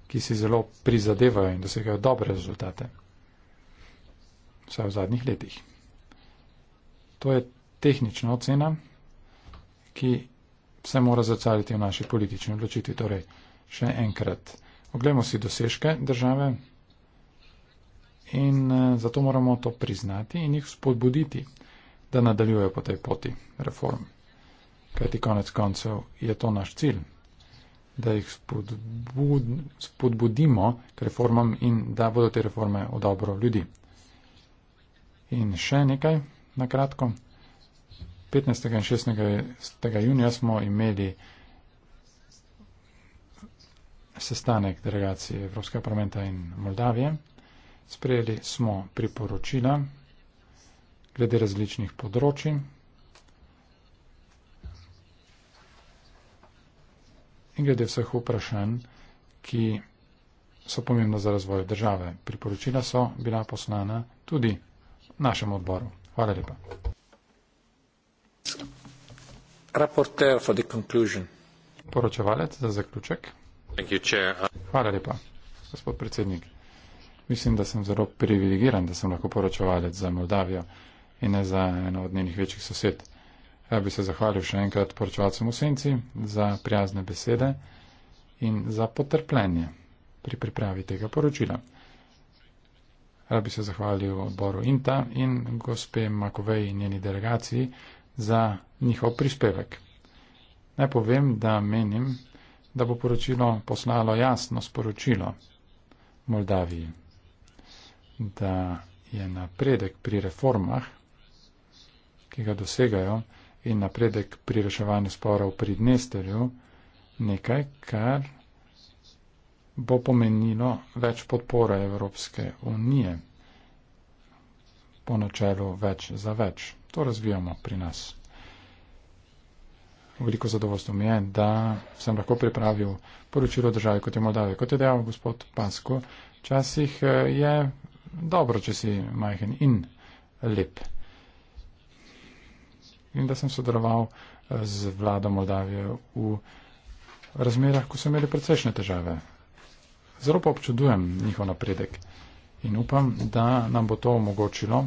ki si zelo prizadevajo in dosegajo dobre rezultate. Vse v zadnjih letih. To je tehnična ocena, ki se mora zacariti v naši politični odločitvi. Torej, še enkrat, oglejmo si dosežke države in eh, zato moramo to priznati in jih spodbuditi, da nadaljujejo po tej poti reform. Kajti konec koncev je to naš cilj, da jih spodbud, spodbudimo k reformam in da bodo te reforme v dobro ljudi. In še nekaj na kratko. 15. in 16. junija smo imeli sestanek delegacije Evropskega parlamenta in Moldavije. Sprejeli smo priporočila glede različnih področji. in glede vseh vprašanj, ki so pomembna za razvoj države. Priporočila so bila poslana tudi našemu odboru. Hvala lepa. Raporter for the conclusion. Poročevalec za zaključek. You, Hvala lepa, gospod predsednik. Mislim, da sem zelo privilegiran, da sem lahko poročevalec za Moldavijo in ne za eno od njenih večjih sosed. Ja bi se zahvalil še enkrat poročevalcem v senci za prijazne besede in za potrpljenje pri pripravi tega poročila. Rad bi se zahvalil odboru INTA in gospe Makovej in njeni delegaciji za njihov prispevek. Naj povem, da menim, da bo poročilo poslalo jasno sporočilo Moldaviji, da je napredek pri reformah, ki ga dosegajo, in napredek pri reševanju sporov pri Dnesterju nekaj, kar bo pomenilo več podpore Evropske unije po načelu več za več. To razvijamo pri nas. Veliko zadovoljstvo mi je, da sem lahko pripravil poročilo države kot je Moldavija. Kot je dejal gospod Pasko, včasih eh, je dobro, če si majhen in lep. In da sem sodeloval eh, z vlado Moldavije v razmerah, ko so imeli precejšnje težave Zelo pa občudujem njihov napredek in upam, da nam bo to omogočilo,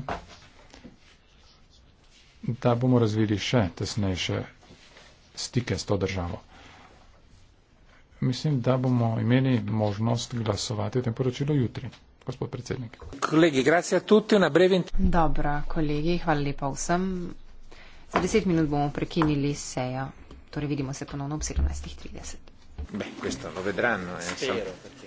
da bomo razvili še tesnejše stike s to državo. Mislim, da bomo imeli možnost glasovati o tem poročilu jutri. Gospod predsednik. Kolegi, gracija tudi na brevin. Dobro, kolegi, hvala lepa vsem. Za deset minut bomo prekinili sejo. Torej vidimo se ponovno ob 17.30. Beh, questo lo vedranno, eh. Spero, perché...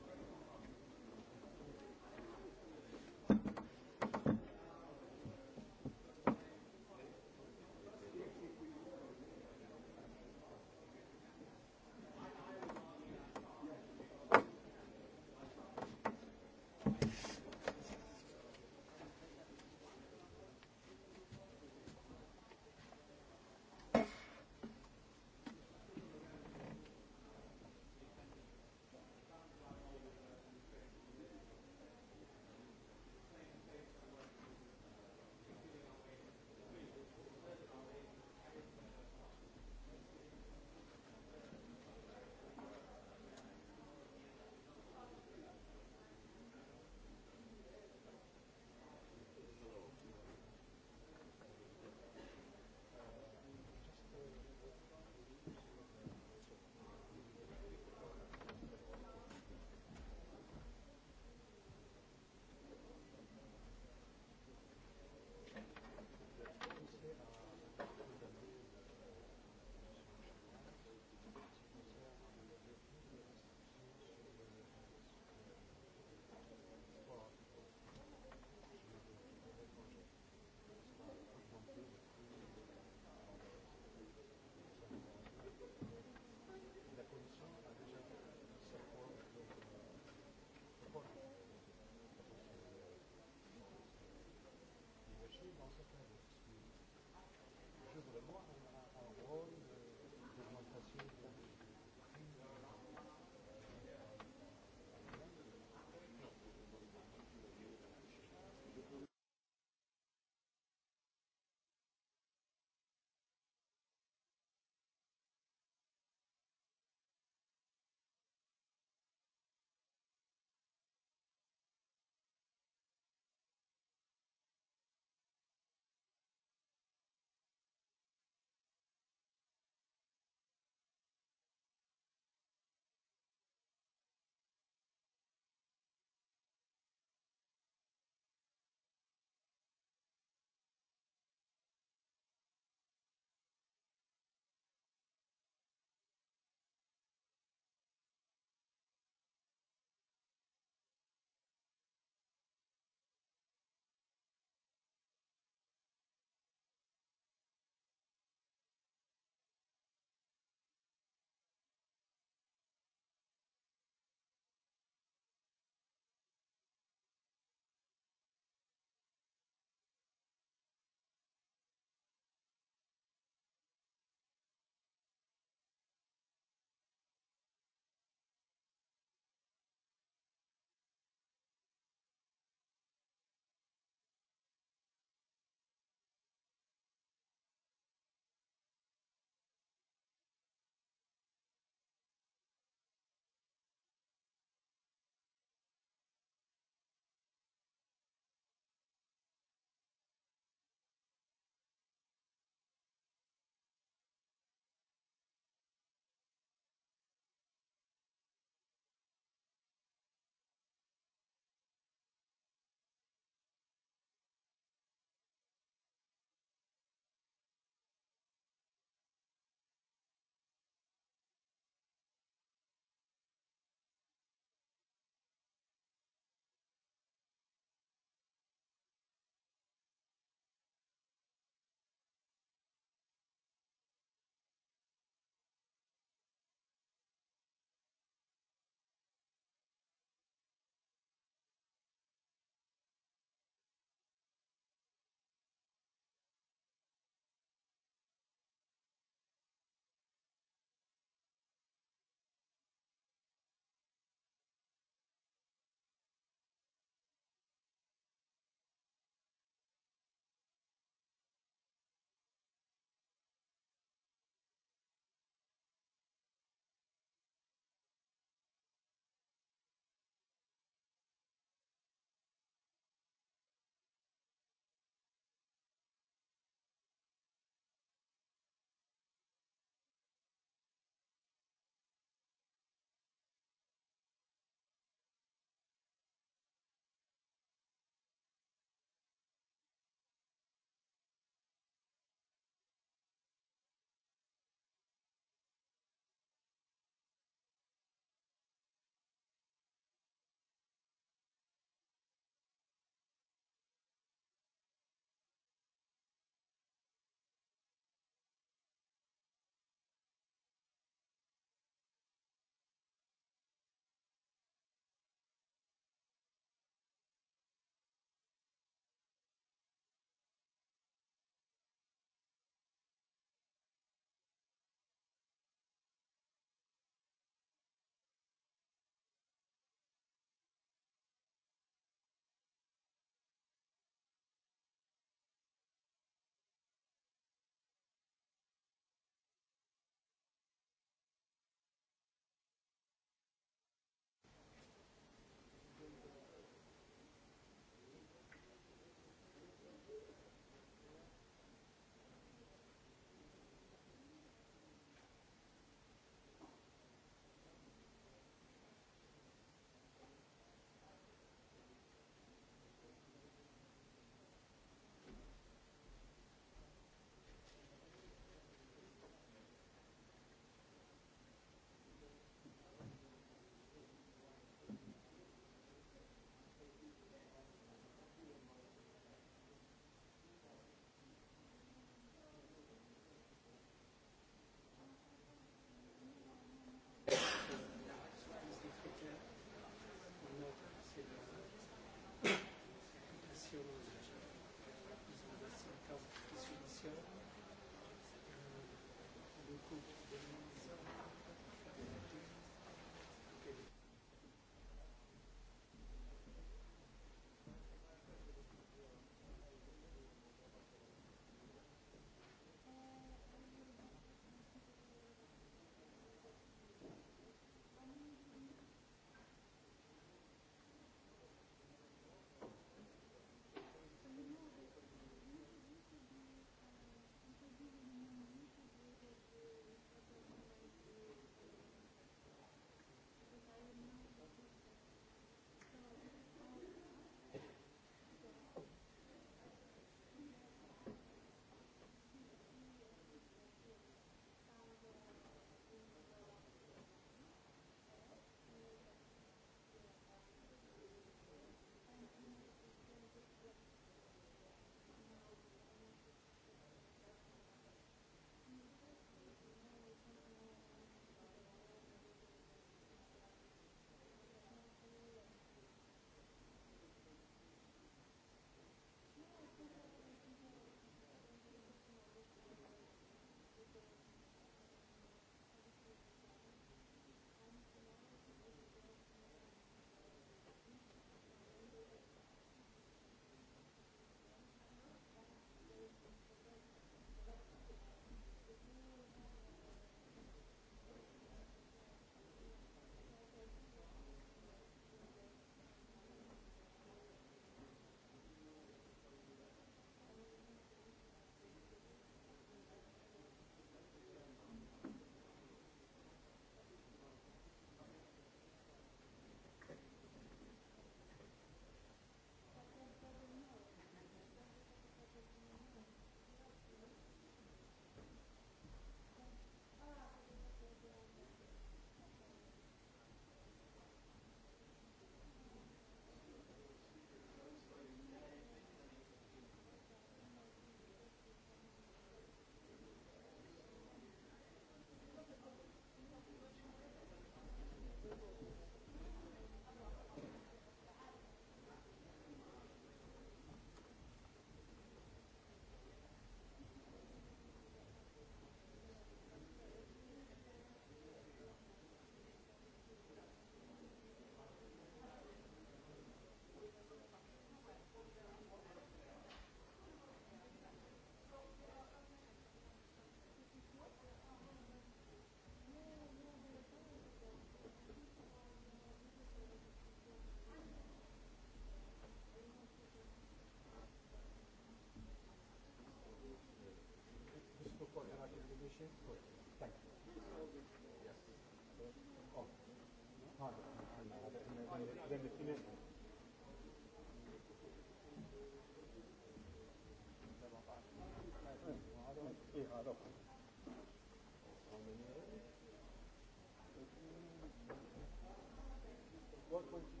What would you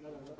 Gracias.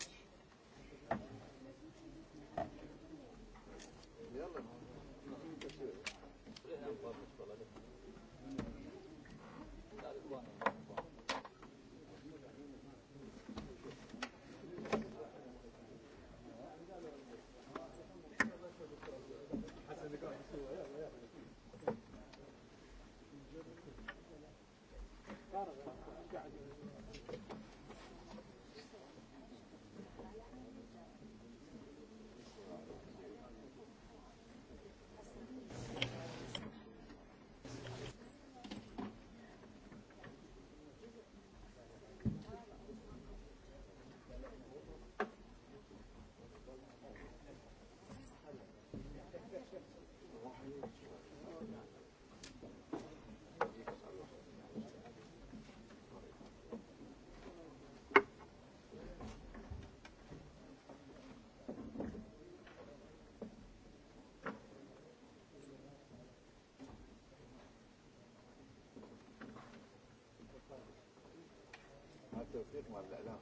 التوفيق مع الإعلام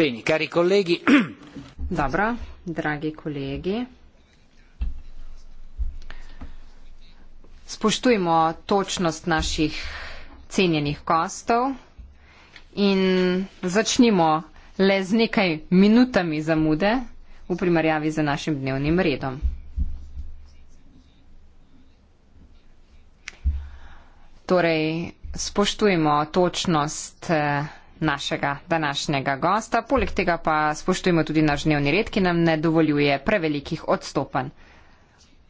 (clears throat) Dobro, dragi kolegi. Spoštujmo točnost naših cenjenih gostov in začnimo le z nekaj minutami zamude v primerjavi z našim dnevnim redom. Torej, spoštujmo točnost eh, našega današnjega gosta. Poleg tega pa spoštujemo tudi naš dnevni red, ki nam ne dovoljuje prevelikih odstopanj.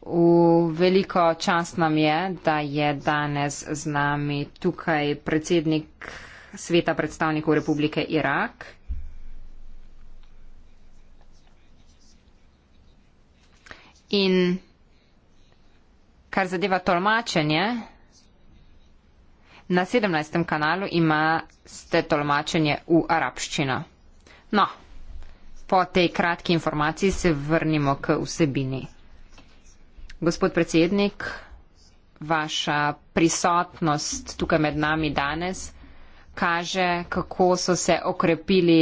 V veliko čast nam je, da je danes z nami tukaj predsednik sveta predstavnikov Republike Irak. In kar zadeva tolmačenje, Na 17. kanalu ima ste tolmačenje v arabščino. No, po tej kratki informaciji se vrnimo k vsebini. Gospod predsednik, vaša prisotnost tukaj med nami danes kaže, kako so se okrepili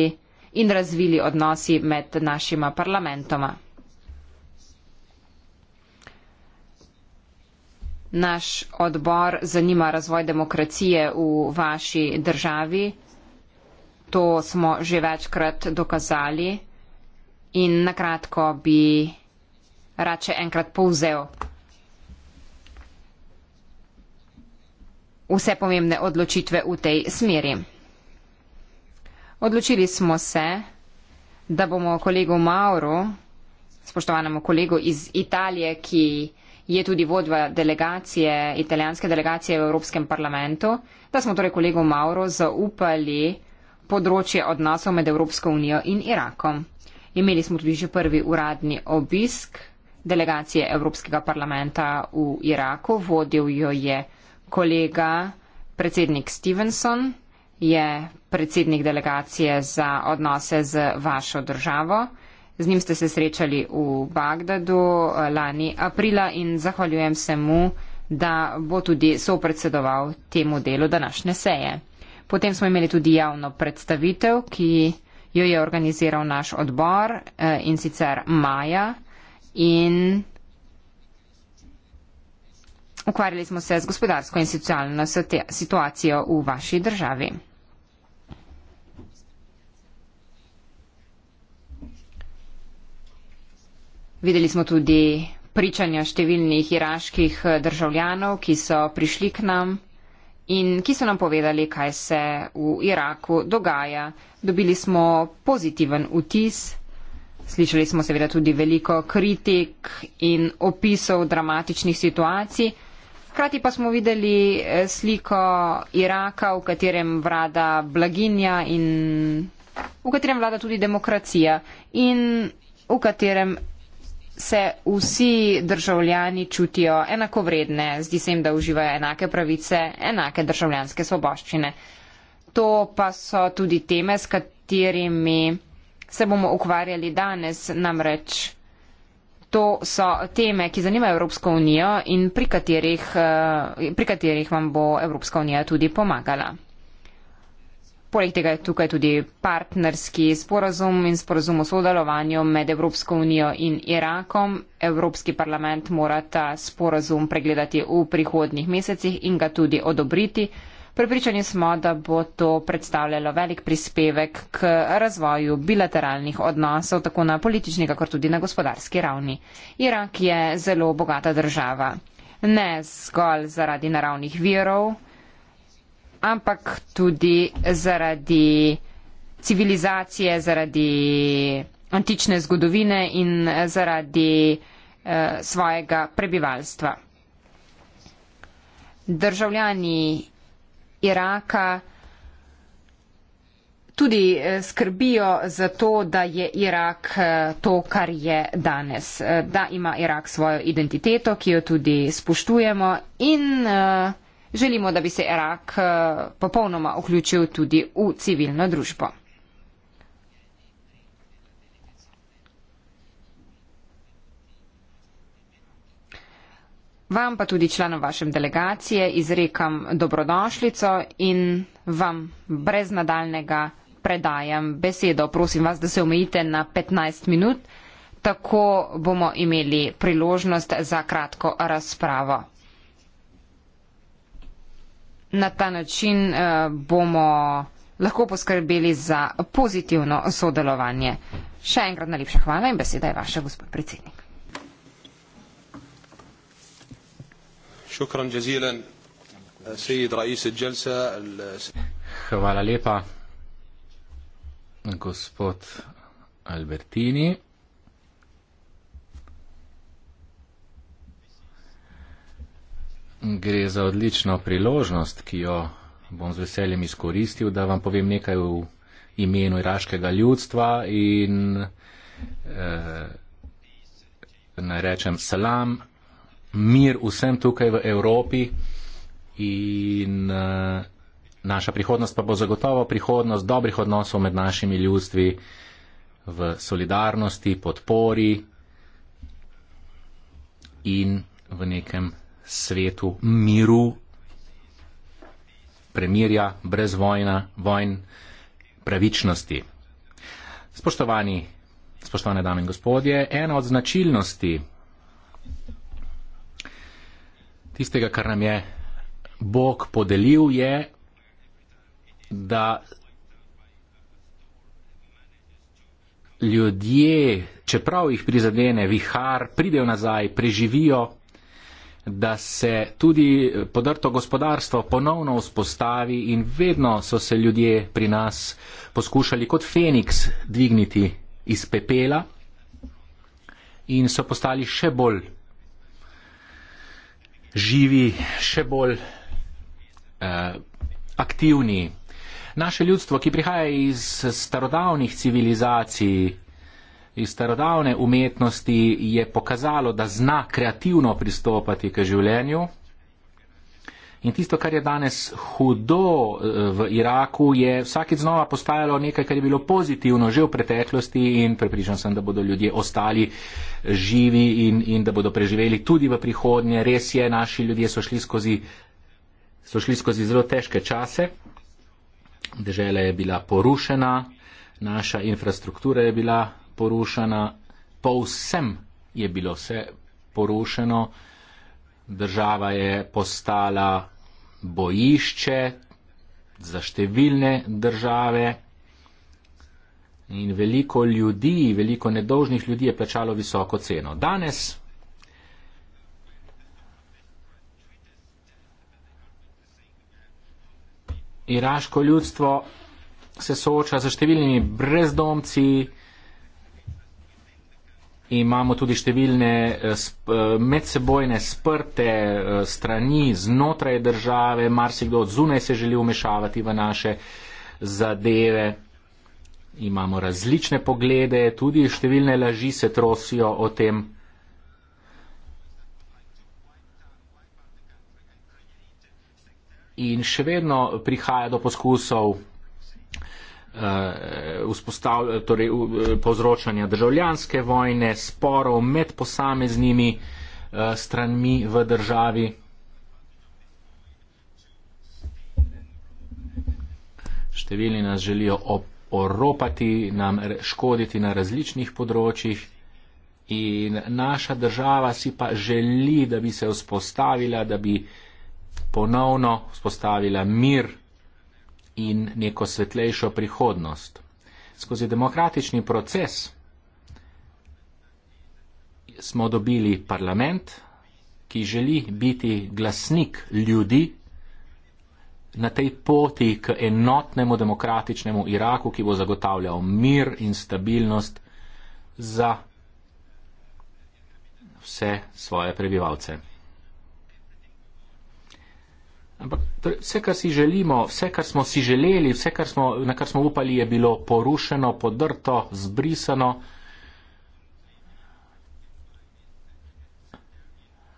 in razvili odnosi med našima parlamentoma. naš odbor zanima razvoj demokracije v vaši državi. To smo že večkrat dokazali in nakratko bi rad še enkrat povzel vse pomembne odločitve v tej smeri. Odločili smo se, da bomo kolegu Mauro, spoštovanemu kolegu iz Italije, ki je tudi vodva delegacije, italijanske delegacije v Evropskem parlamentu, da smo torej kolegu Mauro zaupali področje odnosov med Evropsko unijo in Irakom. Imeli smo tudi že prvi uradni obisk delegacije Evropskega parlamenta v Iraku. Vodil jo je kolega predsednik Stevenson, je predsednik delegacije za odnose z vašo državo. Z njim ste se srečali v Bagdadu eh, lani aprila in zahvaljujem se mu, da bo tudi sopredsedoval temu delu današnje seje. Potem smo imeli tudi javno predstavitev, ki jo je organiziral naš odbor eh, in sicer maja. In ukvarjali smo se z gospodarsko in socialno situacijo v vaši državi. Videli smo tudi pričanja številnih iraških eh, državljanov, ki so prišli k nam in ki so nam povedali, kaj se v Iraku dogaja. Dobili smo pozitiven vtis. Slišali smo seveda tudi veliko kritik in opisov dramatičnih situacij. Hkrati pa smo videli eh, sliko Iraka, v katerem vlada blaginja in v katerem vlada tudi demokracija in v katerem se vsi državljani čutijo enakovredne, zdi se jim, da uživajo enake pravice, enake državljanske svoboščine. To pa so tudi teme, s katerimi se bomo ukvarjali danes, namreč to so teme, ki zanimajo Evropsko unijo in pri katerih, eh, pri katerih vam bo Evropska unija tudi pomagala. Poleg tega je tukaj tudi partnerski sporazum in sporazum o sodelovanju med Evropsko unijo in Irakom. Evropski parlament mora ta sporazum pregledati v prihodnih mesecih in ga tudi odobriti. Pripričani smo, da bo to predstavljalo velik prispevek k razvoju bilateralnih odnosov tako na politični, kakor tudi na gospodarski ravni. Irak je zelo bogata država. Ne zgolj zaradi naravnih virov, ampak tudi zaradi civilizacije, zaradi antične zgodovine in eh, zaradi eh, svojega prebivalstva. Državljani Iraka tudi eh, skrbijo za to, da je Irak eh, to, kar je danes, da ima Irak svojo identiteto, ki jo tudi spoštujemo in eh, želimo, da bi se Irak eh, popolnoma vključil tudi v civilno družbo. Vam pa tudi članom vaše delegacije izrekam dobrodošljico in vam brez nadaljnega predajam besedo. Prosim vas, da se omejite na 15 minut, tako bomo imeli priložnost za kratko razpravo. Na ta način eh, bomo lahko poskrbeli za pozitivno sodelovanje. Še enkrat najlepša hvala in beseda je vaša, gospod predsednik. Eh, hvala lepa, gospod Albertini. Gre za odlično priložnost, ki jo bom z veseljem izkoristil, da vam povem nekaj v imenu iraškega ljudstva in eh, naj rečem salam, mir vsem tukaj v Evropi in eh, naša prihodnost pa bo zagotovo prihodnost dobrih odnosov med našimi ljudstvi v solidarnosti, podpori in v nekem svetu miru, premirja, brez vojna, vojn, pravičnosti. Spoštovani, spoštovane dame in gospodje, ena od značilnosti tistega, kar nam je Bog podelil, je, da ljudje, čeprav jih prizadene vihar, pridejo nazaj, preživijo da se tudi podrto gospodarstvo ponovno vzpostavi in vedno so se ljudje pri nas poskušali kot Feniks dvigniti iz pepela in so postali še bolj živi, še bolj eh, aktivni. Naše ljudstvo, ki prihaja iz starodavnih civilizacij, iz starodavne umetnosti je pokazalo, da zna kreativno pristopati k življenju. In tisto, kar je danes hudo eh, v Iraku, je vsakeč znova postajalo nekaj, kar je bilo pozitivno že v preteklosti in pripričan sem, da bodo ljudje ostali živi in, in da bodo preživeli tudi v prihodnje. Res je, naši ljudje so šli skozi, so šli skozi zelo težke čase. Država je bila porušena, naša infrastruktura je bila porušena, povsem je bilo vse porušeno, država je postala bojišče za številne države in veliko ljudi, veliko nedolžnih ljudi je plačalo visoko ceno. Danes iraško ljudstvo se sooča za številnimi brezdomci, imamo tudi številne eh, eh, medsebojne sprte eh, strani znotraj države, marsikdo od zunaj se želi umešavati v naše zadeve. Imamo različne poglede, tudi številne laži se trosijo o tem. In še vedno prihaja do poskusov Eh, vzpostavljanja, torej eh, povzročanja državljanske vojne, sporov med posameznimi eh, stranmi v državi. Številni nas želijo oropati, nam škoditi na različnih področjih. In naša država si pa želi, da bi se vzpostavila, da bi ponovno vzpostavila mir in neko svetlejšo prihodnost. Skozi demokratični proces smo dobili parlament, ki želi biti glasnik ljudi na tej poti k enotnemu demokratičnemu Iraku, ki bo zagotavljal mir in stabilnost za vse svoje prebivalce. Ampak torej, vse, kar si želimo, vse, kar smo si želeli, vse, kar smo, na kar smo upali, je bilo porušeno, podrto, zbrisano.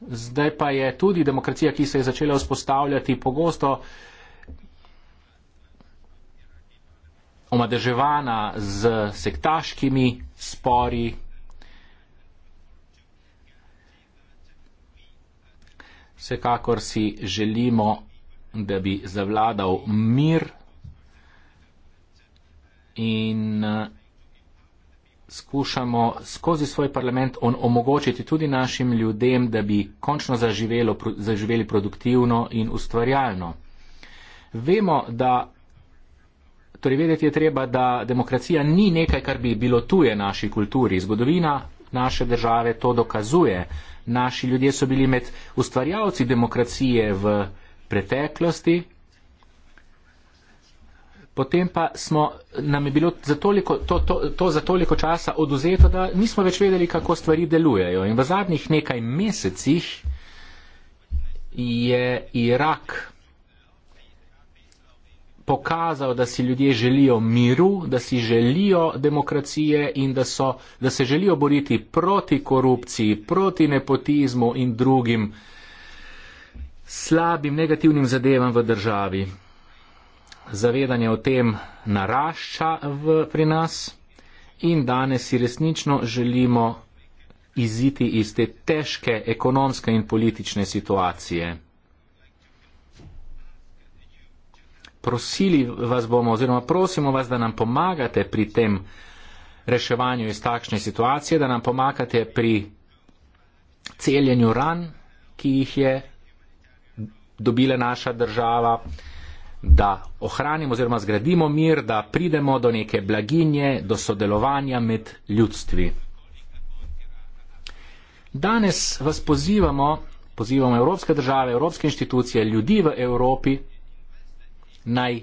Zdaj pa je tudi demokracija, ki se je začela vzpostavljati pogosto omadeževana z sektaškimi spori. Vsekakor si želimo da bi zavladal mir in eh, skušamo skozi svoj parlament on omogočiti tudi našim ljudem, da bi končno zaživelo, zaživeli produktivno in ustvarjalno. Vemo, da torej vedeti je treba, da demokracija ni nekaj, kar bi bilo tuje naši kulturi. Zgodovina naše države to dokazuje. Naši ljudje so bili med ustvarjalci demokracije v preteklosti, potem pa smo, nam je bilo za toliko, to, to, to za toliko časa oduzeto, da nismo več vedeli, kako stvari delujejo. In v zadnjih nekaj mesecih je Irak pokazal, da si ljudje želijo miru, da si želijo demokracije in da, so, da se želijo boriti proti korupciji, proti nepotizmu in drugim slabim, negativnim zadevam v državi. Zavedanje o tem narašča v, pri nas in danes si resnično želimo iziti iz te težke ekonomske in politične situacije. Prosili vas bomo oziroma prosimo vas, da nam pomagate pri tem reševanju iz takšne situacije, da nam pomagate pri celjenju ran, ki jih je dobile naša država, da ohranimo oziroma zgradimo mir, da pridemo do neke blaginje, do sodelovanja med ljudstvi. Danes vas pozivamo, pozivamo evropske države, evropske inštitucije, ljudi v Evropi, naj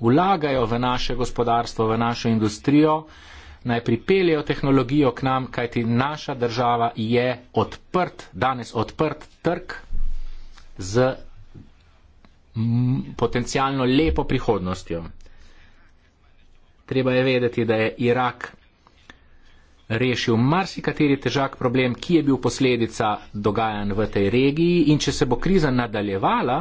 vlagajo v naše gospodarstvo, v našo industrijo, naj pripeljejo tehnologijo k nam, kajti naša država je odprt, danes odprt trg z potencijalno lepo prihodnostjo. Treba je vedeti, da je Irak rešil marsikateri težak problem, ki je bil posledica dogajanj v tej regiji in če se bo kriza nadaljevala,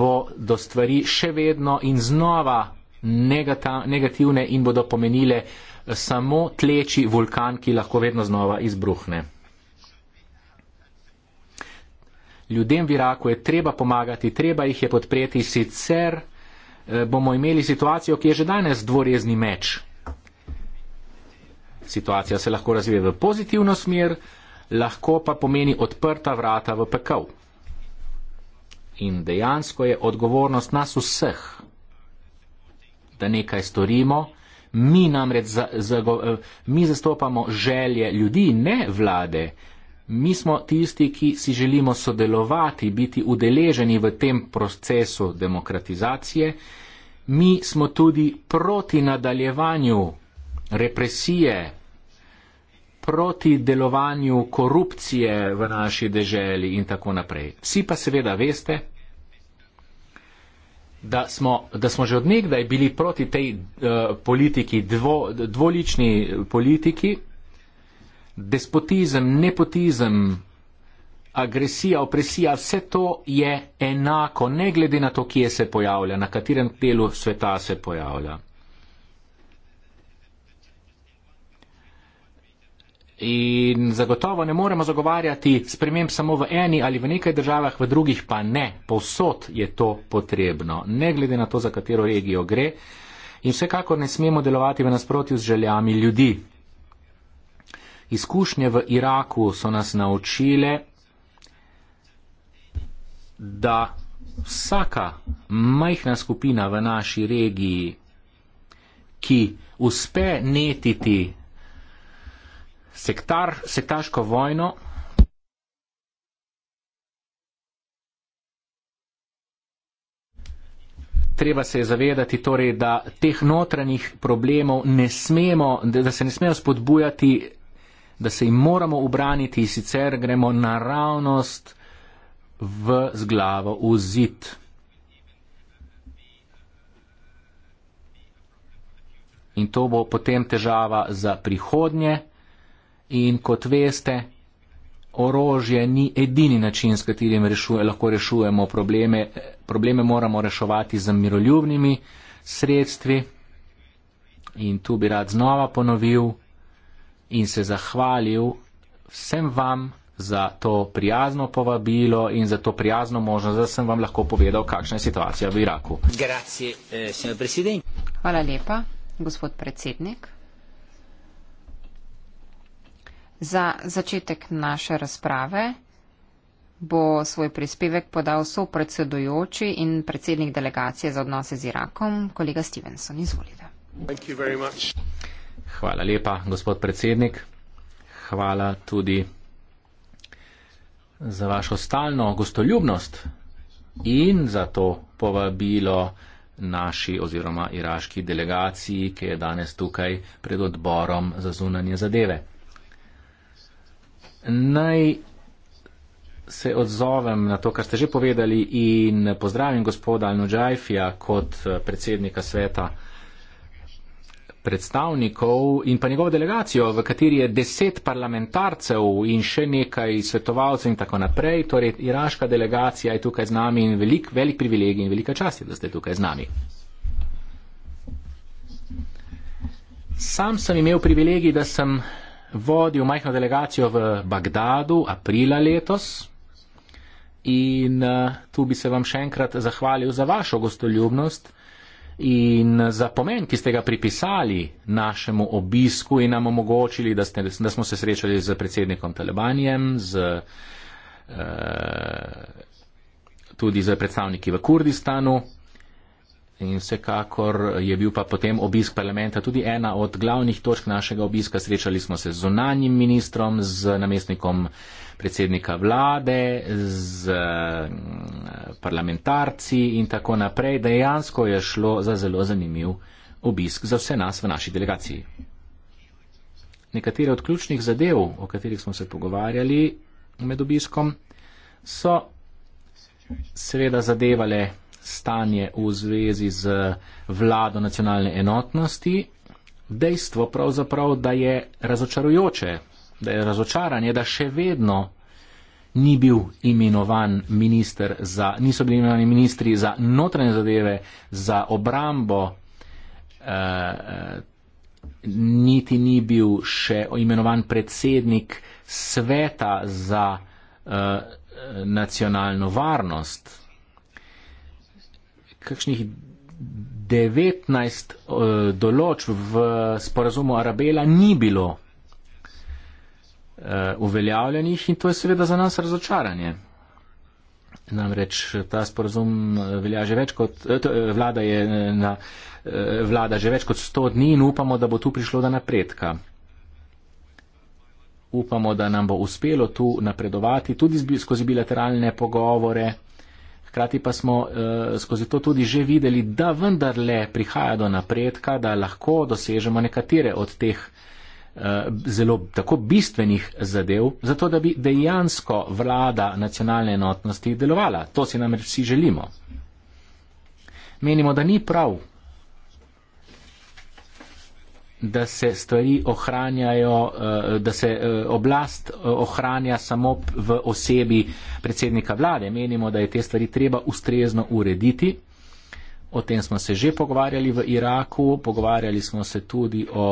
bo do stvari še vedno in znova negativne in bodo pomenile samo tleči vulkan, ki lahko vedno znova izbruhne. ljudem v Iraku je treba pomagati, treba jih je podpreti, sicer eh, bomo imeli situacijo, ki je že danes dvorezni meč. Situacija se lahko razvije v pozitivno smer, lahko pa pomeni odprta vrata v pekel. In dejansko je odgovornost nas vseh, da nekaj storimo. Mi namreč za, za, eh, mi zastopamo želje ljudi, ne vlade mi smo tisti, ki si želimo sodelovati, biti udeleženi v tem procesu demokratizacije, mi smo tudi proti nadaljevanju represije, proti delovanju korupcije v naši deželi in tako naprej. Vsi pa seveda veste, Da smo, da smo že odnegdaj bili proti tej uh, politiki, dvo, dvolični politiki, despotizem, nepotizem, agresija, opresija, vse to je enako, ne glede na to, kje se pojavlja, na katerem delu sveta se pojavlja. In zagotovo ne moremo zagovarjati sprememb samo v eni ali v nekaj državah, v drugih pa ne. Povsod je to potrebno, ne glede na to, za katero regijo gre. In vsekakor ne smemo delovati v nasprotju z željami ljudi. Izkušnje v Iraku so nas naučile, da vsaka majhna skupina v naši regiji, ki uspe netiti sektar, sektaško vojno, Treba se je zavedati torej, da teh notranjih problemov ne smemo, da se ne smejo spodbujati da se jim moramo obraniti, sicer gremo naravnost v zglavo, v zid. In to bo potem težava za prihodnje. In kot veste, orožje ni edini način, s katerim rešuje, lahko rešujemo probleme. Probleme moramo reševati z miroljubnimi sredstvi. In tu bi rad znova ponovil, in se zahvalil vsem vam za to prijazno povabilo in za to prijazno možnost, da sem vam lahko povedal, kakšna je situacija v Iraku. Grazie, eh, Hvala lepa, gospod predsednik. Za začetek naše razprave bo svoj prispevek podal so predsedujoči in predsednik delegacije za odnose z Irakom, kolega Stevenson. Izvolite. Thank you very much. Hvala lepa, gospod predsednik. Hvala tudi za vašo stalno gostoljubnost in za to povabilo naši oziroma iraški delegaciji, ki je danes tukaj pred odborom za zunanje zadeve. Naj se odzovem na to, kar ste že povedali in pozdravim gospoda Al-Nujajfija kot predsednika sveta predstavnikov in pa njegovo delegacijo, v kateri je deset parlamentarcev in še nekaj svetovalcev in tako naprej. Torej, iraška delegacija je tukaj z nami in velik, velik privilegij in velika čast je, da ste tukaj z nami. Sam sem imel privilegij, da sem vodil majhno delegacijo v Bagdadu aprila letos. In uh, tu bi se vam še enkrat zahvalil za vašo gostoljubnost. Uh, in za pomen, ki ste ga pripisali našemu obisku in nam omogočili, da, ste, da smo se srečali z predsednikom Talibanjem, z, eh, tudi z predstavniki v Kurdistanu. In vsekakor je bil pa potem obisk parlamenta tudi ena od glavnih točk našega obiska. Srečali smo se z zunanjim ministrom, z namestnikom eh, predsednika vlade, z mm, parlamentarci in tako naprej. Dejansko je šlo za zelo zanimiv obisk za vse nas v naši delegaciji. Nekatere od ključnih zadev, o katerih smo se pogovarjali med obiskom, so seveda zadevale stanje v zvezi z vlado nacionalne enotnosti. Dejstvo pravzaprav, da je razočarujoče, da eh, je razočaranje, da še vedno ni bil imenovan minister za, niso bili imenovani ministri za notranje zadeve, za obrambo, eh, niti ni bil še imenovan predsednik sveta za eh, nacionalno varnost. Kakšnih 19 eh, določb v sporazumu Arabela ni bilo uh, uveljavljenih in to je seveda za nas razočaranje. Namreč ta sporozum eh, velja že več kot, eh, to, vlada je na, vlada že več kot 100 dni in upamo, da bo tu prišlo do napredka. Upamo, da nam bo uspelo tu napredovati tudi skozi bilateralne pogovore. Hkrati pa smo uh, skozi to tudi že videli, da vendarle prihaja do napredka, da lahko dosežemo nekatere od teh uh, Eh, zelo tako bistvenih zadev, zato da bi dejansko vlada nacionalne enotnosti delovala. To si namreč vsi želimo. Menimo, da ni prav, da se stvari ohranjajo, eh, da se eh, oblast ohranja samo v osebi predsednika vlade. Menimo, da je te stvari treba ustrezno urediti. O tem smo se že pogovarjali v Iraku, pogovarjali smo se tudi o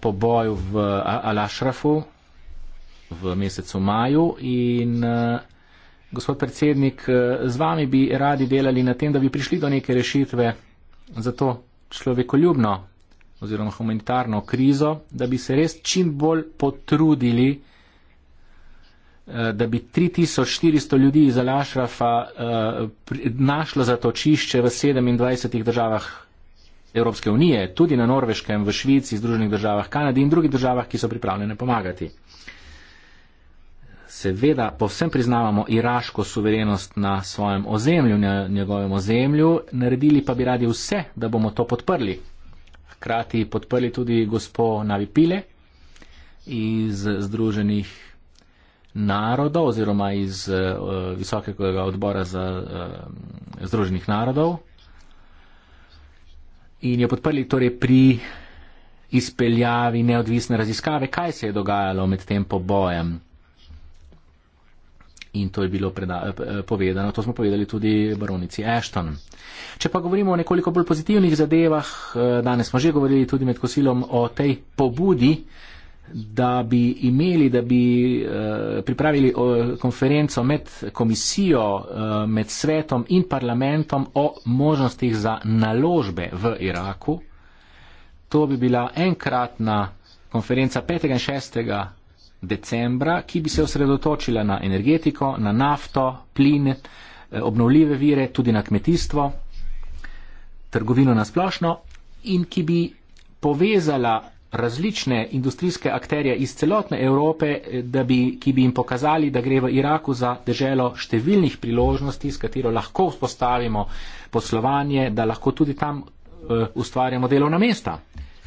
poboj v Al-Ashrafu v mesecu maju in eh, gospod predsednik, eh, z vami bi radi delali na tem, da bi prišli do neke rešitve za to človekoljubno oziroma humanitarno krizo, da bi se res čim bolj potrudili, eh, da bi 3400 ljudi iz Al-Ashrafa našlo zatočišče v 27 državah Evropske unije, tudi na Norveškem, v Švici, Združenih državah, Kanadi in drugih državah, ki so pripravljene pomagati. Seveda, povsem priznavamo iraško suverenost na svojem ozemlju, na njegovem ozemlju, naredili pa bi radi vse, da bomo to podprli. Hkrati podprli tudi gospo Navi Pile iz Združenih narodov oziroma iz uh, Visokega odbora za uh, Združenih narodov, in jo podprli torej pri izpeljavi neodvisne raziskave, kaj se je dogajalo med tem pobojem. In to je bilo preda, eh, povedano, to smo povedali tudi baronici Ashton. Če pa govorimo o nekoliko bolj pozitivnih zadevah, eh, danes smo že govorili tudi med kosilom o tej pobudi, da bi imeli, da bi eh, pripravili eh, konferenco med komisijo, eh, med svetom in parlamentom o možnostih za naložbe v Iraku. To bi bila enkratna konferenca 5. in 6. decembra, ki bi se osredotočila na energetiko, na nafto, plin, obnovljive vire, tudi na kmetijstvo, trgovino na splošno in ki bi povezala različne industrijske akterje iz celotne Evrope, eh, bi, ki bi jim pokazali, da gre v Iraku za deželo številnih priložnosti, s katero lahko vzpostavimo poslovanje, da lahko tudi tam eh, ustvarjamo delovna mesta.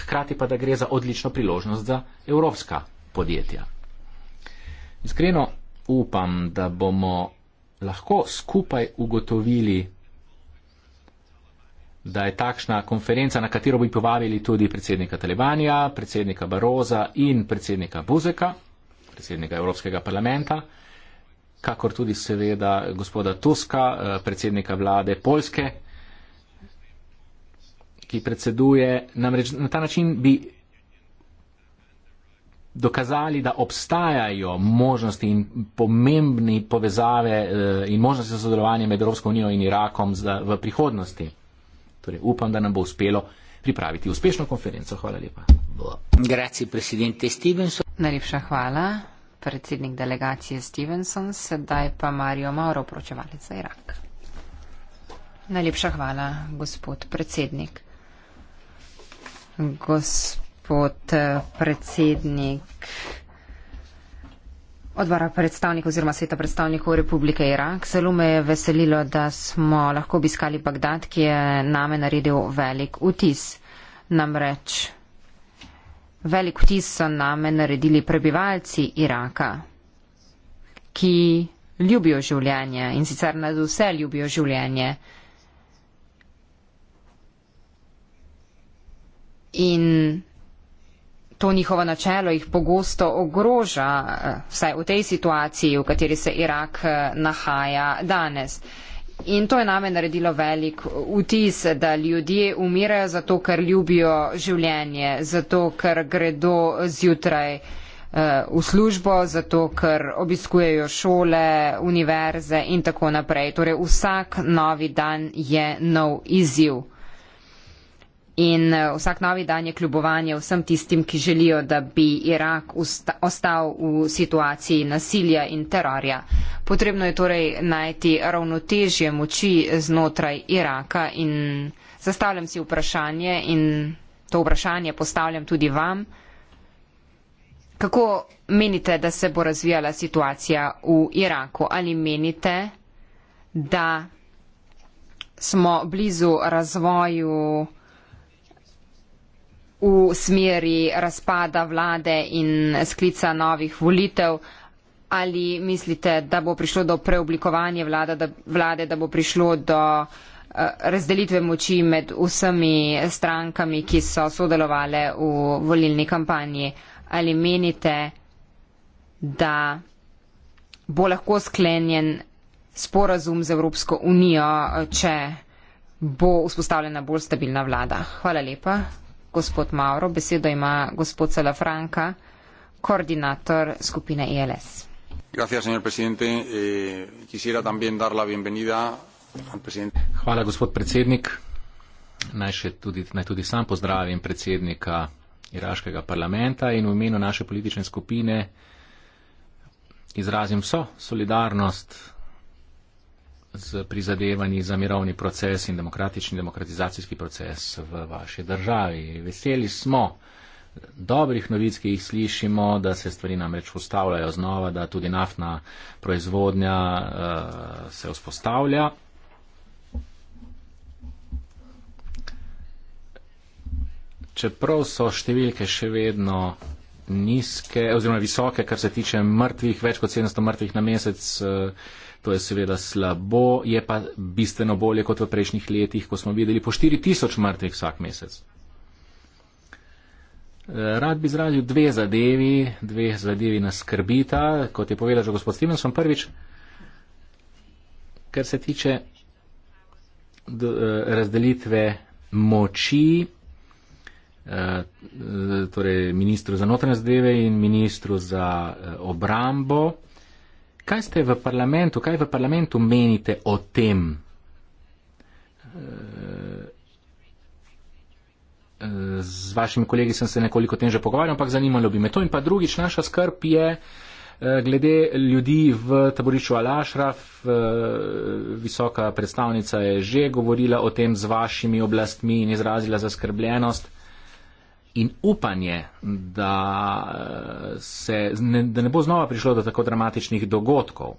Hkrati pa, da gre za odlično priložnost za evropska podjetja. Iskreno upam, da bomo lahko skupaj ugotovili da je takšna konferenca, na katero bi povabili tudi predsednika Talibanja, predsednika Baroza in predsednika Buzeka, predsednika Evropskega parlamenta, kakor tudi seveda gospoda Tuska, eh, predsednika vlade Poljske, ki predseduje. Namreč na ta način bi dokazali, da obstajajo možnosti in pomembni povezave eh, in možnosti za sodelovanje med Evropsko unijo in Irakom za, v prihodnosti. Torej, upam, da nam bo uspelo pripraviti uspešno konferenco. Hvala lepa. Grazie, predsednike Stevenson. Najlepša hvala, predsednik delegacije Stevenson, sedaj pa Mario Mauro, pročevalec za Irak. Najlepša hvala, gospod predsednik. Gospod eh, predsednik. Odbora predstavnikov oziroma sveta predstavnikov Republike Irak. Zelo me je veselilo, da smo lahko obiskali Bagdad, ki je name naredil velik vtis. Namreč velik vtis so name naredili prebivalci Iraka, ki ljubijo življenje in sicer nad vse ljubijo življenje. In to njihovo načelo jih pogosto ogroža, eh, vsaj v tej situaciji, v kateri se Irak eh, nahaja danes. In to je name naredilo velik vtis, da ljudje umirajo zato, ker ljubijo življenje, zato, ker gredo zjutraj eh, v službo, zato, ker obiskujejo šole, univerze in tako naprej. Torej vsak novi dan je nov izziv. In eh, vsak novi dan je kljubovanje vsem tistim, ki želijo, da bi Irak ostal v situaciji nasilja in terorja. Potrebno je torej najti ravnotežje moči znotraj Iraka in zastavljam si vprašanje in to vprašanje postavljam tudi vam. Kako menite, da se bo razvijala situacija v Iraku? Ali menite, da smo blizu razvoju v smeri razpada vlade in sklica novih volitev? Ali mislite, da bo prišlo do preoblikovanja vlade, da, vlade, da bo prišlo do eh, razdelitve moči med vsemi strankami, ki so sodelovali v volilni kampanji? Ali menite, da bo lahko sklenjen sporazum z Evropsko unijo, eh, če bo vzpostavljena bolj stabilna vlada? Hvala lepa gospod Mauro. Besedo ima gospod Salafranka, koordinator skupine ILS. E eh, Hvala, gospod predsednik. Naj, tudi, naj tudi sam pozdravim predsednika Iraškega parlamenta in v imenu naše politične skupine izrazim vso solidarnost z prizadevanji za mirovni proces in demokratični demokratizacijski proces v vaši državi. Veseli smo dobrih novic, ki jih slišimo, da se stvari namreč ustavljajo znova, da tudi naftna proizvodnja uh, se vzpostavlja. Čeprav so številke še vedno nizke oziroma visoke, kar se tiče mrtvih, več kot 700 mrtvih na mesec, uh, To je seveda slabo, je pa bistveno bolje kot v prejšnjih letih, ko smo videli po 4000 mrtvih vsak mesec. Eh, rad bi izrazil dve zadevi, dve zadevi nas skrbita, kot je povedal že gospod Stevenson prvič, kar se tiče eh, razdelitve moči, eh, torej ministru za notranje zadeve in ministru za obrambo. Kaj ste v parlamentu, kaj v parlamentu menite o tem? Eh, eh, z vašimi kolegi sem se nekoliko tem že pogovarjal, ampak zanimalo bi me to. In pa drugič, naša skrb je eh, glede ljudi v taborišču Alašraf. Visoka predstavnica je že govorila o tem z vašimi oblastmi in izrazila zaskrbljenost in upanje, da, eh, se, ne, da ne bo znova prišlo do tako dramatičnih dogodkov.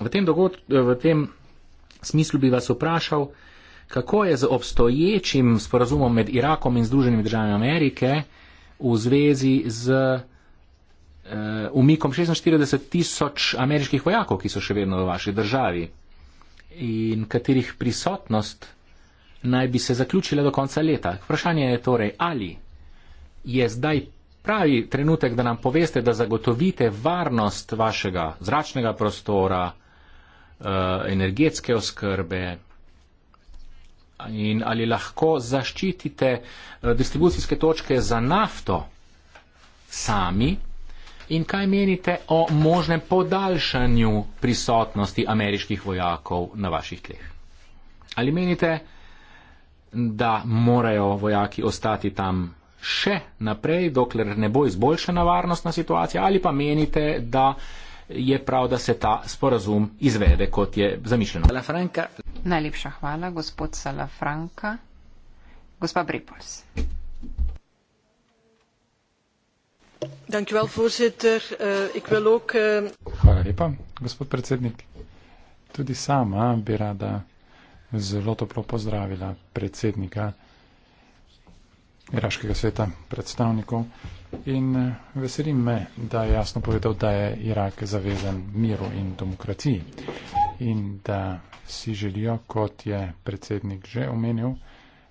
V tem, dogod, v tem smislu bi vas vprašal, kako je z obstoječim sporazumom med Irakom in Združenimi državami Amerike v zvezi z uh, umikom 46 tisoč ameriških vojakov, ki so še vedno v vaši državi in katerih prisotnost naj bi se zaključila do konca leta. Vprašanje je torej, ali je zdaj pravi trenutek, da nam poveste, da zagotovite varnost vašega zračnega prostora, eh, energetske oskrbe in ali lahko zaščitite eh, distribucijske točke za nafto sami in kaj menite o možnem podaljšanju prisotnosti ameriških vojakov na vaših tleh. Ali menite, da morajo vojaki ostati tam še naprej, dokler ne bo izboljšana varnostna situacija, ali pa menite, da je prav, da se ta sporazum izvede, kot je zamišljeno. Najlepša hvala, gospod Salafranka. Gospa Bripols. Dankjewel, voorzitter. Uh, ik wil ook. Uh... Hvala lepa, gospod predsednik. Tudi sama bi rada zelo toplo pozdravila predsednika iraškega sveta predstavnikov. In eh, veselim me, da je jasno povedal, da je Irak zavezan miru in demokraciji. In da si želijo, kot je predsednik že omenil,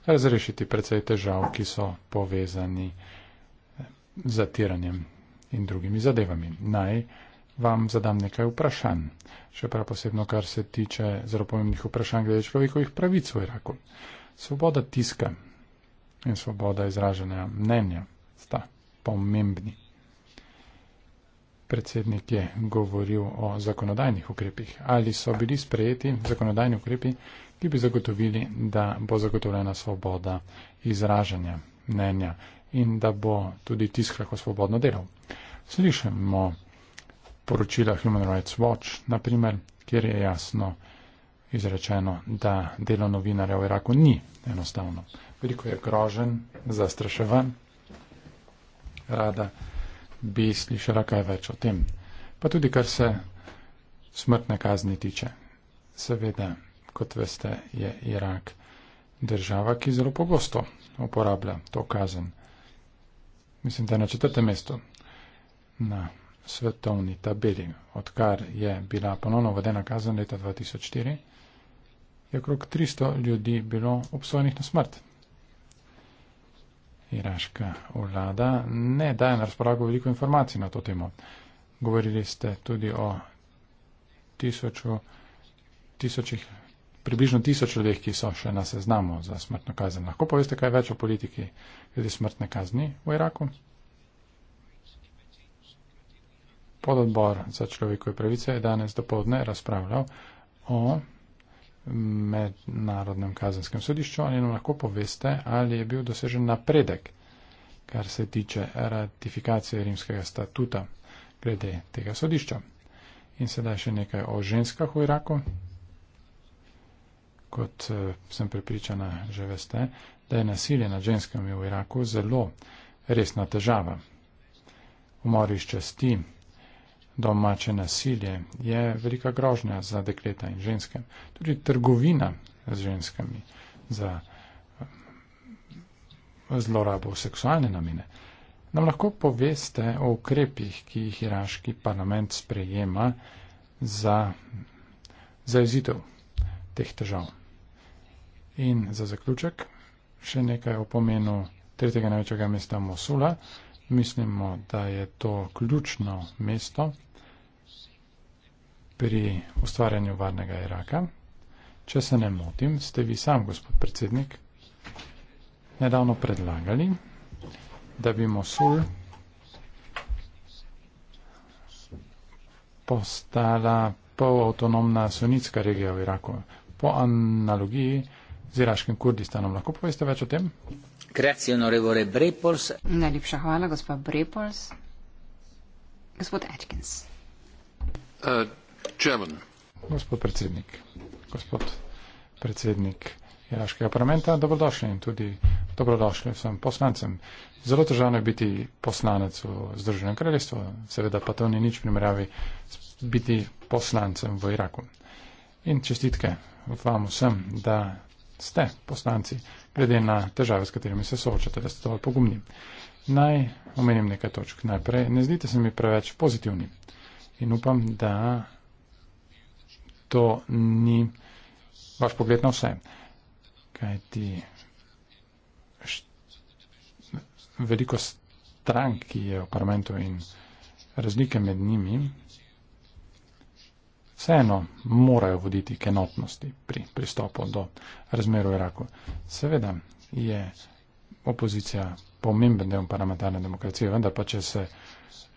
razrešiti predvsej težav, ki so povezani eh, z zatiranjem in drugimi zadevami. Naj vam zadam nekaj vprašanj, še prav posebno, kar se tiče zelo pomembnih vprašanj glede človekovih pravic v Iraku. Svoboda tiska in svoboda izražanja mnenja sta pomembni. Predsednik je govoril o zakonodajnih ukrepih. Ali so bili sprejeti zakonodajni ukrepi, ki bi zagotovili, da bo zagotovljena svoboda izražanja mnenja in da bo tudi tisk lahko svobodno delal? Slišimo poročila Human Rights Watch, naprimer, kjer je jasno izrečeno, da delo novinarja v Iraku ni enostavno veliko je grožen, zastraševan. Rada bi slišala kaj več o tem. Pa tudi, kar se smrtne kazni tiče. Seveda, kot veste, je Irak država, ki zelo pogosto uporablja to kazen. Mislim, da je na četrtem mestu na svetovni tabeli, odkar je bila ponovno uvedena kazen leta 2004, je okrog 300 ljudi bilo obsojenih na smrt iraška vlada ne daje na razpolago veliko informacij na to temo. Govorili ste tudi o tisoču, tisočih, približno tisoč ljudeh, ki so še na seznamu za smrtno kazen. Lahko poveste kaj več o politiki glede smrtne kazni v Iraku? Pododbor za človekove pravice je danes dopoledne razpravljal o mednarodnem kazenskem sodišču, ali nam lahko poveste, ali je bil dosežen napredek, kar se tiče ratifikacije rimskega statuta glede tega sodišča. In sedaj še nekaj o ženskah v Iraku. Kot eh, sem pripričana, že veste, da je nasilje nad ženskami v Iraku zelo resna težava. Umori iz časti domače nasilje je velika grožnja za dekleta in ženske. Tudi trgovina z ženskami za eh, zlorabo seksualne namene. Nam lahko poveste o ukrepih, ki jih iraški parlament sprejema za zaezitev teh težav. In za zaključek še nekaj o pomenu tretjega največjega mesta Mosula. Mislimo, da je to ključno mesto pri ustvarjanju varnega Iraka. Če se ne motim, ste vi sam, gospod predsednik, nedavno predlagali, da bi Mosul postala polautonomna sunitska regija v Iraku. Po analogiji z iraškim Kurdistanom. Lahko poveste več o tem? Grazie, onorevole Brepols. Najlepša hvala, gospod Brepols. Gospod Atkins. Uh, Gospod predsednik, gospod predsednik Iraškega parlamenta, dobrodošli in tudi dobrodošli vsem poslancem. Zelo težavno je biti poslanec v Združenem kraljestvu, seveda pa to ni nič primerjavi biti poslancem v Iraku. In čestitke vam vsem, da ste poslanci, glede na težave, s katerimi se soočate, da ste dovolj pogumni. Naj omenim nekaj točk. Najprej, ne zdite se mi preveč pozitivni. In upam, da to ni vaš pogled na vse. Kaj ti š... veliko strank, ki je v parlamentu in razlike med njimi, vseeno morajo voditi k enotnosti pri pristopu do razmer v Iraku. Seveda je opozicija pomemben del parlamentarne demokracije, vendar pa če se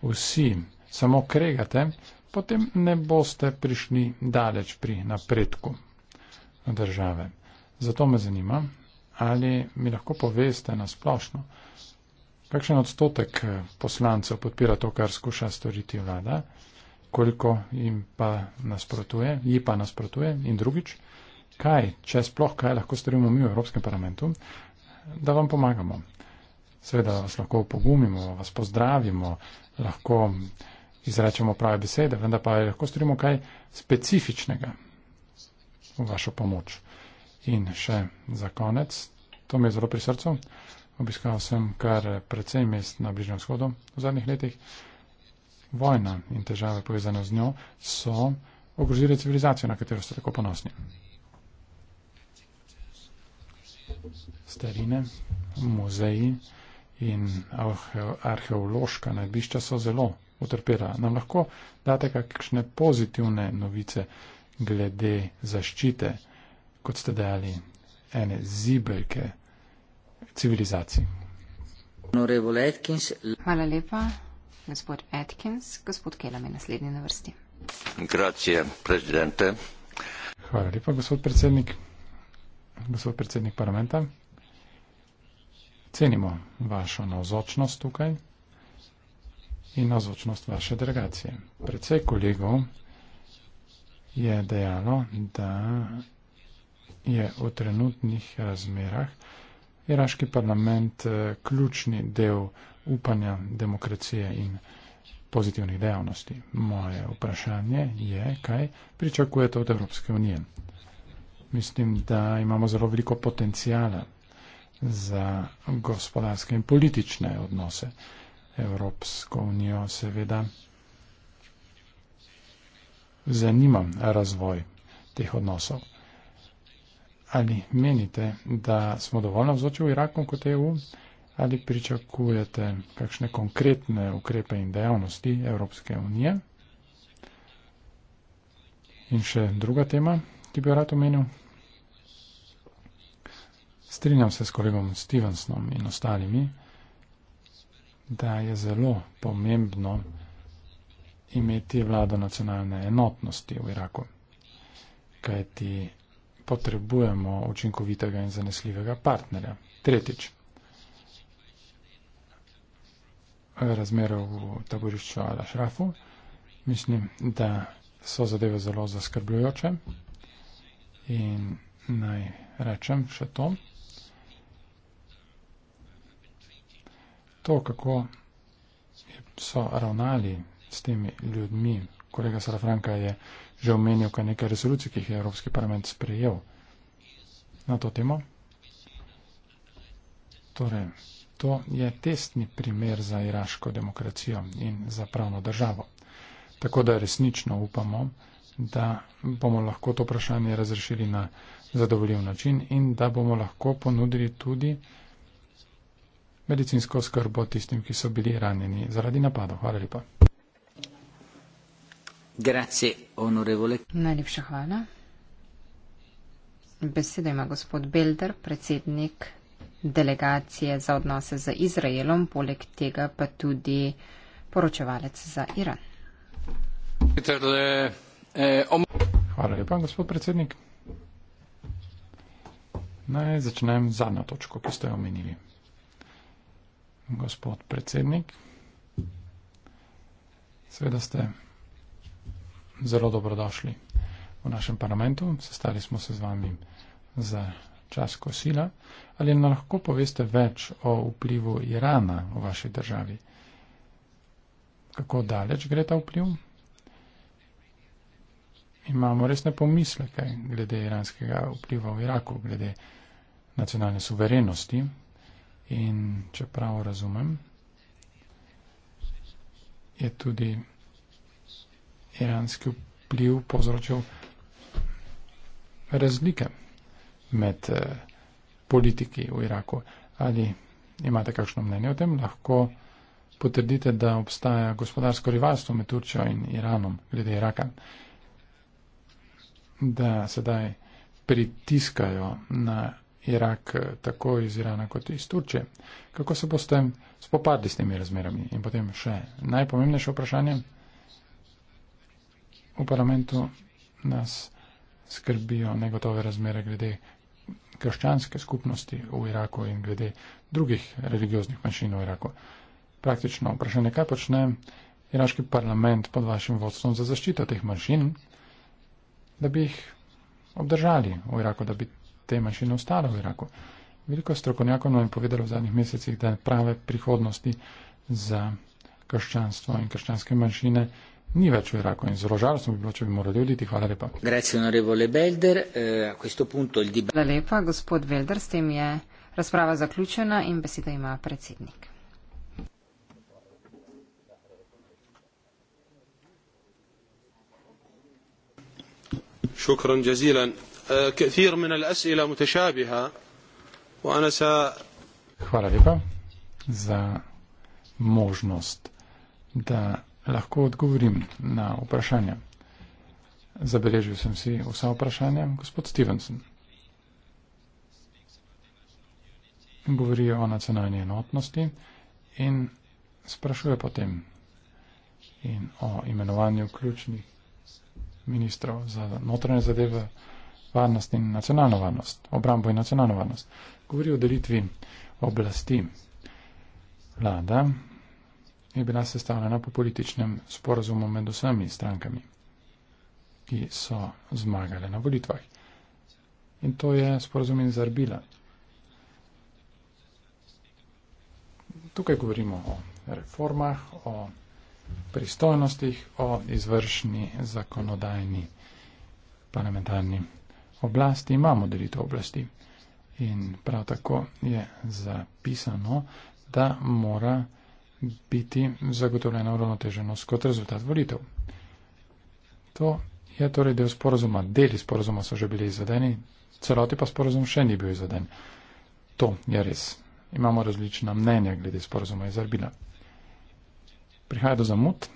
vsi samo kregate, potem ne boste prišli daleč pri napredku države. Zato me zanima, ali mi lahko poveste na splošno, kakšen odstotek eh, poslancev podpira to, kar skuša storiti vlada, koliko jim pa nasprotuje, ji pa nasprotuje in drugič, kaj, če sploh kaj lahko storimo mi v Evropskem parlamentu, da vam pomagamo. Seveda vas lahko opogumimo, vas pozdravimo, lahko izrečemo prave besede, vendar pa lahko storimo kaj specifičnega v vašo pomoč. In še za konec, to mi je zelo pri srcu, obiskal sem kar precej mest na Bližnjem vzhodu v zadnjih letih. Vojna in težave povezane z njo so ogrozile civilizacijo, na katero ste tako ponosni. Starine, muzeji in arheološka najbišča so zelo utrpela. Nam lahko date kakšne pozitivne novice glede zaščite, kot ste dejali, ene zibelke civilizacij. Hvala lepa, gospod Atkins. Gospod Kelam je naslednji na vrsti. Grazie, predsedente. Hvala lepa, gospod predsednik, gospod predsednik parlamenta. Cenimo vašo navzočnost tukaj in nazočnost vaše delegacije. Predvsej kolegov je dejalo, da je v trenutnih razmerah iraški parlament eh, ključni del upanja demokracije in pozitivnih dejavnosti. Moje vprašanje je, kaj pričakujete od Evropske unije. Mislim, da imamo zelo veliko potencijala za gospodarske in politične odnose. Evropsko unijo, seveda. Zanimam razvoj teh odnosov. Ali menite, da smo dovolj navzoči v Iraku kot EU, ali pričakujete kakšne konkretne ukrepe in dejavnosti Evropske unije? In še druga tema, ki bi jo rad omenil. Strinjam se s kolegom Stevensonom in ostalimi, da je zelo pomembno imeti vlado nacionalne enotnosti v Iraku, kajti potrebujemo učinkovitega in zanesljivega partnerja. Tretjič, razmere v taborišču Al-Ashrafu, mislim, da so zadeve zelo zaskrbljujoče in naj rečem še to. to, kako so ravnali s temi ljudmi. Kolega Sarafranka je že omenil kaj nekaj resolucij, ki jih je Evropski parlament sprejel na to temo. Torej, to je testni primer za iraško demokracijo in za pravno državo. Tako da resnično upamo, da bomo lahko to vprašanje razrešili na zadovoljiv način in da bomo lahko ponudili tudi medicinsko skrbo tistim, ki so bili ranjeni zaradi napadov. Hvala lepa. Grazie, onorevole. Najlepša hvala. Besedo ima gospod Belder, predsednik delegacije za odnose z Izraelom, poleg tega pa tudi poročevalec za Iran. Hvala lepa, gospod predsednik. Naj začnem z zadnjo točko, ki ste omenili gospod predsednik. Seveda ste zelo dobrodošli v našem parlamentu. Sestali smo se z vami za čas kosila. Ali nam lahko poveste več o vplivu Irana v vaši državi? Kako daleč gre ta vpliv? Imamo resne pomisleke glede iranskega vpliva v Iraku, glede nacionalne suverenosti, In če prav razumem, je tudi iranski vpliv povzročil razlike med eh, politiki v Iraku. Ali imate kakšno mnenje o tem? Lahko potrdite, da obstaja gospodarsko rivalstvo med Turčjo in Iranom glede Iraka, da sedaj pritiskajo na Irak, eh, tako iz Irana kot iz Turčije. Kako se boste spopadli s temi razmerami? In potem še najpomembnejše vprašanje. V parlamentu nas skrbijo negotove razmere glede krščanske skupnosti v Iraku in glede drugih religioznih manjšin v Iraku. Praktično vprašanje, kaj počne iraški parlament pod vašim vodstvom za zaščito teh manjšin, da bi jih obdržali v Iraku, da bi te mašine ostale v Iraku. Veliko strokovnjakov nam je povedalo v zadnjih mesecih, da prave prihodnosti za krščanstvo in krščanske manjšine ni več v Iraku in zrožalo smo bi bilo, če bi morali oditi. Hvala lepa. Belder, eh, Hvala lepa, gospod Belder, s tem je razprava zaključena in besedo ima predsednik. شكرا جزيلا Eh, كثير من الأسئلة متشابهة وأنا س Hvala lepa za možnost, da lahko odgovorim na vprašanja. Zabeležil sem si vsa vprašanja. Gospod Stevenson, govori o nacionalni enotnosti in sprašuje potem in o imenovanju ključnih ministrov za notranje zadeve varnost in nacionalno varnost, obrambo in nacionalno varnost. Govori o delitvi oblasti. Vlada je bila sestavljena po političnem sporazumu med vsemi strankami, ki so zmagale na volitvah. In to je sporazum iz Arbila. Tukaj govorimo o reformah, o pristojnostih, o izvršni zakonodajni parlamentarni oblasti, imamo delitev oblasti. In prav tako je zapisano, da mora biti zagotovljena uravnoteženost kot rezultat volitev. To je torej del sporozuma. Deli sporozuma so že bili izvedeni, celoti pa sporozum še ni bil izveden. To je res. Imamo različna mnenja glede sporozuma iz Arbina. Prihaja do zamud,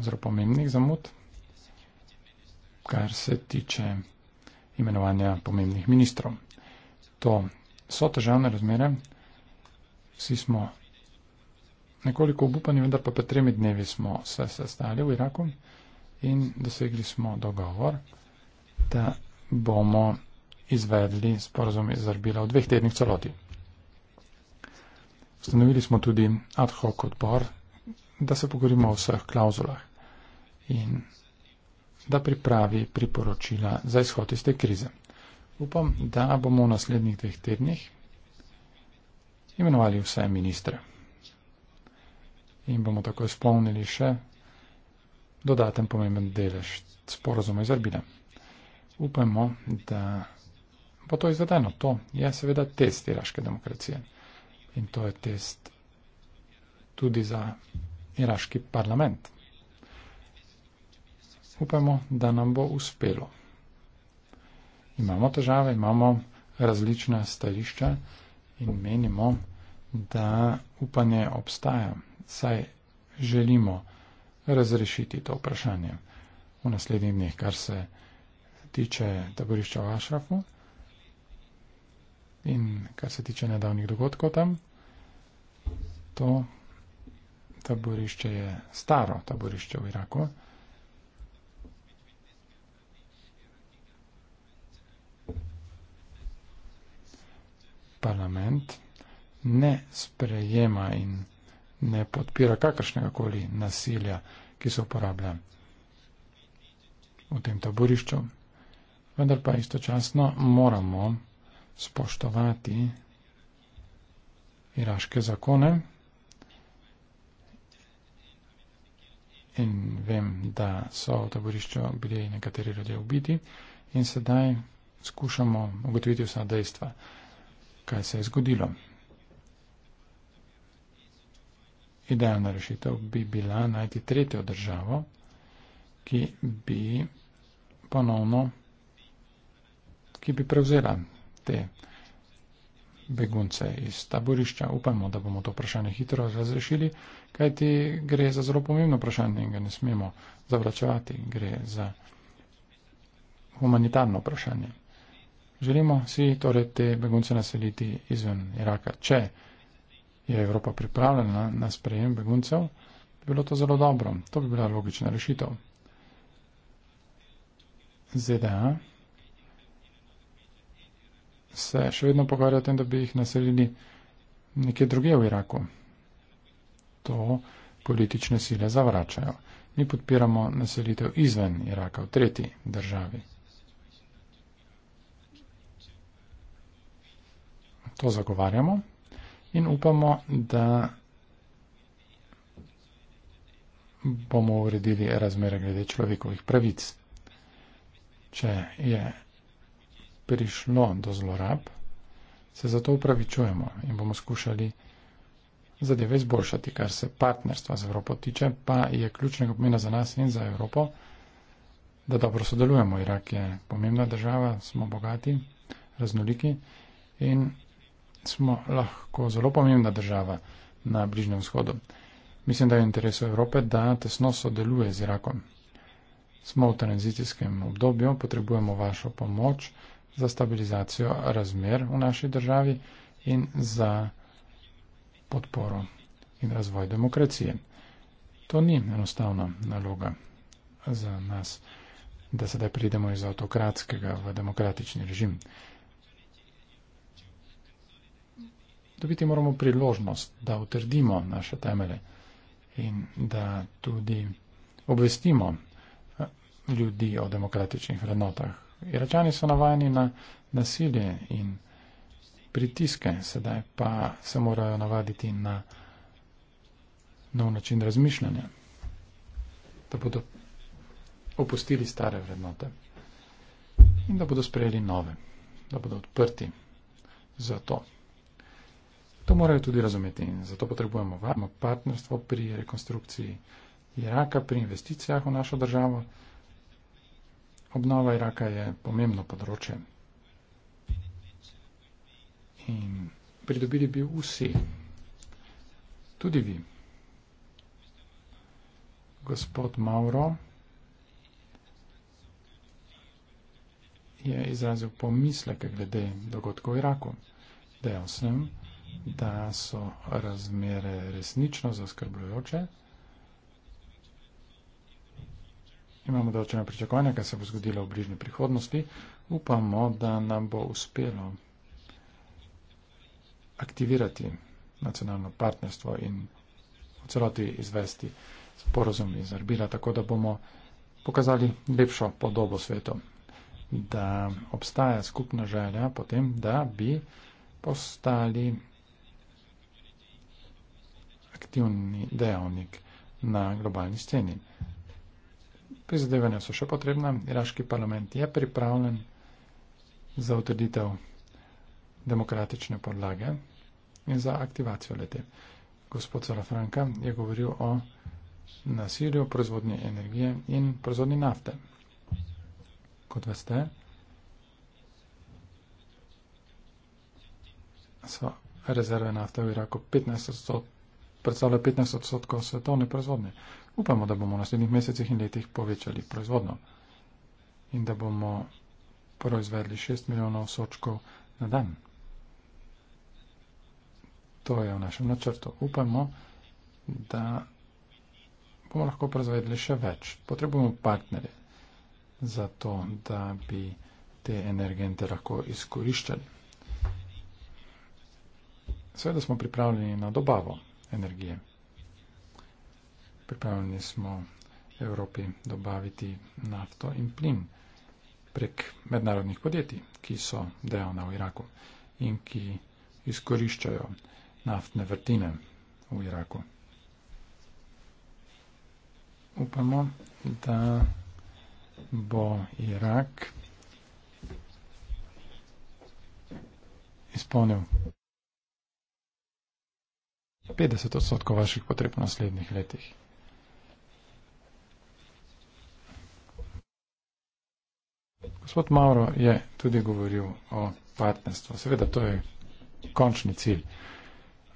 zelo pomembnih zamud, kar se tiče imenovanja pomembnih ministrov. To so težavne razmere, vsi smo nekoliko obupani, vendar pa pred tremi dnevi smo se sestali v Iraku in dosegli smo dogovor, da bomo izvedli sporozum iz Arbila v dveh tednih celoti. Ustanovili smo tudi ad hoc odbor, da se pogovorimo o vseh klauzulah. In da pripravi priporočila za izhod iz te krize. Upam, da bomo v naslednjih dveh tednih imenovali vse ministre in bomo tako izpolnili še dodaten pomemben delež sporozuma iz Arbida. Upamo, da bo to izvedeno. To je seveda test iraške demokracije in to je test tudi za iraški parlament upajmo, da nam bo uspelo. Imamo težave, imamo različna stališča in menimo, da upanje obstaja, saj želimo razrešiti to vprašanje v naslednjih dneh, kar se tiče taborišča v Ašrafu in kar se tiče nedavnih dogodkov tam. To taborišče je staro taborišče v Iraku. parlament ne sprejema in ne podpira kakršnega koli nasilja, ki se uporablja v tem taborišču. Vendar pa istočasno moramo spoštovati iraške zakone in vem, da so v taborišču bili nekateri ljudje ubiti in sedaj skušamo ugotoviti vsa dejstva kaj se je zgodilo. Idealna rešitev bi bila najti tretjo državo, ki bi ponovno, ki bi prevzela te begunce iz taborišča. Upamo, da bomo to vprašanje hitro razrešili, kajti gre za zelo pomembno vprašanje in ga ne smemo zavračevati. Gre za humanitarno vprašanje. Želimo si torej te begunce naseliti izven Iraka. Če je Evropa pripravljena na sprejem beguncev, bi bilo to zelo dobro. To bi bila logična rešitev. ZDA se še vedno pogovarja o tem, da bi jih naselili nekje druge v Iraku. To politične sile zavračajo. Mi podpiramo naselitev izven Iraka v tretji državi. to zagovarjamo in upamo, da bomo uredili razmere glede človekovih pravic. Če je prišlo do zlorab, se zato upravičujemo in bomo skušali zadeve izboljšati, kar se partnerstva z Evropo tiče, pa je ključnega pomena za nas in za Evropo, da dobro sodelujemo. Irak je pomembna država, smo bogati, raznoliki in smo lahko zelo pomembna država na Bližnjem vzhodu. Mislim, da je v interesu Evrope, da tesno sodeluje z Irakom. Smo v tranzicijskem obdobju, potrebujemo vašo pomoč za stabilizacijo razmer v naši državi in za podporo in razvoj demokracije. To ni enostavna naloga za nas, da sedaj pridemo iz avtokratskega v demokratični režim. dobiti moramo priložnost, da utrdimo naše temelje in da tudi obvestimo eh, ljudi o demokratičnih vrednotah. Iračani so navajeni na nasilje in pritiske, sedaj pa se morajo navaditi na nov način razmišljanja, da bodo opustili stare vrednote in da bodo sprejeli nove, da bodo odprti za to. To morajo tudi razumeti in zato potrebujemo vam partnerstvo pri rekonstrukciji Iraka, pri investicijah v našo državo. Obnova Iraka je pomembno področje. In pridobili bi vsi, tudi vi, gospod Mauro, je izrazil pomisleke glede dogodkov v Iraku. Dejal sem, da so razmere resnično zaskrbljujoče. Imamo določena pričakovanja, kaj se bo zgodilo v bližnji prihodnosti. Upamo, da nam bo uspelo aktivirati nacionalno partnerstvo in v celoti izvesti sporozum iz Arbila, tako da bomo pokazali lepšo podobo svetu, da obstaja skupna želja potem, da bi postali aktivni dejavnik na globalni sceni. Prizadevanja so še potrebna. Iraški parlament je pripravljen za utrditev demokratične podlage in za aktivacijo lete. Gospod Salafranka je govoril o nasilju proizvodnje energije in proizvodnje nafte. Kot veste, so rezerve nafte v Iraku 15 odstotkov predstavlja 15 odstotkov svetovne proizvodnje. Upamo, da bomo v naslednjih mesecih in letih povečali proizvodno in da bomo proizvedli 6 milijonov sočkov na dan. To je v našem načrtu. Upamo, da bomo lahko proizvedli še več. Potrebujemo partnerje za to, da bi te energente lahko izkoriščali. Seveda smo pripravljeni na dobavo energije. Pripravljeni smo Evropi dobaviti nafto in plin prek mednarodnih podjetij, ki so dejavna v Iraku in ki izkoriščajo naftne vrtine v Iraku. Upamo, da bo Irak izpolnil 50 odstotkov vaših potreb v naslednjih letih. Gospod Mauro je tudi govoril o partnerstvu. Seveda, to je končni cilj.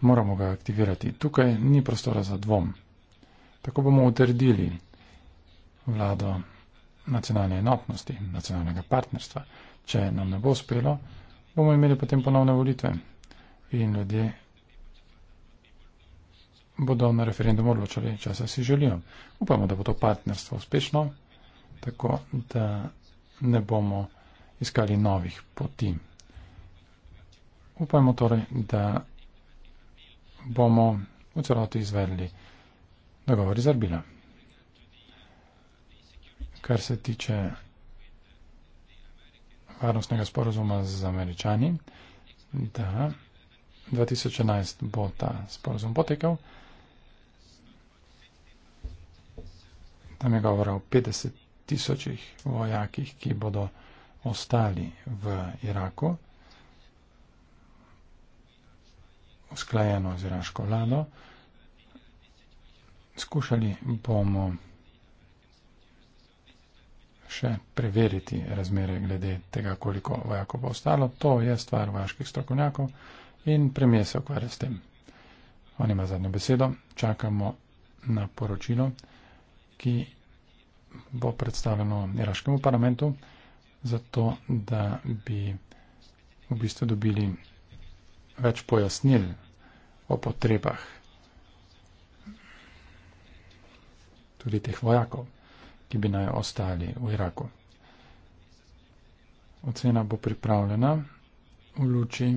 Moramo ga aktivirati. Tukaj ni prostora za dvom. Tako bomo utrdili vlado nacionalne enotnosti, nacionalnega partnerstva. Če nam ne bo uspelo, bomo imeli potem ponovne volitve in ljudje bodo na referendumu odločali, če se si želijo. Upamo, da bo to partnerstvo uspešno, tako da ne bomo iskali novih poti. Upamo torej, da bomo v celoti izvedli dogovor iz Arbila. Kar se tiče varnostnega sporozuma z američani, da 2011 bo ta sporozum potekal. Tam je govora o 50 tisočih vojakih, ki bodo ostali v Iraku, usklajeno z iraško vlado. Skušali bomo še preveriti razmere glede tega, koliko vojakov bo ostalo. To je stvar vaških strokovnjakov in premije se ukvarja s tem. On ima zadnjo besedo. Čakamo na poročilo, ki bo predstavljeno iraškemu parlamentu, zato da bi v bistvu dobili več pojasnil o potrebah tudi teh vojakov, ki bi naj ostali v Iraku. Ocena bo pripravljena v luči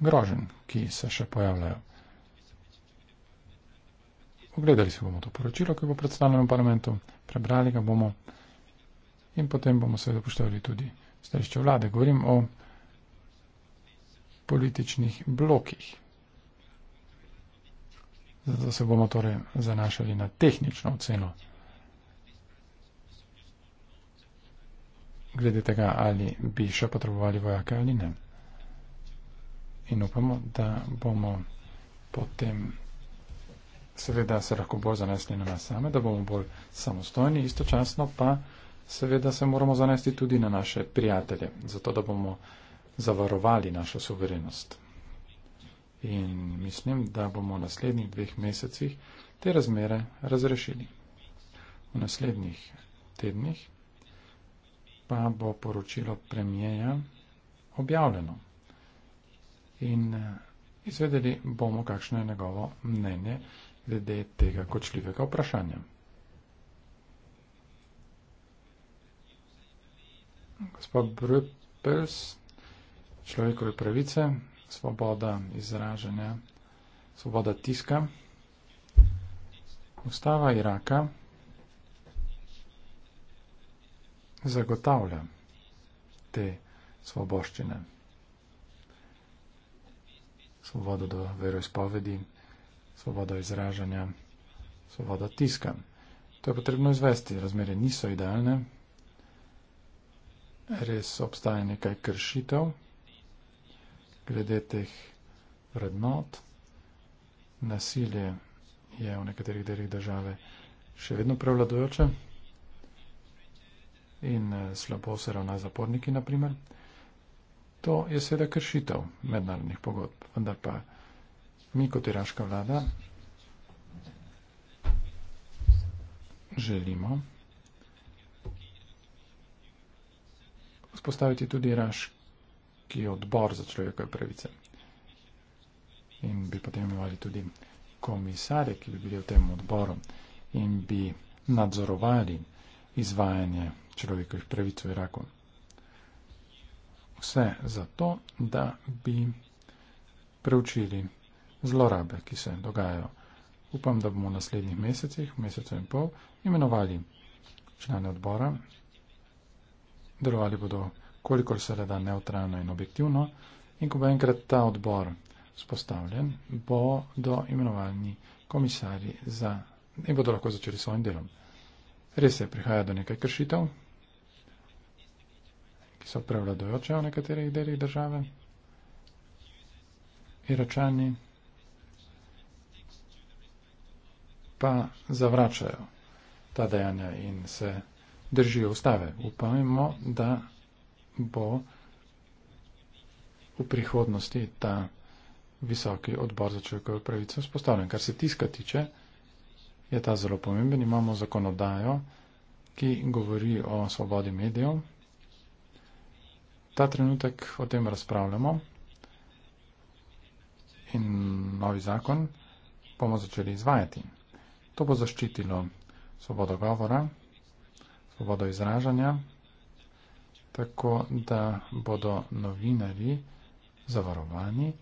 grožen, ki se še pojavljajo. Ogledali si bomo to poročilo, ki bo predstavljeno v parlamentu, prebrali ga bomo in potem bomo seveda poštevali tudi stališče vlade. Govorim o političnih blokih. Zato se bomo torej zanašali na tehnično oceno. Glede tega, ali bi še potrebovali vojake ali ne. In upamo, da bomo potem seveda se lahko bolj zanesli na nas same, da bomo bolj samostojni, istočasno pa seveda se moramo zanesti tudi na naše prijatelje, zato da bomo zavarovali našo suverenost. In mislim, da bomo v naslednjih dveh mesecih te razmere razrešili. V naslednjih tednih pa bo poročilo premijeja objavljeno. In eh, izvedeli bomo, kakšno je njegovo mnenje glede tega kočljivega vprašanja. Gospod Brupels, človekove pravice, svoboda izražanja, svoboda tiska, ustava Iraka zagotavlja te svoboščine, svobodo do veroizpovedi, svobodo izražanja, svobodo tiska. To je potrebno izvesti, razmere niso idealne, res obstaja nekaj kršitev glede teh vrednot. Nasilje je v nekaterih delih države še vedno prevladujoče in eh, slabo se ravna zaporniki, naprimer. To je seveda kršitev mednarodnih pogodb, vendar pa. Mi kot iraška vlada želimo vzpostaviti tudi iraški odbor za človekove pravice in bi potem imeli tudi komisare, ki bi bili v tem odboru in bi nadzorovali izvajanje človekovih pravic v Iraku. Vse zato, da bi preučili vse, zlorabe, ki se dogajajo. Upam, da bomo v naslednjih mesecih, mesecu in pol, imenovali člane odbora. Delovali bodo, kolikor se le da, neutralno in objektivno. In ko bo enkrat ta odbor spostavljen, bodo imenovani komisarji za in bodo lahko začeli s svojim delom. Res je, prihaja do nekaj kršitev, ki so prevladojoče v nekaterih delih države. Iračani, pa zavračajo ta dejanja in se držijo ustave. Upamo, da bo v prihodnosti ta visoki odbor za človekove pravice vzpostavljen. Kar se tiska tiče, je ta zelo pomemben. Imamo zakonodajo, ki govori o svobodi medijev. Ta trenutek o tem razpravljamo in novi zakon bomo začeli izvajati. To bo zaščitilo svobodo govora, svobodo izražanja, tako da bodo novinari zavarovani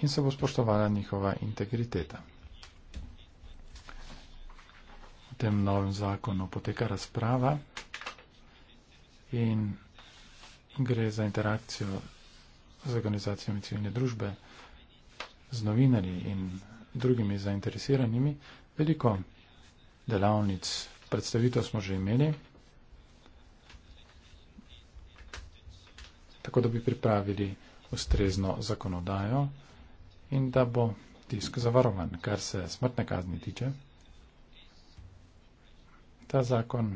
in se bo spoštovala njihova integriteta. V tem novem zakonu poteka razprava in gre za interakcijo z organizacijami civilne družbe, z novinarji in drugimi zainteresiranimi, veliko delavnic, predstavitev smo že imeli, tako da bi pripravili ustrezno zakonodajo in da bo tisk zavarovan, kar se smrtne kazni tiče. Ta zakon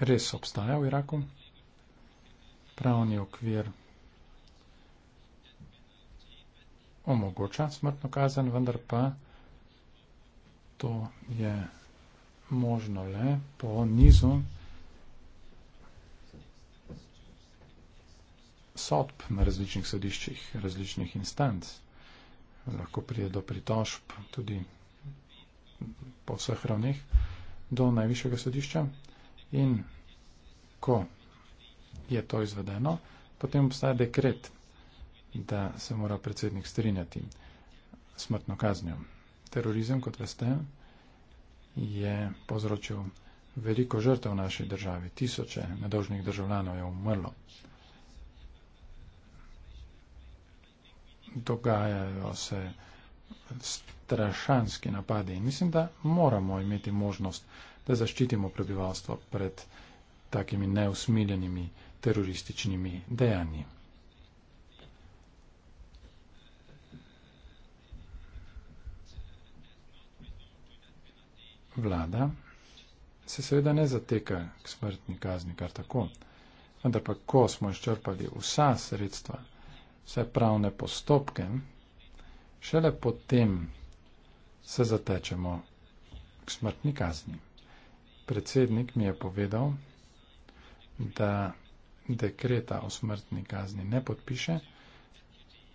res obstaja v Iraku, pravni okvir omogoča smrtno kazen, vendar pa to je možno le po nizu sodb na različnih sodiščih, različnih instanc. Lahko prije do pritožb tudi po vseh ravnih do najvišjega sodišča in ko je to izvedeno, potem obstaja dekret, da se mora predsednik strinjati smrtno kaznjo terorizem, kot veste, je povzročil veliko žrtev v naši državi. Tisoče nedolžnih državljanov je umrlo. Dogajajo se strašanski napadi in mislim, da moramo imeti možnost, da zaščitimo prebivalstvo pred takimi neusmiljenimi terorističnimi dejanji. vlada se seveda ne zateka k smrtni kazni kar tako, vendar pa ko smo izčrpali vsa sredstva, vse pravne postopke, šele potem se zatečemo k smrtni kazni. Predsednik mi je povedal, da dekreta o smrtni kazni ne podpiše,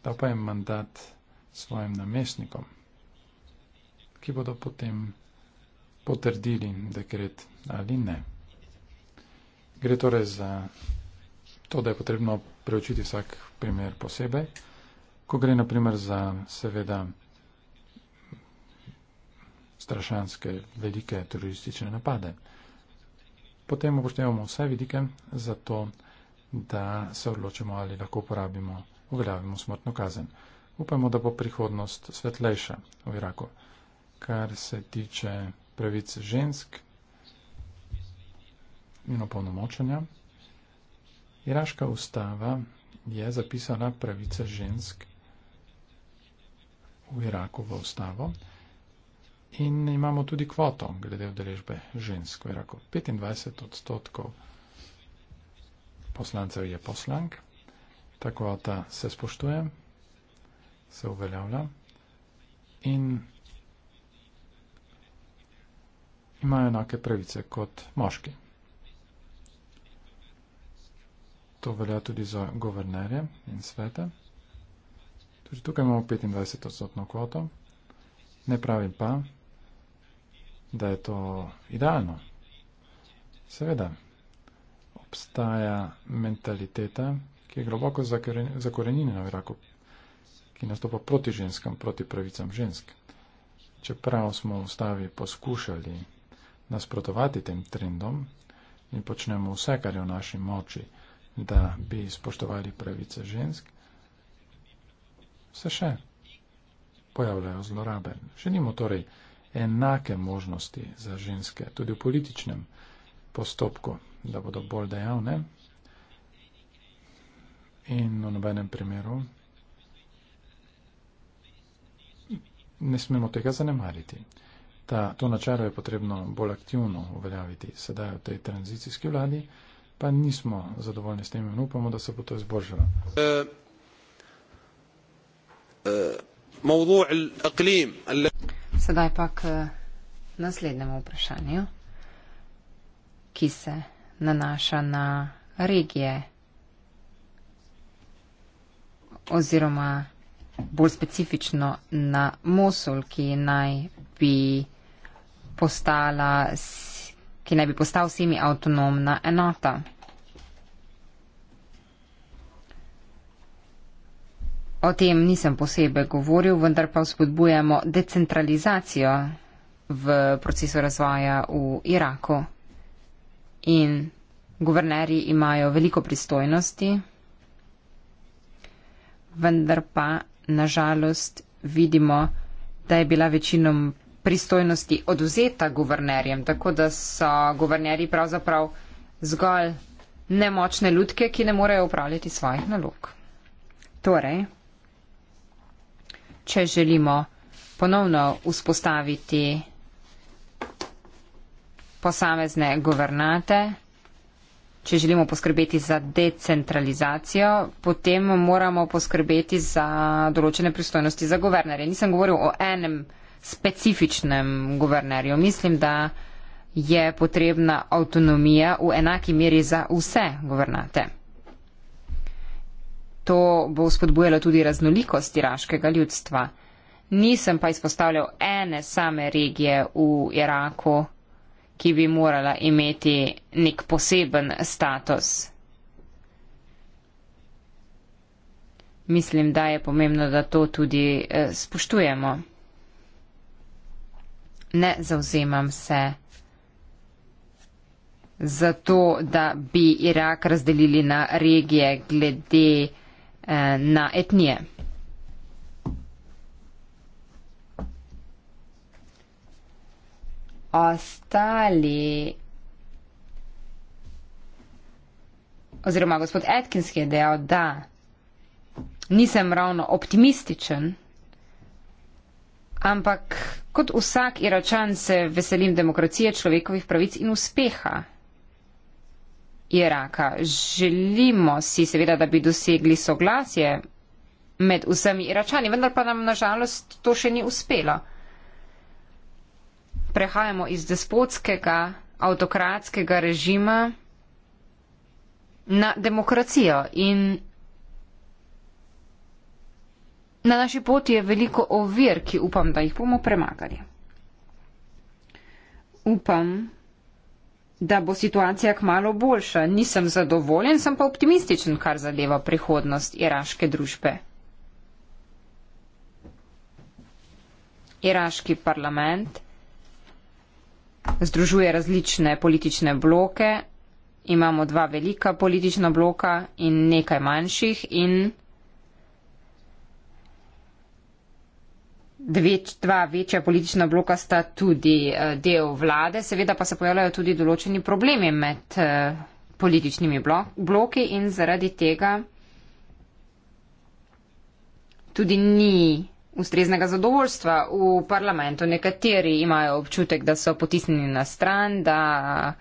da pa je mandat svojim namestnikom, ki bodo potem potrdili dekret ali ne. Gre torej za to, da je potrebno preučiti vsak primer posebej. Ko gre na primer za seveda strašanske velike teroristične napade, potem upoštevamo vse vidike za to, da se odločimo ali lahko uporabimo, uveljavimo smrtno kazen. Upamo, da bo prihodnost svetlejša v Iraku. Kar se tiče pravice žensk in opolnomočenja. Iraška ustava je zapisala pravice žensk v Iraku v ustavo in imamo tudi kvoto glede udeležbe žensk v Iraku. 25 odstotkov poslancev je poslank, ta kvota se spoštuje, se uveljavlja in imajo enake pravice kot moški. To velja tudi za guvernerje in svete. Tudi tukaj imamo 25-odstotno kvoto. Ne pravim pa, da je to idealno. Seveda, obstaja mentaliteta, ki je globoko zakorenjena v Iraku, ki nastopa proti ženskam, proti pravicam žensk. Čeprav smo v ustavi poskušali nasprotovati tem trendom in počnemo vse, kar je v naši moči, da bi spoštovali pravice žensk, se še pojavljajo zlorabe. Želimo torej enake možnosti za ženske, tudi v političnem postopku, da bodo bolj dejavne in v nobenem primeru ne smemo tega zanemariti ta, to načelo je potrebno bolj aktivno uveljaviti. Sedaj v tej tranzicijski vladi pa nismo zadovoljni s tem in upamo, da se bo to izboljšalo. Sedaj pa k naslednjemu vprašanju, ki se nanaša na regije oziroma bolj specifično na Mosul, ki naj bi postala, ki naj bi postal vsemi avtonomna enota. O tem nisem posebej govoril, vendar pa vzpodbujamo decentralizacijo v procesu razvoja v Iraku. In guvernerji imajo veliko pristojnosti, vendar pa nažalost vidimo, da je bila večinoma pristojnosti oduzeta guvernerjem, tako da so guvernerji pravzaprav zgolj nemočne ljudke, ki ne morejo upravljati svojih nalog. Torej, če želimo ponovno vzpostaviti posamezne guvernate, če želimo poskrbeti za decentralizacijo, potem moramo poskrbeti za določene pristojnosti za guvernere. Nisem govoril o enem specifičnem guvernerju. Mislim, da je potrebna avtonomija v enaki meri za vse guvernate. To bo spodbujalo tudi raznolikost iraškega ljudstva. Nisem pa izpostavljal ene same regije v Iraku, ki bi morala imeti nek poseben status. Mislim, da je pomembno, da to tudi eh, spoštujemo ne zauzemam se za to, da bi Irak razdelili na regije glede eh, na etnije. Ostali. Oziroma, gospod Atkins je dejal, da nisem ravno optimističen. Ampak kot vsak iračan se veselim demokracije, človekovih pravic in uspeha Iraka. Želimo si seveda, da bi dosegli soglasje med vsemi iračani, vendar pa nam nažalost to še ni uspelo. Prehajamo iz despotskega, avtokratskega režima na demokracijo in Na naši poti je veliko ovir, ki upam, da jih bomo premagali. Upam, da bo situacija kmalo boljša. Nisem zadovoljen, sem pa optimističen, kar zadeva prihodnost iraške družbe. Iraški parlament združuje različne politične bloke. Imamo dva velika politična bloka in nekaj manjših in dve, dva večja politična bloka sta tudi eh, del vlade, seveda pa se pojavljajo tudi določeni problemi med eh, političnimi bloki in zaradi tega tudi ni ustreznega zadovoljstva v parlamentu. Nekateri imajo občutek, da so potisnjeni na stran, da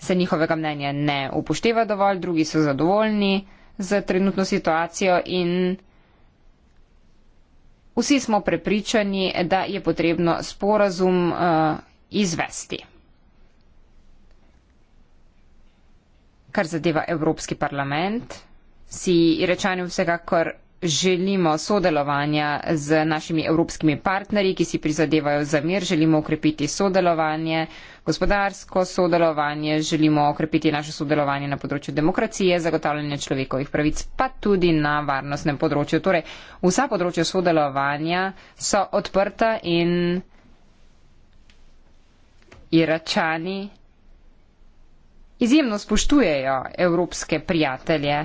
se njihovega mnenja ne upošteva dovolj, drugi so zadovoljni z trenutno situacijo in Vsi smo prepričani, da je potrebno sporazum uh, izvesti. Kar zadeva Evropski parlament, si rečani vsekakor želimo sodelovanja z našimi evropskimi partnerji, ki si prizadevajo za mir, želimo okrepiti sodelovanje, gospodarsko sodelovanje, želimo okrepiti naše sodelovanje na področju demokracije, zagotavljanja človekovih pravic, pa tudi na varnostnem področju. Torej, vsa področja sodelovanja so odprta in iračani izjemno spoštujejo evropske prijatelje.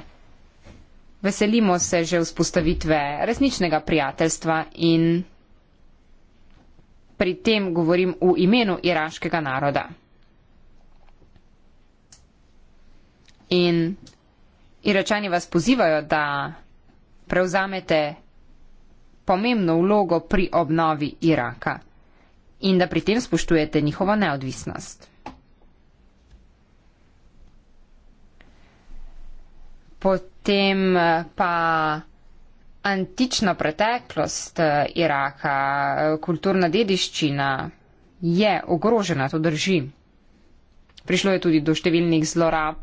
Veselimo se že vzpostavitve resničnega prijateljstva in pri tem govorim v imenu iraškega naroda. In iračani vas pozivajo, da prevzamete pomembno vlogo pri obnovi Iraka in da pri tem spoštujete njihovo neodvisnost. Potem potem eh, pa antična preteklost eh, Iraka, eh, kulturna dediščina je ogrožena, to drži. Prišlo je tudi do številnih zlorab,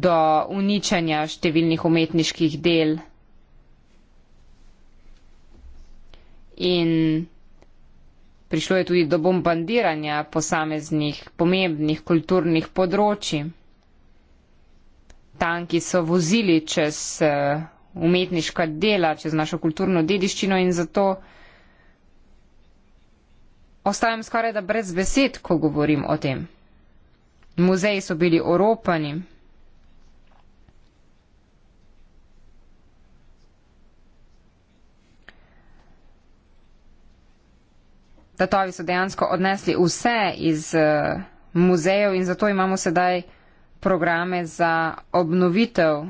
do uničanja številnih umetniških del. In prišlo je tudi do bombardiranja posameznih pomembnih kulturnih področji tanki so vozili čez eh, umetniška dela, čez našo kulturno dediščino in zato ostajam skoraj da brez besed, ko govorim o tem. Muzeji so bili oropani. Tatovi so dejansko odnesli vse iz uh, muzejev in zato imamo sedaj programe za obnovitev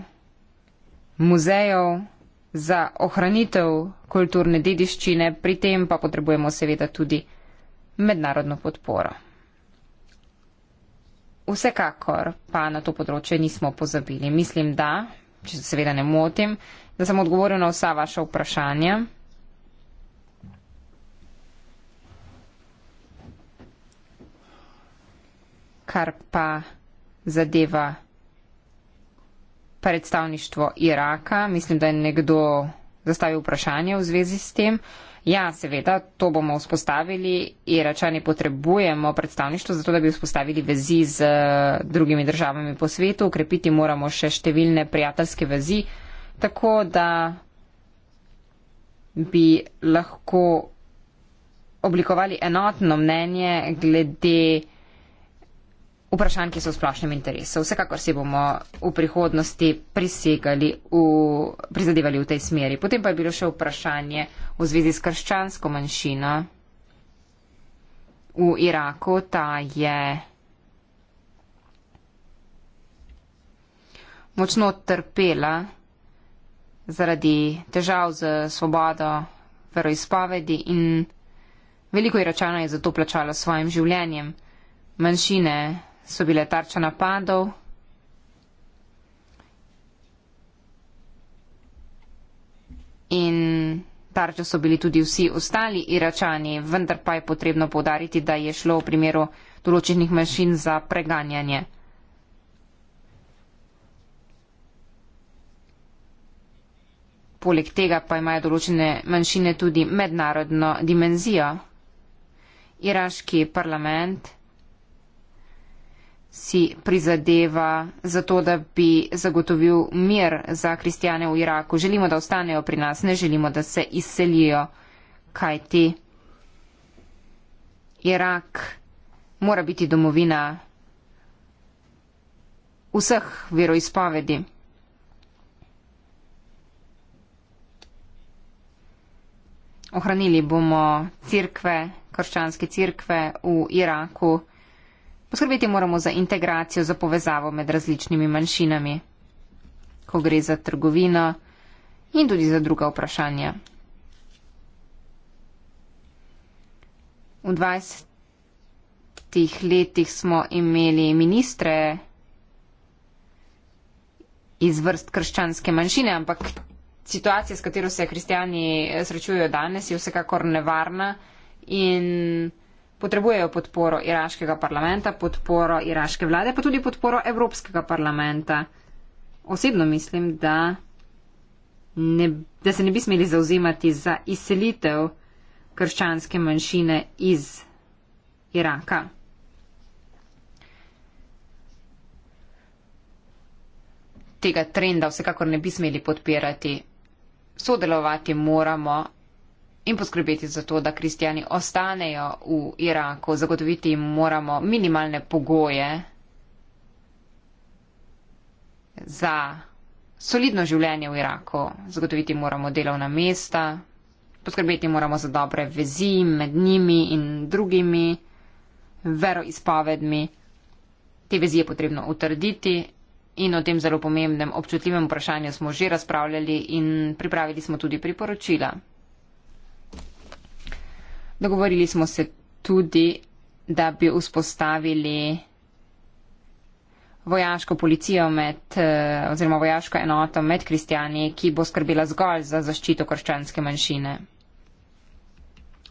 muzejev, za ohranitev kulturne dediščine, pri tem pa potrebujemo seveda tudi mednarodno podporo. Vsekakor pa na to področje nismo pozabili. Mislim, da, če se seveda ne motim, da sem odgovoril na vsa vaša vprašanja. Kar pa zadeva predstavništvo Iraka. Mislim, da je nekdo zastavil vprašanje v zvezi s tem. Ja, seveda, to bomo vzpostavili. Iračani potrebujemo predstavništvo, zato da bi vzpostavili vezi z eh, drugimi državami po svetu. Ukrepiti moramo še številne prijateljske vezi, tako da bi lahko oblikovali enotno mnenje glede vprašanj, ki so v splošnem interesu. Vsekakor si bomo v prihodnosti prisegali, v, prizadevali v tej smeri. Potem pa je bilo še vprašanje v zvezi s krščansko manjšino v Iraku. Ta je močno trpela zaradi težav z svobodo veroizpovedi in veliko iračana je zato plačalo svojim življenjem. Manjšine so bile tarča napadov. In tarča so bili tudi vsi ostali iračani, vendar pa je potrebno povdariti, da je šlo v primeru določenih mašin za preganjanje. Poleg tega pa imajo določene manjšine tudi mednarodno dimenzijo. Iraški parlament si prizadeva za to, da bi zagotovil mir za kristijane v Iraku. Želimo, da ostanejo pri nas, ne želimo, da se izselijo, kaj ti. Irak mora biti domovina vseh veroizpovedi. Ohranili bomo crkve, krščanske crkve v Iraku. Poskrbeti moramo za integracijo, za povezavo med različnimi manjšinami, ko gre za trgovino in tudi za druga vprašanja. V 20 letih smo imeli ministre iz vrst krščanske manjšine, ampak situacija, s katero se kristijani srečujejo danes, je vsekakor nevarna in potrebujejo podporo iraškega parlamenta, podporo iraške vlade, pa tudi podporo Evropskega parlamenta. Osebno mislim, da, ne, da se ne bi smeli zauzemati za izselitev krščanske manjšine iz Iraka. Tega trenda vsekakor ne bi smeli podpirati. Sodelovati moramo in poskrbeti za to, da kristijani ostanejo v Iraku, zagotoviti jim moramo minimalne pogoje za solidno življenje v Iraku, zagotoviti moramo delovna mesta, poskrbeti moramo za dobre vezi med njimi in drugimi veroizpovedmi. Te vezi je potrebno utrditi. In o tem zelo pomembnem občutljivem vprašanju smo že razpravljali in pripravili smo tudi priporočila. Dogovorili smo se tudi, da bi vzpostavili vojaško policijo med, eh, oziroma vojaško enoto med kristijani, ki bo skrbela zgolj za zaščito krščanske manjšine.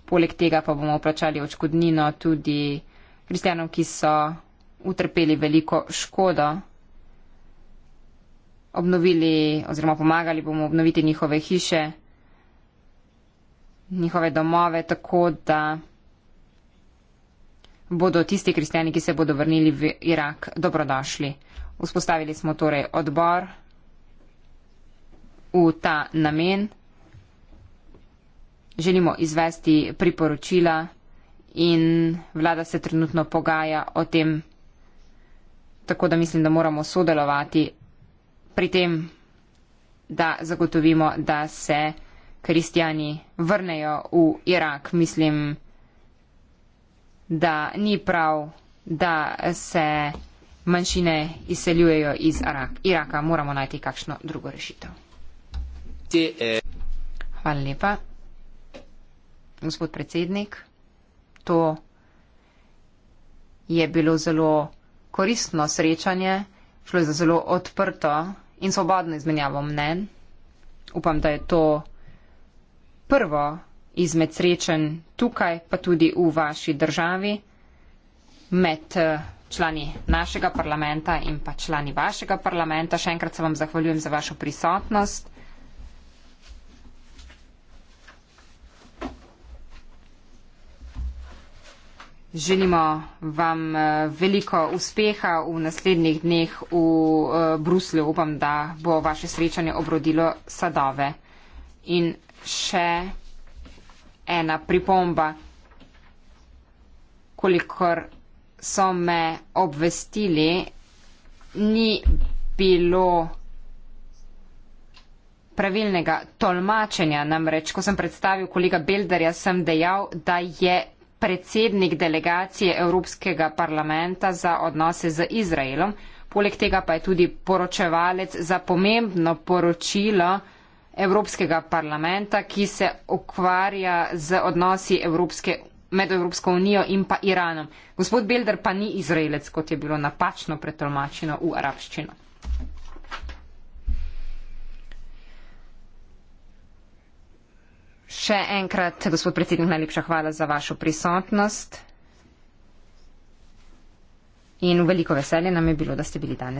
Poleg tega pa bomo plačali očkodnino tudi kristijanom, ki so utrpeli veliko škodo. Obnovili oziroma pomagali bomo obnoviti njihove hiše njihove domove, tako da bodo tisti kristjani, ki se bodo vrnili v Irak, dobrodošli. Vzpostavili smo torej odbor v ta namen. Želimo izvesti priporočila in vlada se trenutno pogaja o tem, tako da mislim, da moramo sodelovati pri tem, da zagotovimo, da se kristijani vrnejo v Irak. Mislim, da ni prav, da se manjšine izseljujejo iz Iraka. Moramo najti kakšno drugo rešitev. Hvala lepa. Gospod predsednik, to je bilo zelo koristno srečanje, šlo je za zelo odprto in svobodno izmenjavo mnen. Upam, da je to prvo izmed srečen tukaj, pa tudi v vaši državi, med eh, člani našega parlamenta in pa člani vašega parlamenta. Še enkrat se vam zahvaljujem za vašo prisotnost. Želimo vam eh, veliko uspeha v naslednjih dneh v eh, Bruslju. Upam, da bo vaše srečanje obrodilo sadove. In še ena pripomba. Kolikor so me obvestili, ni bilo pravilnega tolmačenja. Namreč, ko sem predstavil kolega Belderja, sem dejal, da je predsednik delegacije Evropskega parlamenta za odnose z Izraelom. Poleg tega pa je tudi poročevalec za pomembno poročilo Evropskega parlamenta, ki se ukvarja z odnosi Evropske, med Evropsko unijo in pa Iranom. Gospod Belder pa ni Izraelec, kot je bilo napačno pretolmačeno v arabščino. Še enkrat, gospod predsednik, najlepša hvala za vašo prisotnost. In veliko veselje nam je bilo, da ste bili danes.